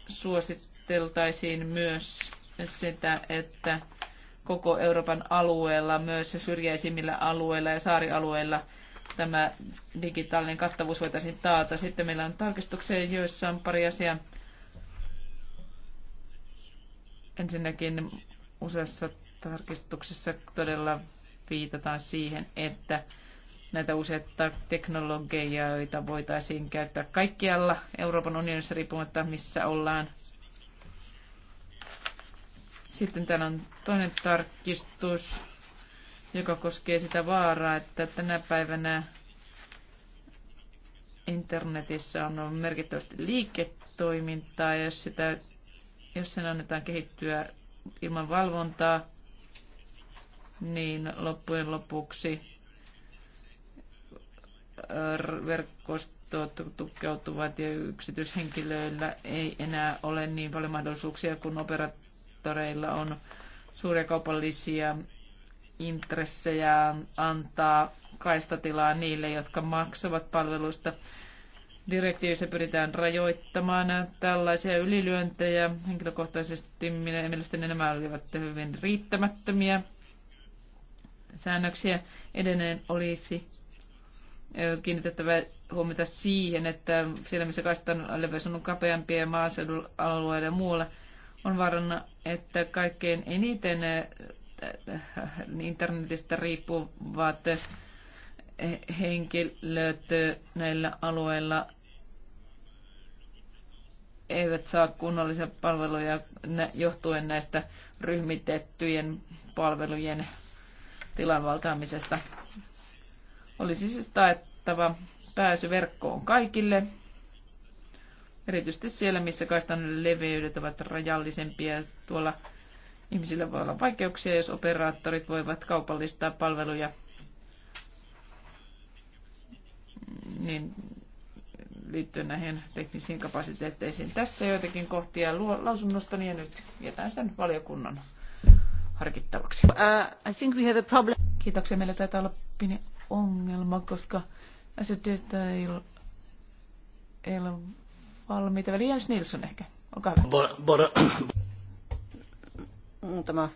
A: suositteltaisiin myös sitä, että koko Euroopan alueella, myös syrjäisimmillä alueilla ja saarialueilla tämä digitaalinen kattavuus voitaisiin taata. Sitten meillä on tarkistukseen, joissa on pari asiaa. Ensinnäkin useassa tarkistuksessa todella viitataan siihen, että näitä useita teknologioita voitaisiin käyttää kaikkialla Euroopan unionissa riippumatta, missä ollaan. Sitten täällä on toinen tarkistus, joka koskee sitä vaaraa, että tänä päivänä internetissä on merkittävästi liiketoimintaa, ja jos, sitä, jos sen annetaan kehittyä ilman valvontaa, niin loppujen lopuksi äh, verkostot tukeutuvat ja yksityishenkilöillä ei enää ole niin paljon mahdollisuuksia kuin operat sektoreilla on suuria kaupallisia intressejä antaa kaistatilaa niille, jotka maksavat palveluista. Direktiivissä pyritään rajoittamaan tällaisia ylilyöntejä. Henkilökohtaisesti mielestäni nämä olivat hyvin riittämättömiä säännöksiä. Edelleen olisi kiinnitettävä huomiota siihen, että siellä missä kaistan leveys on kapeampia maaseudun alueiden ja muualla, on varana, että kaikkein eniten eh, niin internetistä riippuvat eh, henkilöt eh, näillä alueilla eivät saa kunnollisia palveluja johtuen näistä ryhmitettyjen palvelujen tilanvaltaamisesta. Olisi siis taettava pääsy verkkoon kaikille erityisesti siellä, missä kaistan leveydet ovat rajallisempia. Tuolla ihmisillä voi olla vaikeuksia, jos operaattorit voivat kaupallistaa palveluja niin liittyen näihin teknisiin kapasiteetteisiin. Tässä joitakin kohtia lausunnosta, niin nyt jätän sen valiokunnan harkittavaksi. Uh, I think we have a problem. Kiitoksia. Meillä taitaa olla pieni ongelma, koska SYTstä ei,
D: ei ole valmiita. Eli Jens Nilsson ehkä. Olkaa hyvä. Bara, bara. Muutama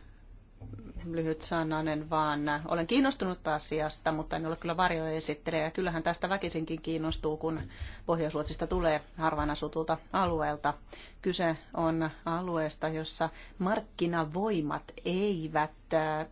D: lyhyt sananen vaan. Olen kiinnostunut asiasta, mutta en ole kyllä varjoesittelijä. Kyllähän tästä väkisinkin kiinnostuu, kun Pohjois-Ruotsista tulee harvaan asutulta alueelta. Kyse on alueesta, jossa markkinavoimat eivät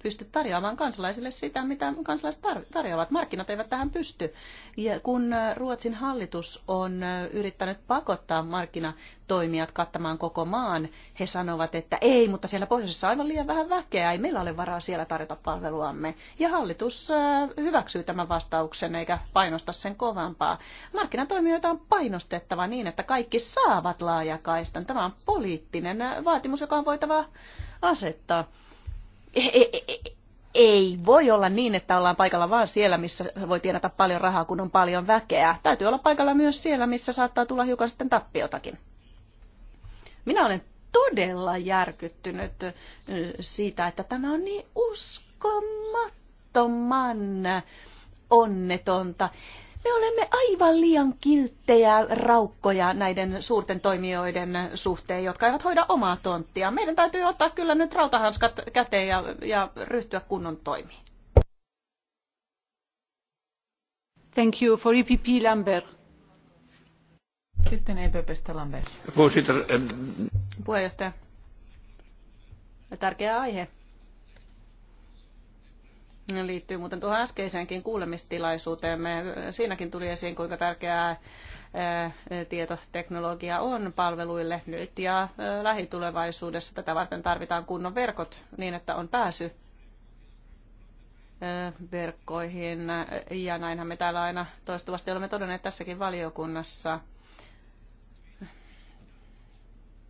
D: pysty tarjoamaan kansalaisille sitä, mitä kansalaiset tarjoavat. Markkinat eivät tähän pysty. Ja kun äh, Ruotsin hallitus on äh, yrittänyt pakottaa markkinatoimijat kattamaan koko maan, he sanovat, että ei, mutta siellä pohjoisessa on aivan liian vähän väkeä, ei meillä ole varaa siellä tarjota palveluamme. Ja hallitus äh, hyväksyy tämän vastauksen eikä painosta sen kovampaa. Markkinatoimijoita on painostettava niin, että kaikki saavat laajakaistan. Tämä on poliittinen vaatimus, joka on voitava asettaa ei voi olla niin, että ollaan paikalla vain siellä, missä voi tienata paljon rahaa, kun on paljon väkeä. Täytyy olla paikalla myös siellä, missä saattaa tulla hiukan sitten tappiotakin. Minä olen todella järkyttynyt siitä, että tämä on niin uskomattoman onnetonta. Me olemme aivan liian kilttejä raukkoja näiden suurten toimijoiden suhteen, jotka eivät hoida omaa tonttia. Meidän täytyy ottaa kyllä nyt rautahanskat käteen ja, ja ryhtyä kunnon toimiin. Thank you for EPP Lambert.
A: Sitten EPPstä Lambert. Eh, Puheenjohtaja.
D: Tärkeä aihe liittyy muuten tuohon äskeiseenkin Me, Siinäkin tuli esiin, kuinka tärkeää tietoteknologia on palveluille nyt ja lähitulevaisuudessa. Tätä varten tarvitaan kunnon verkot niin, että on pääsy verkkoihin. Ja näinhän me täällä aina toistuvasti olemme todenneet tässäkin valiokunnassa.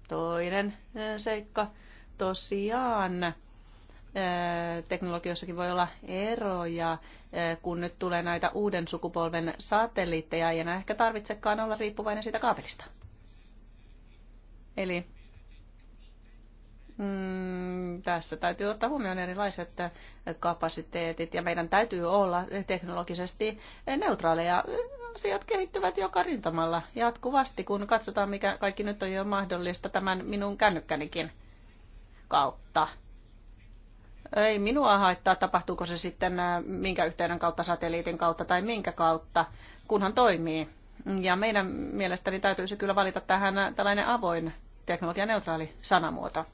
D: Toinen seikka tosiaan teknologioissakin voi olla eroja, kun nyt tulee näitä uuden sukupolven satelliitteja, ja enää ehkä tarvitsekaan olla riippuvainen siitä kaapelista. Eli mm, tässä täytyy ottaa huomioon erilaiset kapasiteetit ja meidän täytyy olla teknologisesti neutraaleja. Asiat kehittyvät joka rintamalla jatkuvasti, kun katsotaan, mikä kaikki nyt on jo mahdollista tämän minun kännykkänikin kautta. Ei minua haittaa, tapahtuuko se sitten äh, minkä yhteyden kautta, satelliitin kautta tai minkä kautta, kunhan toimii. Ja meidän mielestäni täytyisi kyllä valita tähän äh, tällainen avoin teknologianeutraali sanamuoto.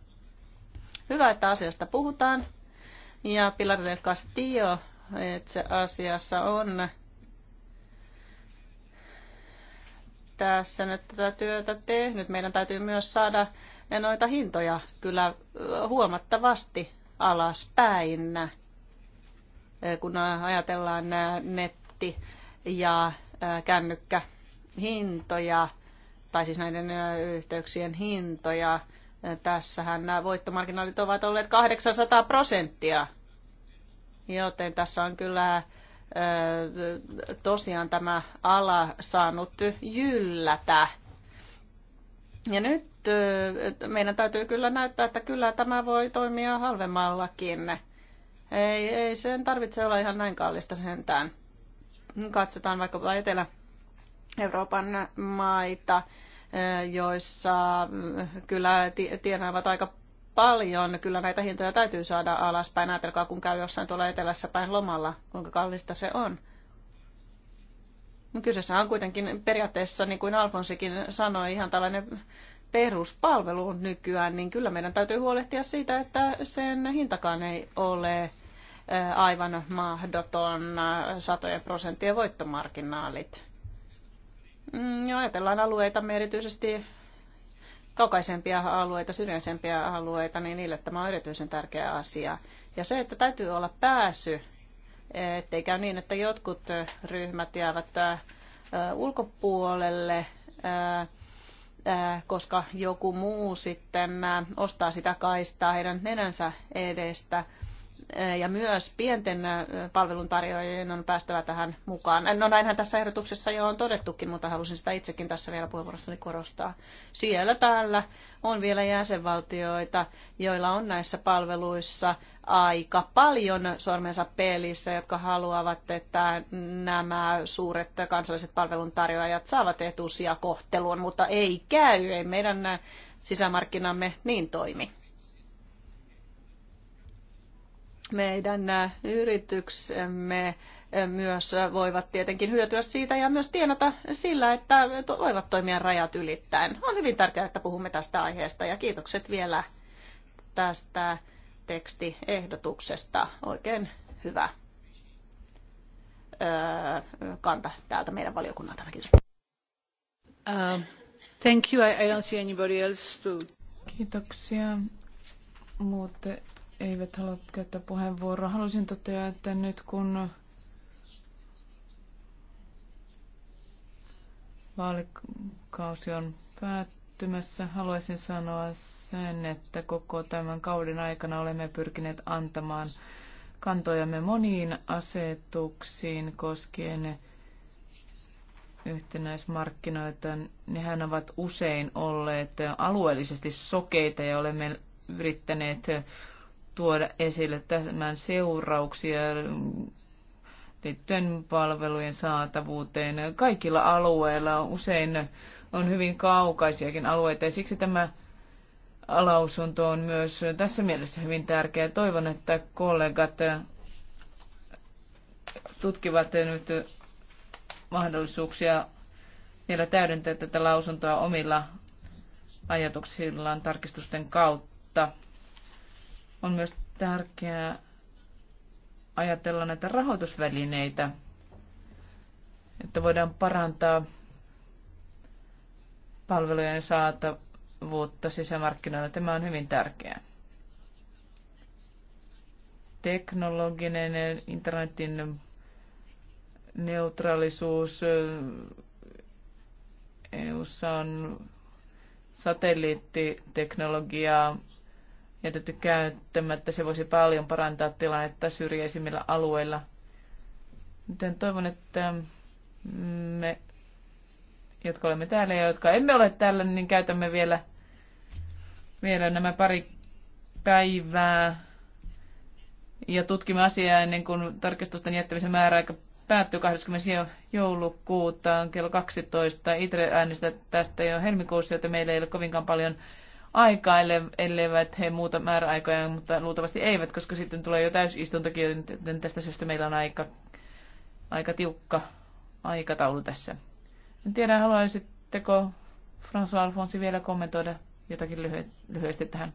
D: Hyvä, että asiasta puhutaan. Ja Pilar del Castillo se asiassa on tässä nyt tätä työtä tehnyt. Meidän täytyy myös saada noita hintoja kyllä huomattavasti alaspäin, eh, kun ajatellaan eh, netti- ja eh, kännykkähintoja, tai siis näiden yhteyksien hintoja. Tässähän nämä voittomarginaalit ovat olleet 800 prosenttia, joten tässä on kyllä tosiaan tämä ala saanut jyllätä. Ja nyt meidän täytyy kyllä näyttää, että kyllä tämä voi toimia halvemmallakin. Ei, ei sen tarvitse olla ihan näin kallista sentään. Katsotaan vaikkapa Etelä-Euroopan maita, joissa kyllä tienaavat aika paljon. Kyllä näitä hintoja täytyy saada alaspäin. Ajatelkaa, kun käy jossain tuolla etelässä päin lomalla, kuinka kallista se on. No kyseessä on kuitenkin periaatteessa, niin kuin Alfonsikin sanoi, ihan tällainen peruspalvelu nykyään, niin kyllä meidän täytyy huolehtia siitä, että sen hintakaan ei ole eh, aivan mahdoton eh, satojen prosenttien voittomarginaalit. Mm, ja ajatellaan alueita, erityisesti kaukaisempia alueita, syrjäisempiä alueita, niin niille tämä on erityisen tärkeä asia. Ja se, että täytyy olla pääsy ettei käy niin, että jotkut ryhmät jäävät ulkopuolelle, koska joku muu sitten ostaa sitä kaistaa heidän nenänsä edestä ja myös pienten palveluntarjoajien on päästävä tähän mukaan. No näinhän tässä ehdotuksessa jo on todettukin, mutta halusin sitä itsekin tässä vielä puheenvuorossani korostaa. Siellä täällä on vielä jäsenvaltioita, joilla on näissä palveluissa aika paljon sormensa pelissä, jotka haluavat, että nämä suuret kansalliset palveluntarjoajat saavat etusia kohtelun, mutta ei käy, ei meidän sisämarkkinamme niin toimi. meidän yrityksemme myös voivat tietenkin hyötyä siitä ja myös tienata sillä, että voivat toimia rajat ylittäen. On hyvin tärkeää, että puhumme tästä aiheesta ja kiitokset vielä tästä tekstiehdotuksesta. Oikein hyvä kanta täältä meidän valiokunnalta. Kiitos. Uh, thank you. I, don't see anybody else to... Kiitoksia.
A: Muut eivät halua käyttää puheenvuoroa. Haluaisin totea, että nyt kun vaalikausi on päättymässä, haluaisin sanoa sen, että koko tämän kauden aikana olemme pyrkineet antamaan kantojamme moniin asetuksiin koskien yhtenäismarkkinoita. Nehän ovat usein olleet alueellisesti sokeita ja olemme yrittäneet tuoda esille tämän seurauksia liittyen palvelujen saatavuuteen. Kaikilla alueilla usein on hyvin kaukaisiakin alueita ja siksi tämä lausunto on myös tässä mielessä hyvin tärkeä. Toivon, että kollegat tutkivat nyt mahdollisuuksia vielä täydentää tätä lausuntoa omilla ajatuksillaan tarkistusten kautta. On myös tärkeää ajatella näitä rahoitusvälineitä, että voidaan parantaa palvelujen saatavuutta sisämarkkinoilla. Tämä on hyvin tärkeää. Teknologinen internetin neutraalisuus EU:ssa e on satelliittiteknologiaa jätetty käyttämättä. Se voisi paljon parantaa tilannetta syrjäisimmillä alueilla. Joten toivon, että me, jotka olemme täällä ja jotka emme ole täällä, niin käytämme vielä, vielä nämä pari päivää ja tutkimme asiaa ennen kuin tarkistusten jättämisen määräaika päättyy 20. joulukuuta kello 12. Itse äänestä tästä jo helmikuussa, joten meillä ei ole kovinkaan paljon aikaille, elleivät he muuta määräaikoja, mutta luultavasti eivät, koska sitten tulee jo täysistuntokin, joten tästä syystä meillä on aika, aika tiukka aikataulu tässä. En tiedä, haluaisitteko François Alfonsi vielä kommentoida jotakin lyhy- lyhyesti tähän?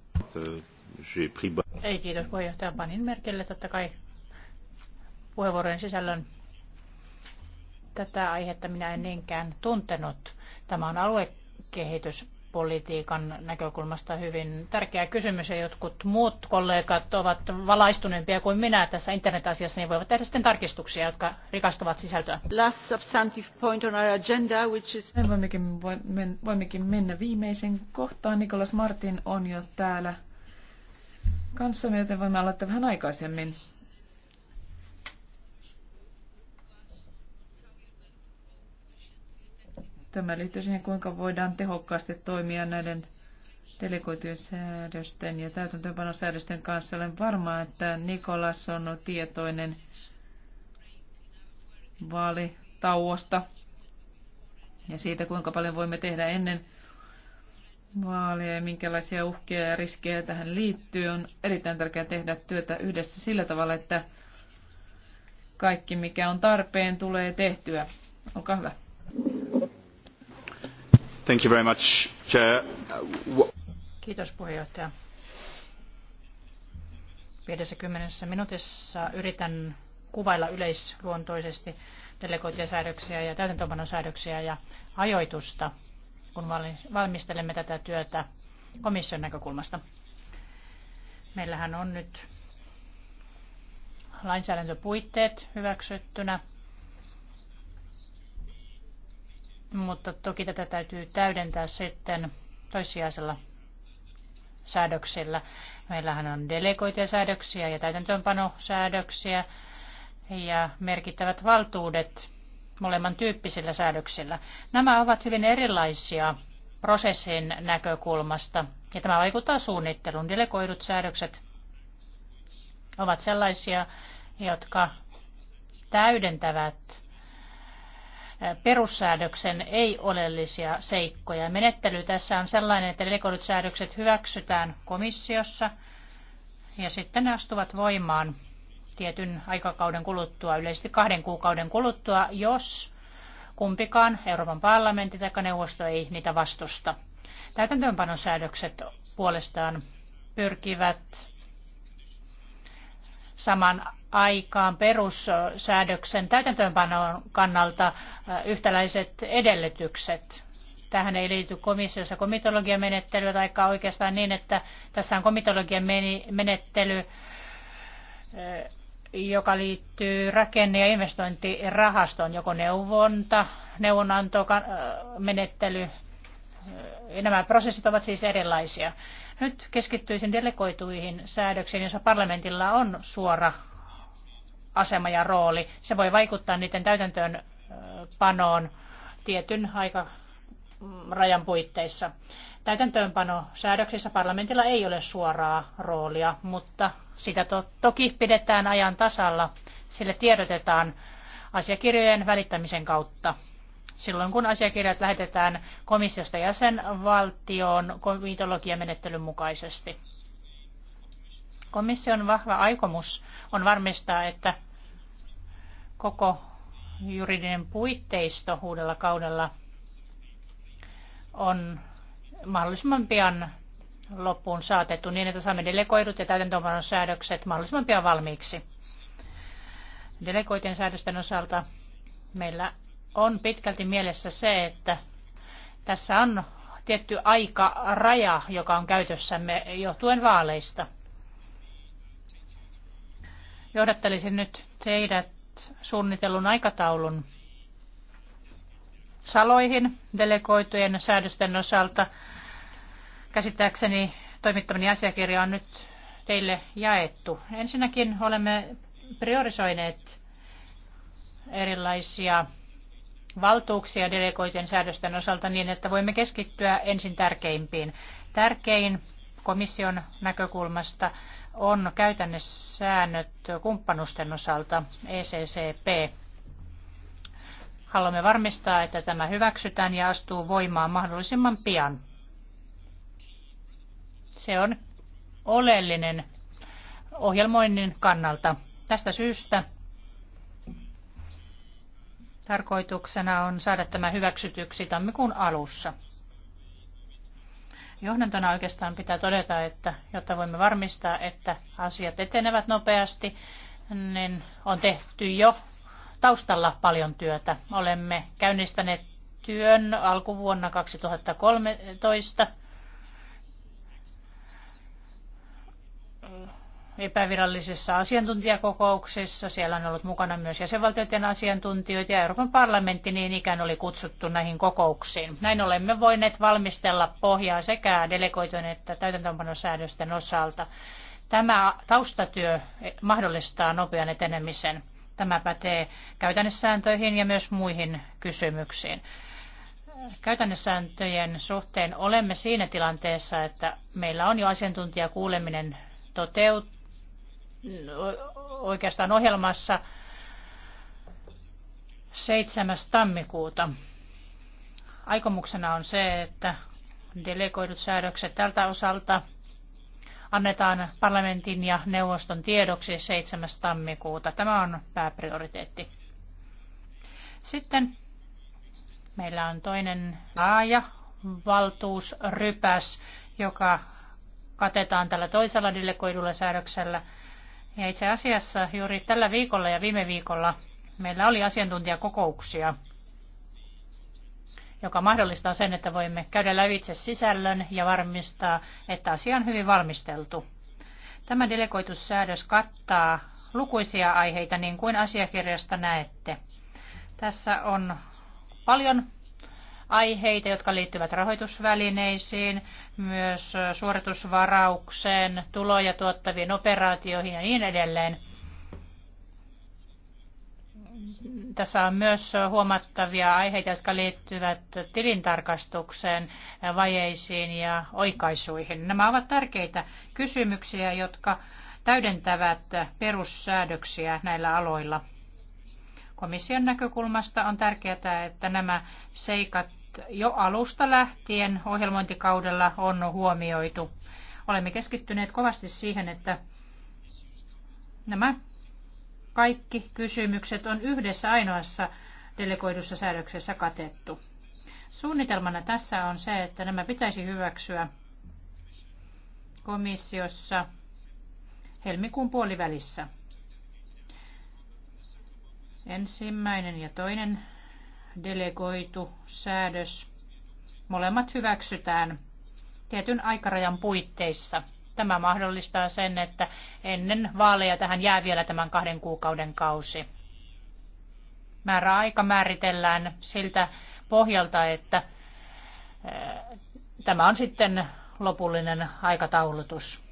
B: Ei kiitos puheenjohtaja. Panin merkille totta kai puheenvuorojen sisällön tätä aihetta minä en niinkään tuntenut. Tämä on aluekehitys politiikan näkökulmasta hyvin tärkeä kysymys ja jotkut muut kollegat ovat valaistuneempia kuin minä tässä internetasiassa, niin voivat tehdä sitten tarkistuksia, jotka rikastavat sisältöä. Last substantive point on our agenda, which
A: is... voimmekin, voimmekin mennä viimeisen kohtaan. Nikolas Martin on jo täällä kanssamme, joten voimme aloittaa vähän aikaisemmin. Tämä liittyy siihen, kuinka voidaan tehokkaasti toimia näiden delegoitujen säädösten ja täytäntöönpanosäädösten kanssa. Olen varma, että Nikolas on tietoinen vaalitauosta ja siitä, kuinka paljon voimme tehdä ennen vaaleja ja minkälaisia uhkia ja riskejä tähän liittyy. On erittäin tärkeää tehdä työtä yhdessä sillä tavalla, että kaikki mikä on tarpeen tulee tehtyä. Olkaa hyvä.
B: Thank you very much, Chair. Kiitos puheenjohtaja. 50 minuutissa yritän kuvailla yleisluontoisesti delegoituja säädöksiä ja täytäntöönpanosäädöksiä ja ajoitusta, kun valmistelemme tätä työtä komission näkökulmasta. Meillähän on nyt lainsäädäntöpuitteet hyväksyttynä mutta toki tätä täytyy täydentää sitten toissijaisella säädöksellä. Meillähän on delegoituja säädöksiä ja täytäntöönpanosäädöksiä ja merkittävät valtuudet molemman tyyppisillä säädöksillä. Nämä ovat hyvin erilaisia prosessin näkökulmasta ja tämä vaikuttaa suunnitteluun. Delegoidut säädökset ovat sellaisia, jotka täydentävät perussäädöksen ei-oleellisia seikkoja. Menettely tässä on sellainen, että delegoidut säädökset hyväksytään komissiossa ja sitten ne astuvat voimaan tietyn aikakauden kuluttua, yleisesti kahden kuukauden kuluttua, jos kumpikaan Euroopan parlamentti tai neuvosto ei niitä vastusta. Täytäntöönpanosäädökset puolestaan pyrkivät saman aikaan perussäädöksen täytäntöönpanon kannalta äh, yhtäläiset edellytykset. Tähän ei liity komissiossa komitologian menettely, tai oikeastaan niin, että tässä on komitologian menettely, äh, joka liittyy rakenne- ja investointirahastoon, joko neuvonta, neuvonantomenettely äh, Nämä prosessit ovat siis erilaisia. Nyt keskittyisin delegoituihin säädöksiin, joissa parlamentilla on suora asema ja rooli. Se voi vaikuttaa niiden täytäntöön panoon tietyn
C: aikarajan
B: mm, puitteissa. Täytäntöönpano säädöksissä parlamentilla ei ole suoraa roolia, mutta sitä to- toki pidetään ajan tasalla. Sille tiedotetaan asiakirjojen välittämisen kautta silloin kun asiakirjat lähetetään komissiosta jäsenvaltioon komitologiamenettelyn mukaisesti. Komission vahva aikomus on varmistaa, että koko juridinen puitteisto uudella kaudella on mahdollisimman pian loppuun saatettu niin, että saamme delegoidut ja täytäntöönpanon säädökset mahdollisimman pian valmiiksi. Delegoitien säädösten osalta meillä on pitkälti mielessä se, että tässä on tietty aika raja, joka on käytössämme johtuen vaaleista. Johdattelisin nyt teidät suunnitellun aikataulun saloihin delegoitujen säädösten osalta. Käsittääkseni toimittamani asiakirja on nyt teille jaettu. Ensinnäkin olemme priorisoineet erilaisia valtuuksia delegoitujen säädösten osalta niin, että voimme keskittyä ensin tärkeimpiin. Tärkein komission näkökulmasta on käytännössäännöt kumppanusten osalta ECCP. Haluamme varmistaa, että tämä hyväksytään ja astuu voimaan mahdollisimman pian. Se on oleellinen ohjelmoinnin kannalta. Tästä syystä Tarkoituksena on saada tämä hyväksytyksi tammikuun alussa. Johdantona oikeastaan pitää todeta, että jotta voimme varmistaa, että asiat etenevät nopeasti, niin on tehty jo taustalla paljon työtä. Olemme käynnistäneet työn alkuvuonna 2013 epävirallisessa asiantuntijakokouksissa. Siellä on ollut mukana myös jäsenvaltioiden asiantuntijoita ja Euroopan parlamentti niin ikään oli kutsuttu näihin kokouksiin. Näin olemme voineet valmistella pohjaa sekä delegoitujen että täytäntöönpanosäädösten osalta. Tämä taustatyö mahdollistaa nopean etenemisen. Tämä pätee käytännössääntöihin ja myös muihin kysymyksiin käytännössääntöjen suhteen olemme siinä tilanteessa, että meillä on jo asiantuntijakuuleminen toteut, oikeastaan ohjelmassa 7. tammikuuta. Aikomuksena on se, että delegoidut säädökset tältä osalta annetaan parlamentin ja neuvoston tiedoksi 7. tammikuuta. Tämä on pääprioriteetti. Sitten meillä on toinen laaja valtuusrypäs, joka katetaan tällä toisella delegoidulla säädöksellä – ja itse asiassa juuri tällä viikolla ja viime viikolla meillä oli asiantuntijakokouksia, joka mahdollistaa sen, että voimme käydä lävitse sisällön ja varmistaa, että asia on hyvin valmisteltu. Tämä delegoitussäädös kattaa lukuisia aiheita, niin kuin asiakirjasta näette. Tässä on paljon aiheita, jotka liittyvät rahoitusvälineisiin, myös suoritusvaraukseen, tuloja tuottaviin operaatioihin ja niin edelleen. Tässä on myös huomattavia aiheita, jotka liittyvät tilintarkastukseen, vajeisiin ja oikaisuihin. Nämä ovat tärkeitä kysymyksiä, jotka täydentävät perussäädöksiä näillä aloilla. Komission näkökulmasta on tärkeää, että nämä seikat jo alusta lähtien ohjelmointikaudella on huomioitu. Olemme keskittyneet kovasti siihen, että nämä kaikki kysymykset on yhdessä ainoassa delegoidussa säädöksessä katettu. Suunnitelmana tässä on se, että nämä pitäisi hyväksyä komissiossa helmikuun puolivälissä. Ensimmäinen ja toinen delegoitu säädös, molemmat hyväksytään tietyn aikarajan puitteissa. Tämä mahdollistaa sen, että ennen vaaleja tähän jää vielä tämän kahden kuukauden kausi. Määräaika määritellään siltä pohjalta, että eh, tämä on sitten lopullinen aikataulutus.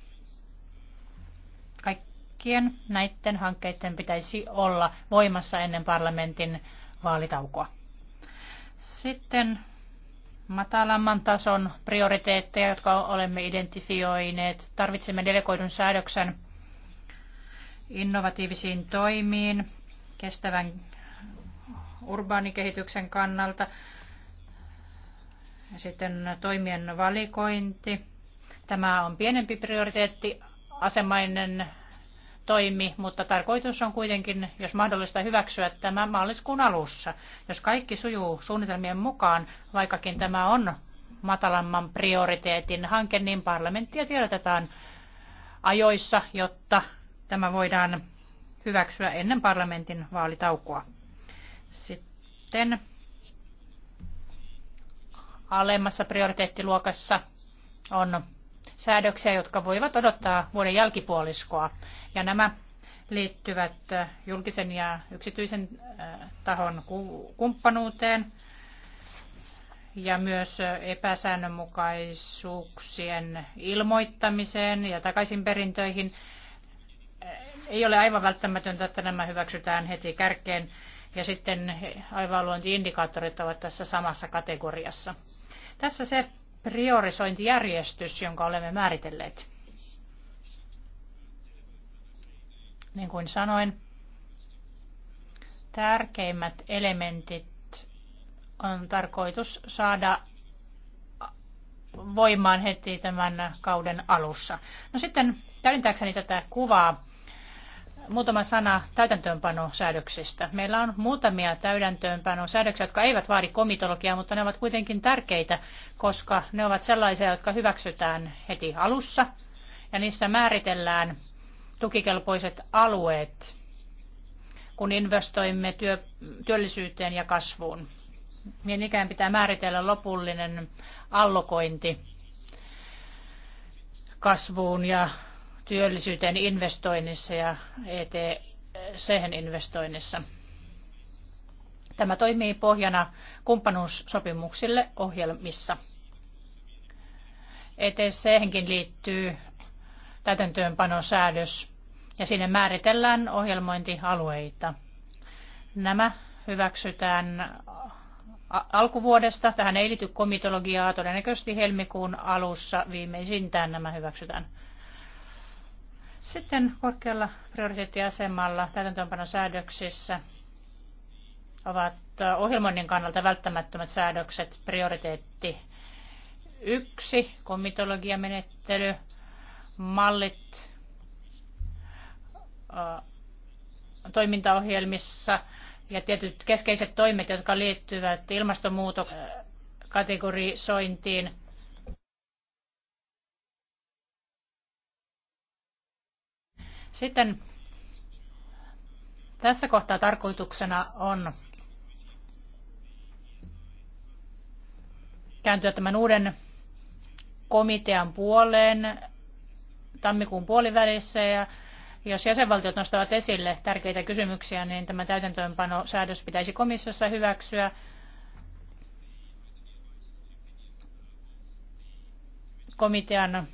B: Kaikkien näiden hankkeiden pitäisi olla voimassa ennen parlamentin vaalitaukoa. Sitten matalamman tason prioriteetteja, jotka olemme identifioineet. Tarvitsemme delegoidun säädöksen innovatiivisiin toimiin kestävän urbaanikehityksen kannalta. Sitten toimien valikointi. Tämä on pienempi prioriteetti asemainen toimi, mutta tarkoitus on kuitenkin, jos mahdollista, hyväksyä tämä maaliskuun alussa. Jos kaikki sujuu suunnitelmien mukaan, vaikkakin tämä on matalamman prioriteetin hanke, niin parlamenttia tiedotetaan ajoissa, jotta tämä voidaan hyväksyä ennen parlamentin vaalitaukoa. Sitten alemmassa prioriteettiluokassa on säädöksiä, jotka voivat odottaa vuoden jälkipuoliskoa. Ja nämä liittyvät julkisen ja yksityisen tahon kumppanuuteen ja myös epäsäännönmukaisuuksien ilmoittamiseen ja takaisinperintöihin. Ei ole aivan välttämätöntä, että nämä hyväksytään heti kärkeen. Ja sitten aivan ovat tässä samassa kategoriassa. Tässä se, priorisointijärjestys, jonka olemme määritelleet. Niin kuin sanoin, tärkeimmät elementit on tarkoitus saada voimaan heti tämän kauden alussa. No sitten täydentääkseni tätä kuvaa muutama sana täytäntöönpanosäädöksistä. Meillä on muutamia täytäntöönpanosäädöksiä, jotka eivät vaadi komitologiaa, mutta ne ovat kuitenkin tärkeitä, koska ne ovat sellaisia, jotka hyväksytään heti alussa. Ja niissä määritellään tukikelpoiset alueet, kun investoimme työ, työllisyyteen ja kasvuun. Niin ikään pitää määritellä lopullinen allokointi kasvuun ja työllisyyteen investoinnissa ja ETC-investoinnissa. Tämä toimii pohjana kumppanuussopimuksille ohjelmissa. ETC-henkin liittyy täytäntöönpanosäädös ja sinne määritellään ohjelmointialueita. Nämä hyväksytään alkuvuodesta. Tähän ei liity komitologiaa. Todennäköisesti helmikuun alussa viimeisintään nämä hyväksytään. Sitten korkealla prioriteettiasemalla täytäntöönpanosäädöksissä ovat ohjelmoinnin kannalta välttämättömät säädökset, prioriteetti yksi, komitologiamenettely, mallit toimintaohjelmissa ja tietyt keskeiset toimet, jotka liittyvät ilmastonmuutoksen kategorisointiin, Sitten tässä kohtaa tarkoituksena on kääntyä tämän uuden komitean puoleen tammikuun puolivälissä ja jos jäsenvaltiot nostavat esille tärkeitä kysymyksiä, niin tämä täytäntöönpanosäädös pitäisi komissiossa hyväksyä. komitean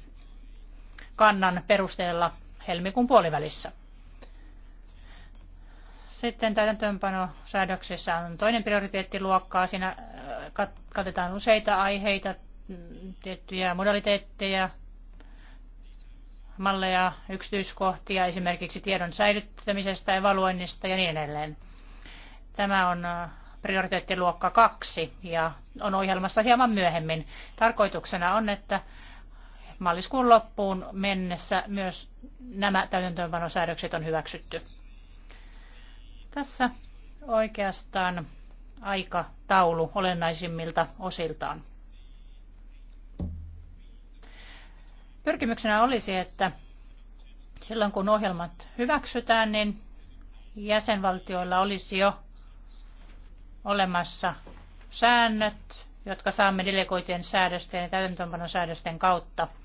B: kannan perusteella helmikuun puolivälissä. Sitten täytäntöönpano on toinen prioriteettiluokka. Siinä äh, katsotaan useita aiheita, mm, tiettyjä modaliteetteja, malleja, yksityiskohtia, esimerkiksi tiedon säilyttämisestä, evaluoinnista ja niin edelleen. Tämä on äh, prioriteettiluokka kaksi ja on ohjelmassa hieman myöhemmin. Tarkoituksena on, että maaliskuun loppuun mennessä myös nämä täytäntöönpanosäädökset on hyväksytty. Tässä oikeastaan aika taulu olennaisimmilta osiltaan. Pyrkimyksenä olisi, että silloin kun ohjelmat hyväksytään, niin jäsenvaltioilla olisi jo olemassa säännöt, jotka saamme delegoitujen säädösten ja täytäntöönpanosäädösten kautta –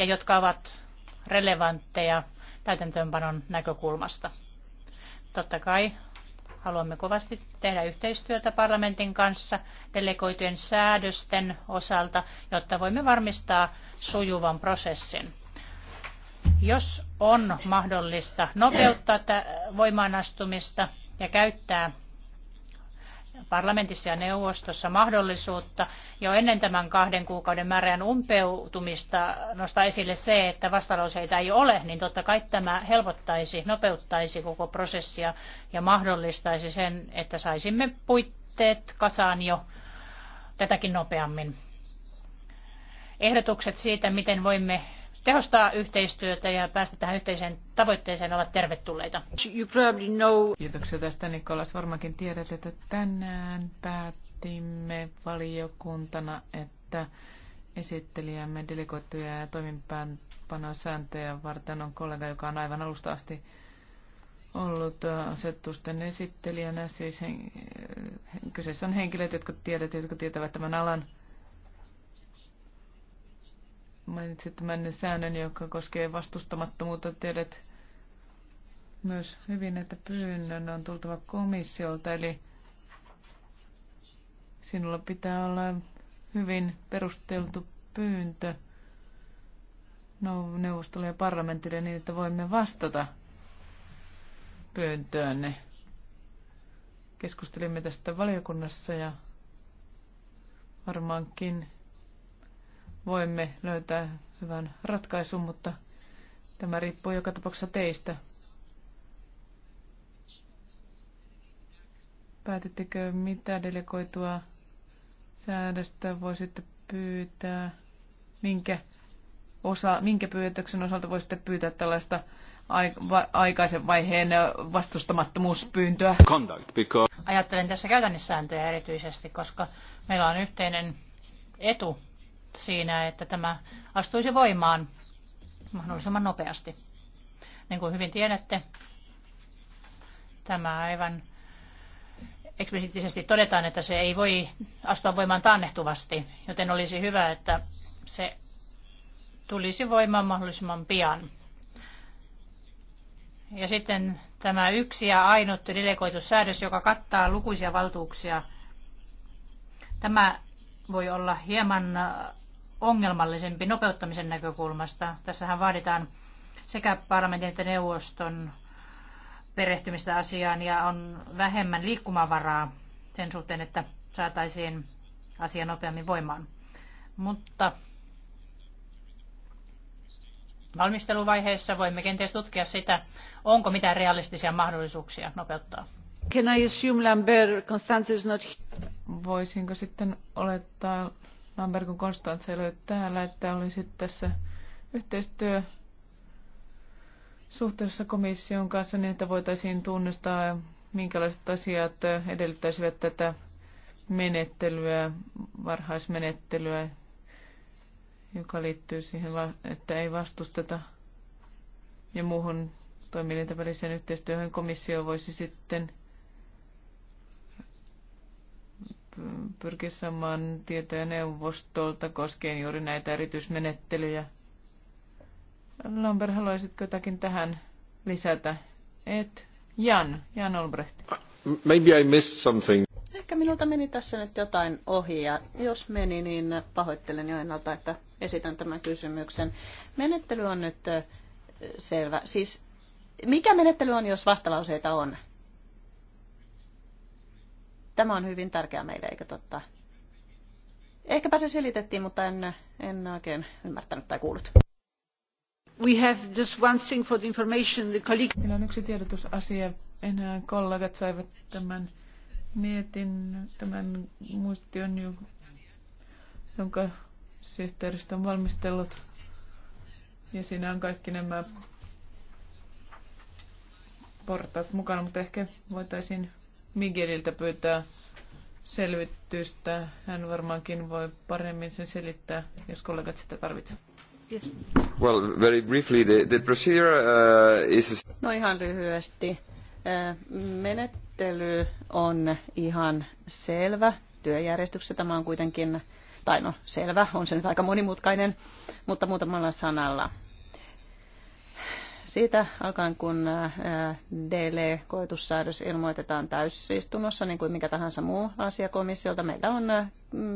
B: ja jotka ovat relevantteja täytäntöönpanon näkökulmasta. Totta kai haluamme kovasti tehdä yhteistyötä parlamentin kanssa delegoitujen säädösten osalta, jotta voimme varmistaa sujuvan prosessin. Jos on mahdollista nopeuttaa voimaanastumista ja käyttää parlamentissa ja neuvostossa mahdollisuutta jo ennen tämän kahden kuukauden määrän umpeutumista nostaa esille se, että vastalauseita ei ole, niin totta kai tämä helpottaisi, nopeuttaisi koko prosessia ja mahdollistaisi sen, että saisimme puitteet kasaan jo tätäkin nopeammin. Ehdotukset siitä, miten voimme tehostaa yhteistyötä ja päästä tähän yhteiseen tavoitteeseen ovat tervetulleita.
A: You probably know. Kiitoksia tästä Nikolas. Varmaankin tiedät, että tänään päätimme valiokuntana, että esittelijämme delegoittuja ja toimipanosääntöjä varten on kollega, joka on aivan alusta asti ollut asetusten esittelijänä. Siis hen, kyseessä on henkilöt, jotka tiedät, jotka tietävät tämän alan mainitsit tämän säännön, joka koskee vastustamattomuutta. Tiedät myös hyvin, että pyynnön on tultava komissiolta, eli sinulla pitää olla hyvin perusteltu pyyntö neuvostolle ja parlamentille niin, että voimme vastata pyyntöönne. Keskustelimme tästä valiokunnassa ja varmaankin voimme löytää hyvän ratkaisun, mutta tämä riippuu joka tapauksessa teistä. Päätettekö, mitä delegoitua säädöstä voisitte pyytää? Minkä, osa, minkä pyytöksen osalta voisitte pyytää tällaista aikaisen vaiheen vastustamattomuuspyyntöä?
B: Ajattelen tässä käytännössääntöjä erityisesti, koska meillä on yhteinen etu siinä, että tämä astuisi voimaan mahdollisimman nopeasti. Niin kuin hyvin tiedätte, tämä aivan eksplisiittisesti todetaan, että se ei voi astua voimaan taannehtuvasti, joten olisi hyvä, että se tulisi voimaan mahdollisimman pian. Ja sitten tämä yksi ja ainut delegoitu säädös, joka kattaa lukuisia valtuuksia, tämä voi olla hieman ongelmallisempi nopeuttamisen näkökulmasta. Tässähän vaaditaan sekä parlamentin että neuvoston perehtymistä asiaan ja on vähemmän liikkumavaraa sen suhteen, että saataisiin asia nopeammin voimaan. Mutta valmisteluvaiheessa voimme kenties tutkia sitä, onko mitään realistisia mahdollisuuksia nopeuttaa.
A: Can I assume Lambert Constance is not... Voisinko sitten olettaa, Lambergun kun Konstantse ei ole täällä, että olisi tässä yhteistyö suhteessa komission kanssa niin, että voitaisiin tunnistaa, minkälaiset asiat edellyttäisivät tätä menettelyä, varhaismenettelyä, joka liittyy siihen, että ei vastusteta ja muuhun toimielinten väliseen yhteistyöhön komissio voisi sitten pyrkiä saamaan tietoja neuvostolta koskien juuri näitä erityismenettelyjä. Lomber, haluaisitko jotakin tähän lisätä? Et Jan, Jan Olbrecht.
C: Maybe I missed something.
D: Ehkä minulta meni tässä nyt jotain ohi ja jos meni, niin pahoittelen jo ennalta, että esitän tämän kysymyksen. Menettely on nyt selvä. Siis mikä menettely on, jos vastalauseita on? Tämä on hyvin tärkeää meille, eikö totta? Ehkäpä se selitettiin, mutta en, en oikein ymmärtänyt tai kuullut. We
A: have just one thing for the information. The colleague... Meillä on yksi tiedotusasia. Enää kollegat saivat tämän mietin, tämän muistion, jonka sihteeristö on valmistellut. Ja siinä on kaikki nämä portaat mukana, mutta ehkä voitaisiin Migeliltä pyytää selvitystä. Hän varmaankin voi
D: paremmin sen selittää, jos kollegat sitä tarvitsevat. Yes.
B: Well, very briefly, the, the procedure uh, is...
D: No ihan lyhyesti. Uh, menettely on ihan selvä. Työjärjestyksessä tämä on kuitenkin, tai no selvä, on se nyt aika monimutkainen, mutta muutamalla sanalla siitä alkaen, kun äh, DL-koetussäädös ilmoitetaan täysistunnossa, niin kuin mikä tahansa muu asia komissiolta, meillä on äh,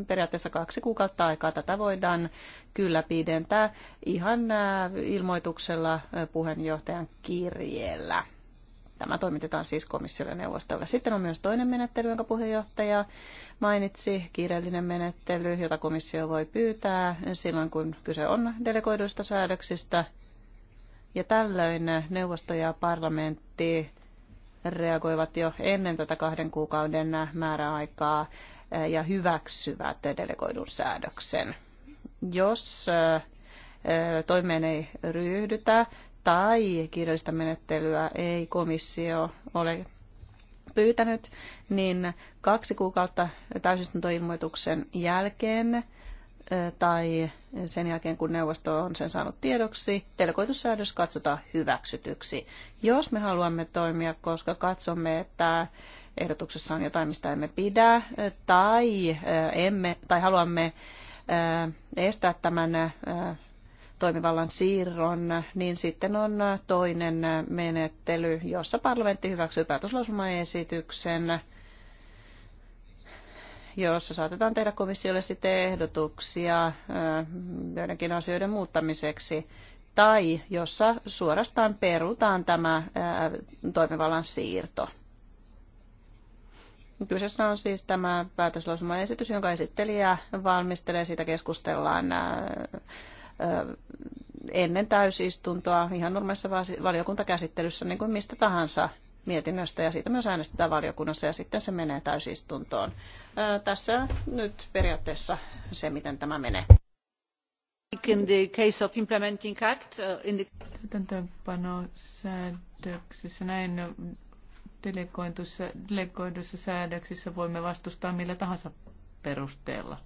D: periaatteessa kaksi kuukautta aikaa. Tätä voidaan kyllä pidentää ihan äh, ilmoituksella puheenjohtajan kirjeellä. Tämä toimitetaan siis komissiolle neuvostolle. Sitten on myös toinen menettely, jonka puheenjohtaja mainitsi, kiireellinen menettely, jota komissio voi pyytää silloin, kun kyse on delegoiduista säädöksistä ja tällöin neuvosto ja parlamentti reagoivat jo ennen tätä kahden kuukauden määräaikaa eh, ja hyväksyvät delegoidun säädöksen. Jos eh, eh, toimeen ei ryhdytä tai kirjallista menettelyä ei komissio ole pyytänyt, niin kaksi kuukautta täysistuntoilmoituksen jälkeen tai sen jälkeen, kun neuvosto on sen saanut tiedoksi, delegoitussäädös katsotaan hyväksytyksi. Jos me haluamme toimia, koska katsomme, että ehdotuksessa on jotain, mistä emme pidä, tai, emme, tai haluamme estää tämän toimivallan siirron, niin sitten on toinen menettely, jossa parlamentti hyväksyy päätöslausumaesityksen esityksen jossa saatetaan tehdä komissiolle sitten ehdotuksia joidenkin asioiden muuttamiseksi tai jossa suorastaan perutaan tämä toimivallan siirto. Kyseessä on siis tämä päätöslausumaesitys, jonka esittelijä valmistelee. Siitä keskustellaan ennen täysistuntoa ihan normaalissa valiokuntakäsittelyssä, niin kuin mistä tahansa mietinnöstä ja siitä myös äänestetään valiokunnassa ja sitten se menee täysistuntoon. Ää, tässä nyt periaatteessa se, miten tämä menee. In the case of implementing act, uh, in
A: the... säädöksissä näin delegoidussa, delegoidussa säädöksissä voimme vastustaa millä tahansa perusteella.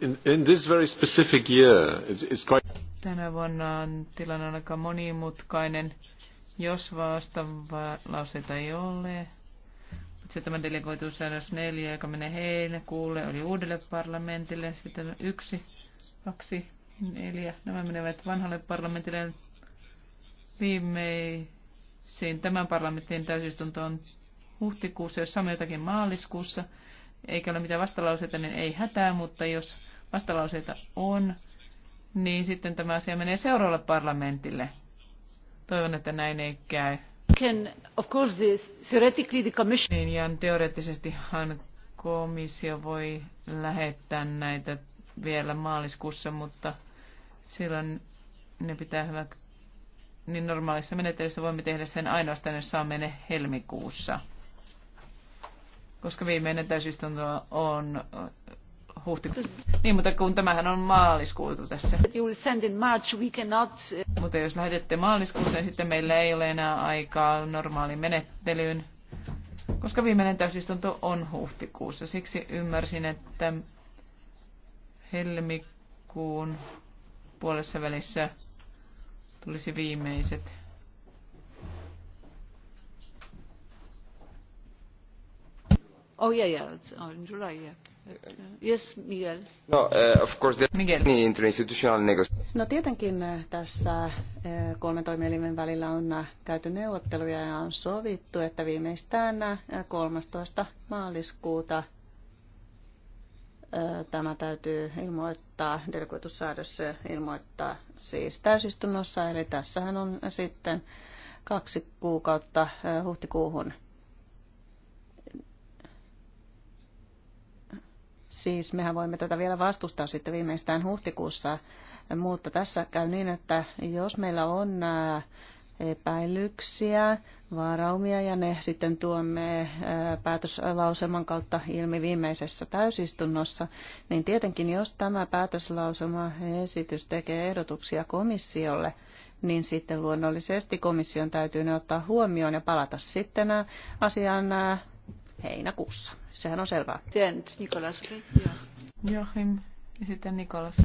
C: In, in this very specific year, it's, it's quite...
A: Tänä vuonna on tilanne on aika monimutkainen jos lauseita ei ole, sitten tämä säädös neljä, joka menee heille, kuulle, oli uudelle parlamentille, sitten yksi, kaksi, neljä, nämä menevät vanhalle parlamentille viimeisiin tämän parlamentin täysistuntoon huhtikuussa, jos samoin jotakin maaliskuussa, eikä ole mitään vastalauseita, niin ei hätää, mutta jos vastalauseita on, niin sitten tämä asia menee seuraavalle parlamentille. Toivon, että näin ei käy.
B: Can, of course, this, theoretically the commission... Niin,
A: ja teoreettisestihan komissio voi lähettää näitä vielä maaliskuussa, mutta silloin ne pitää hyvä. Niin normaalissa menettelyssä voimme tehdä sen ainoastaan, jos saamme ne helmikuussa. Koska viimeinen täysistunto on huhtikuussa. Niin, mutta kun tämähän on maaliskuuta tässä. You will send in March, we cannot... Uh, mutta jos lähetette maaliskuussa, niin sitten meillä ei ole enää aikaa normaaliin menettelyyn, koska viimeinen täysistunto on huhtikuussa. Siksi ymmärsin, että helmikuun puolessa välissä tulisi viimeiset
D: Oh yeah, yeah, it's oh, in July, yeah. Yes, Miguel. No, uh,
B: of course there Miguel. interinstitutional
D: No tietenkin uh, tässä uh, kolmen toimielimen välillä on uh, käyty neuvotteluja ja on sovittu, että viimeistään 13. maaliskuuta tämä täytyy ilmoittaa, delegoitussäädös ilmoittaa siis täysistunnossa, eli tässähän on sitten kaksi kuukautta huhtikuuhun Siis mehän voimme tätä vielä vastustaa sitten viimeistään huhtikuussa, mutta tässä käy niin, että jos meillä on äh, epäilyksiä, vaaraumia ja ne sitten tuomme äh, päätöslauselman kautta ilmi viimeisessä täysistunnossa, niin tietenkin jos tämä päätöslauselma esitys tekee ehdotuksia komissiolle, niin sitten luonnollisesti komission täytyy ne ottaa huomioon ja palata sitten äh, asiaan heinäkuussa. Sehän on selvää. Nikolas. Joachim ja sitten Nikolas.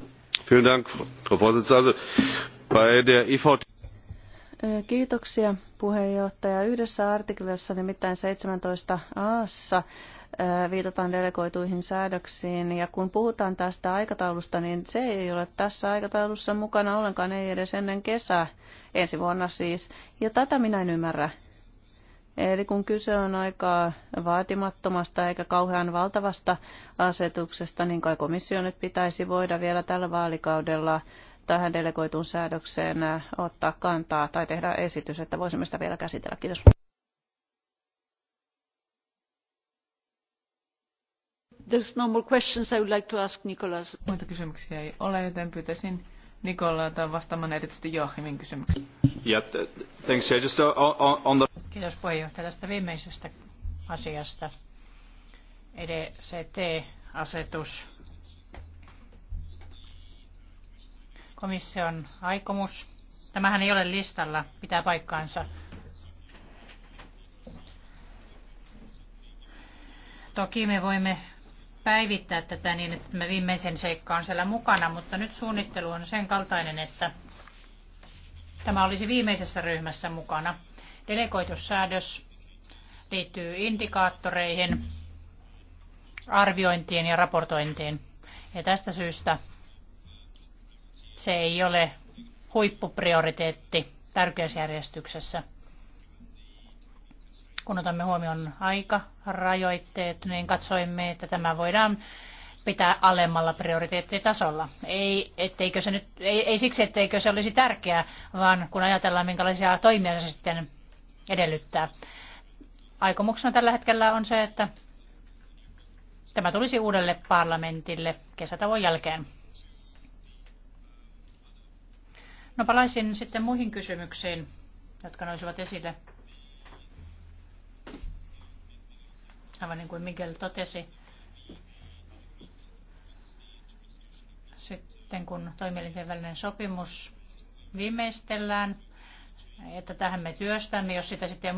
D: E kiitoksia puheenjohtaja. Yhdessä artiklassa nimittäin 17 aassa viitataan delegoituihin säädöksiin ja kun puhutaan tästä aikataulusta, niin se ei ole tässä aikataulussa mukana ollenkaan, ei edes ennen kesää ensi vuonna siis. Ja tätä minä en ymmärrä. Eli kun kyse on aika vaatimattomasta eikä kauhean valtavasta asetuksesta, niin kai komissio nyt pitäisi voida vielä tällä vaalikaudella tähän delegoituun säädökseen ottaa kantaa tai tehdä esitys, että voisimme sitä vielä käsitellä. Kiitos. There's no more questions I would like to ask Muita
A: kysymyksiä ei ole, joten pyytäisin Nikolata vastaamaan erityisesti Joachimin kysymykseen.
D: Yeah, Just uh, on, on the...
B: Kiitos puheenjohtaja tästä viimeisestä asiasta. EDCT-asetus. Komission aikomus. Tämähän ei ole listalla, pitää paikkaansa. Toki me voimme päivittää tätä niin, että me viimeisen seikka on siellä mukana, mutta nyt suunnittelu on sen kaltainen, että tämä olisi viimeisessä ryhmässä mukana. Delegoitussäädös liittyy indikaattoreihin, arviointiin ja raportointiin. Ja tästä syystä se ei ole huippuprioriteetti tärkeysjärjestyksessä. Kun otamme huomioon aikarajoitteet, niin katsoimme, että tämä voidaan pitää alemmalla prioriteettitasolla. Ei, etteikö se nyt, ei, ei siksi, etteikö se olisi tärkeää, vaan kun ajatellaan, minkälaisia toimia se sitten edellyttää. Aikomuksena tällä hetkellä on se, että tämä tulisi uudelle parlamentille kesätavon jälkeen. No palaisin sitten muihin kysymyksiin, jotka nousivat esille. aivan niin kuin Miguel totesi. Sitten kun toimielinten välinen sopimus viimeistellään, että tähän me työstämme, jos sitä sitten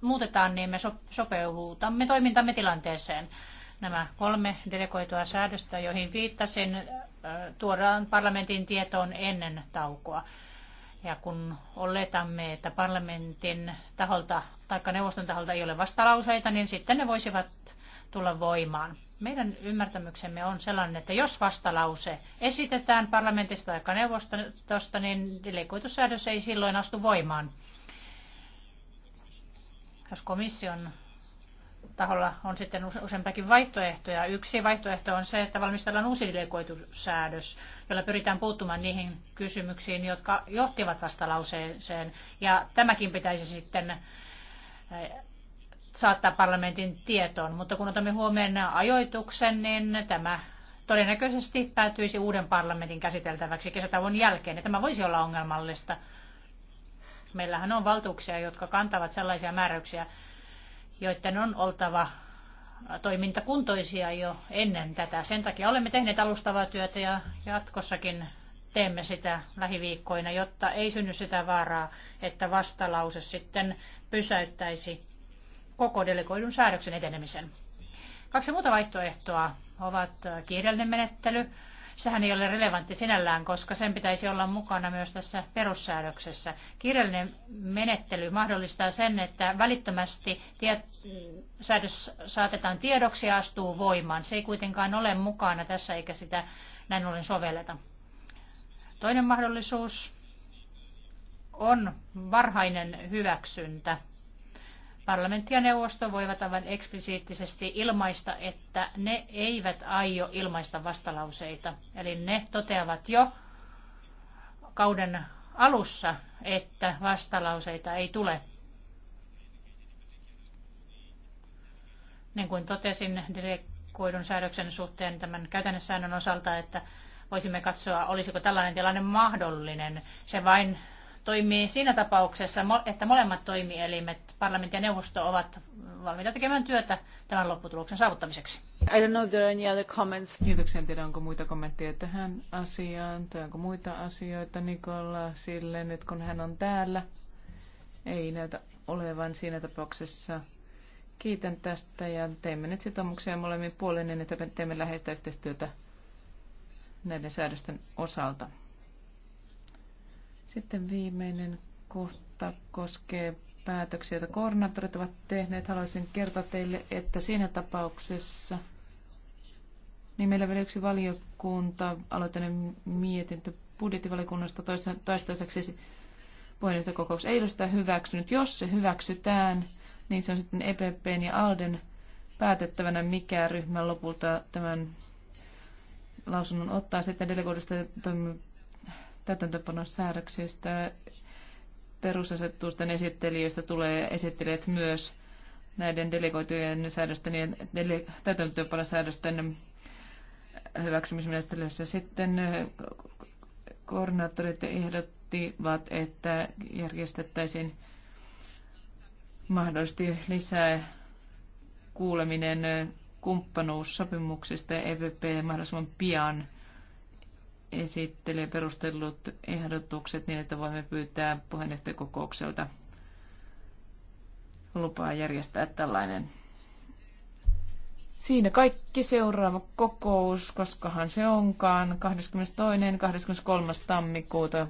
B: muutetaan, niin me sopeutamme toimintamme tilanteeseen. Nämä kolme delegoitua säädöstä, joihin viittasin, tuodaan parlamentin tietoon ennen taukoa. Ja kun oletamme, että parlamentin taholta tai neuvoston taholta ei ole vastalauseita, niin sitten ne voisivat tulla voimaan. Meidän ymmärtämyksemme on sellainen, että jos vastalause esitetään parlamentista tai neuvostosta, niin delegoitussäädös ei silloin astu voimaan. Jos komission taholla on sitten useampakin vaihtoehtoja. Yksi vaihtoehto on se, että valmistellaan uusi delegoitusäädös, jolla pyritään puuttumaan niihin kysymyksiin, jotka johtivat vastalauseeseen. Ja tämäkin pitäisi sitten eh, saattaa parlamentin tietoon. Mutta kun otamme huomioon ajoituksen, niin tämä todennäköisesti päätyisi uuden parlamentin käsiteltäväksi kesätauon jälkeen. Ja tämä voisi olla ongelmallista. Meillähän on valtuuksia, jotka kantavat sellaisia määräyksiä, joiden on oltava toimintakuntoisia jo ennen tätä. Sen takia olemme tehneet alustavaa työtä ja jatkossakin teemme sitä lähiviikkoina, jotta ei synny sitä vaaraa, että vastalause sitten pysäyttäisi koko delegoidun säädöksen etenemisen. Kaksi muuta vaihtoehtoa ovat kiireellinen menettely, sehän ei ole relevantti sinällään, koska sen pitäisi olla mukana myös tässä perussäädöksessä. Kirjallinen menettely mahdollistaa sen, että välittömästi tie- säädös saatetaan tiedoksi ja astuu voimaan. Se ei kuitenkaan ole mukana tässä eikä sitä näin ollen sovelleta. Toinen mahdollisuus on varhainen hyväksyntä parlamentti ja neuvosto voivat aivan eksplisiittisesti ilmaista, että ne eivät aio ilmaista vastalauseita. Eli ne toteavat jo kauden alussa, että vastalauseita ei tule. Niin kuin totesin delegoidun säädöksen suhteen tämän säännön osalta, että voisimme katsoa, olisiko tällainen tilanne mahdollinen. Se vain toimii siinä tapauksessa, että molemmat toimielimet, parlamentti ja neuvosto, ovat valmiita tekemään työtä tämän lopputuloksen saavuttamiseksi.
A: I don't know there are any other comments. Kiitoksia. En tiedä, onko muita kommentteja tähän asiaan tai onko muita asioita Nikolla sille nyt, kun hän on täällä. Ei näytä olevan siinä tapauksessa. Kiitän tästä ja teemme nyt sitoumuksia molemmin puolin, niin että teemme läheistä yhteistyötä näiden säädösten osalta. Sitten viimeinen kohta koskee päätöksiä, joita koordinaattorit ovat tehneet. Haluaisin kertoa teille, että siinä tapauksessa niin meillä vielä yksi valiokunta aloittanut mietintö budjettivalikunnasta toistaiseksi puheenjohtajakokous ei ole sitä hyväksynyt. Jos se hyväksytään, niin se on sitten EPPn ja ALDEn päätettävänä, mikä ryhmä lopulta tämän lausunnon ottaa. Sitten delegoidusta täytäntöpanossäädöksistä perusasetusten esittelijöistä tulee esittelijät myös näiden delegoitujen säädösten ja dele- täytäntöönpanosäädösten hyväksymismenettelyssä. Sitten koordinaattorit ehdottivat, että järjestettäisiin mahdollisesti lisää kuuleminen kumppanuussopimuksista EVP mahdollisimman pian – esittelee perustellut ehdotukset niin, että voimme pyytää kokoukselta lupaa järjestää tällainen. Siinä kaikki seuraava kokous, koskahan se onkaan, 22. 23. tammikuuta.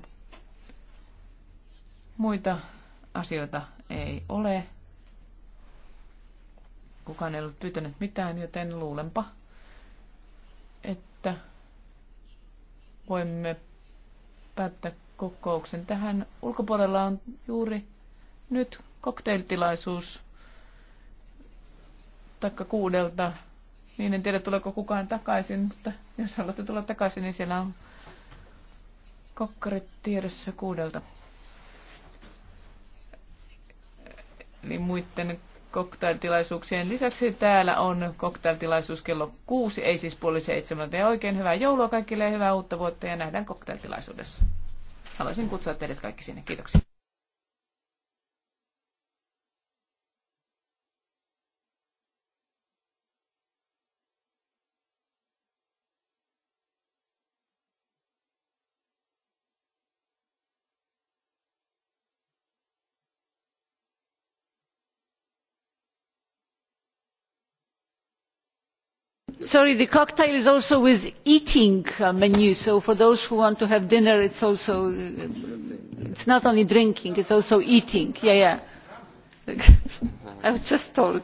A: Muita asioita ei ole. Kukaan ei ollut pyytänyt mitään, joten luulenpa, että voimme päättää kokouksen. Tähän ulkopuolella on juuri nyt kokteiltilaisuus takka kuudelta. Niin en tiedä, tuleeko kukaan takaisin, mutta jos haluatte tulla takaisin, niin siellä on kokkarit tiedossa kuudelta. Eli muiden koktailtilaisuuksien lisäksi täällä on koktailtilaisuus kello kuusi, ei siis puoli seitsemältä. Ja oikein hyvää joulua kaikille ja hyvää uutta vuotta ja nähdään koktailtilaisuudessa. Haluaisin kutsua teidät kaikki sinne. Kiitoksia.
B: sorry the cocktail is also with eating uh, menu so for those who want to have dinner it's also uh, it's not only drinking it's also eating yeah yeah i was just told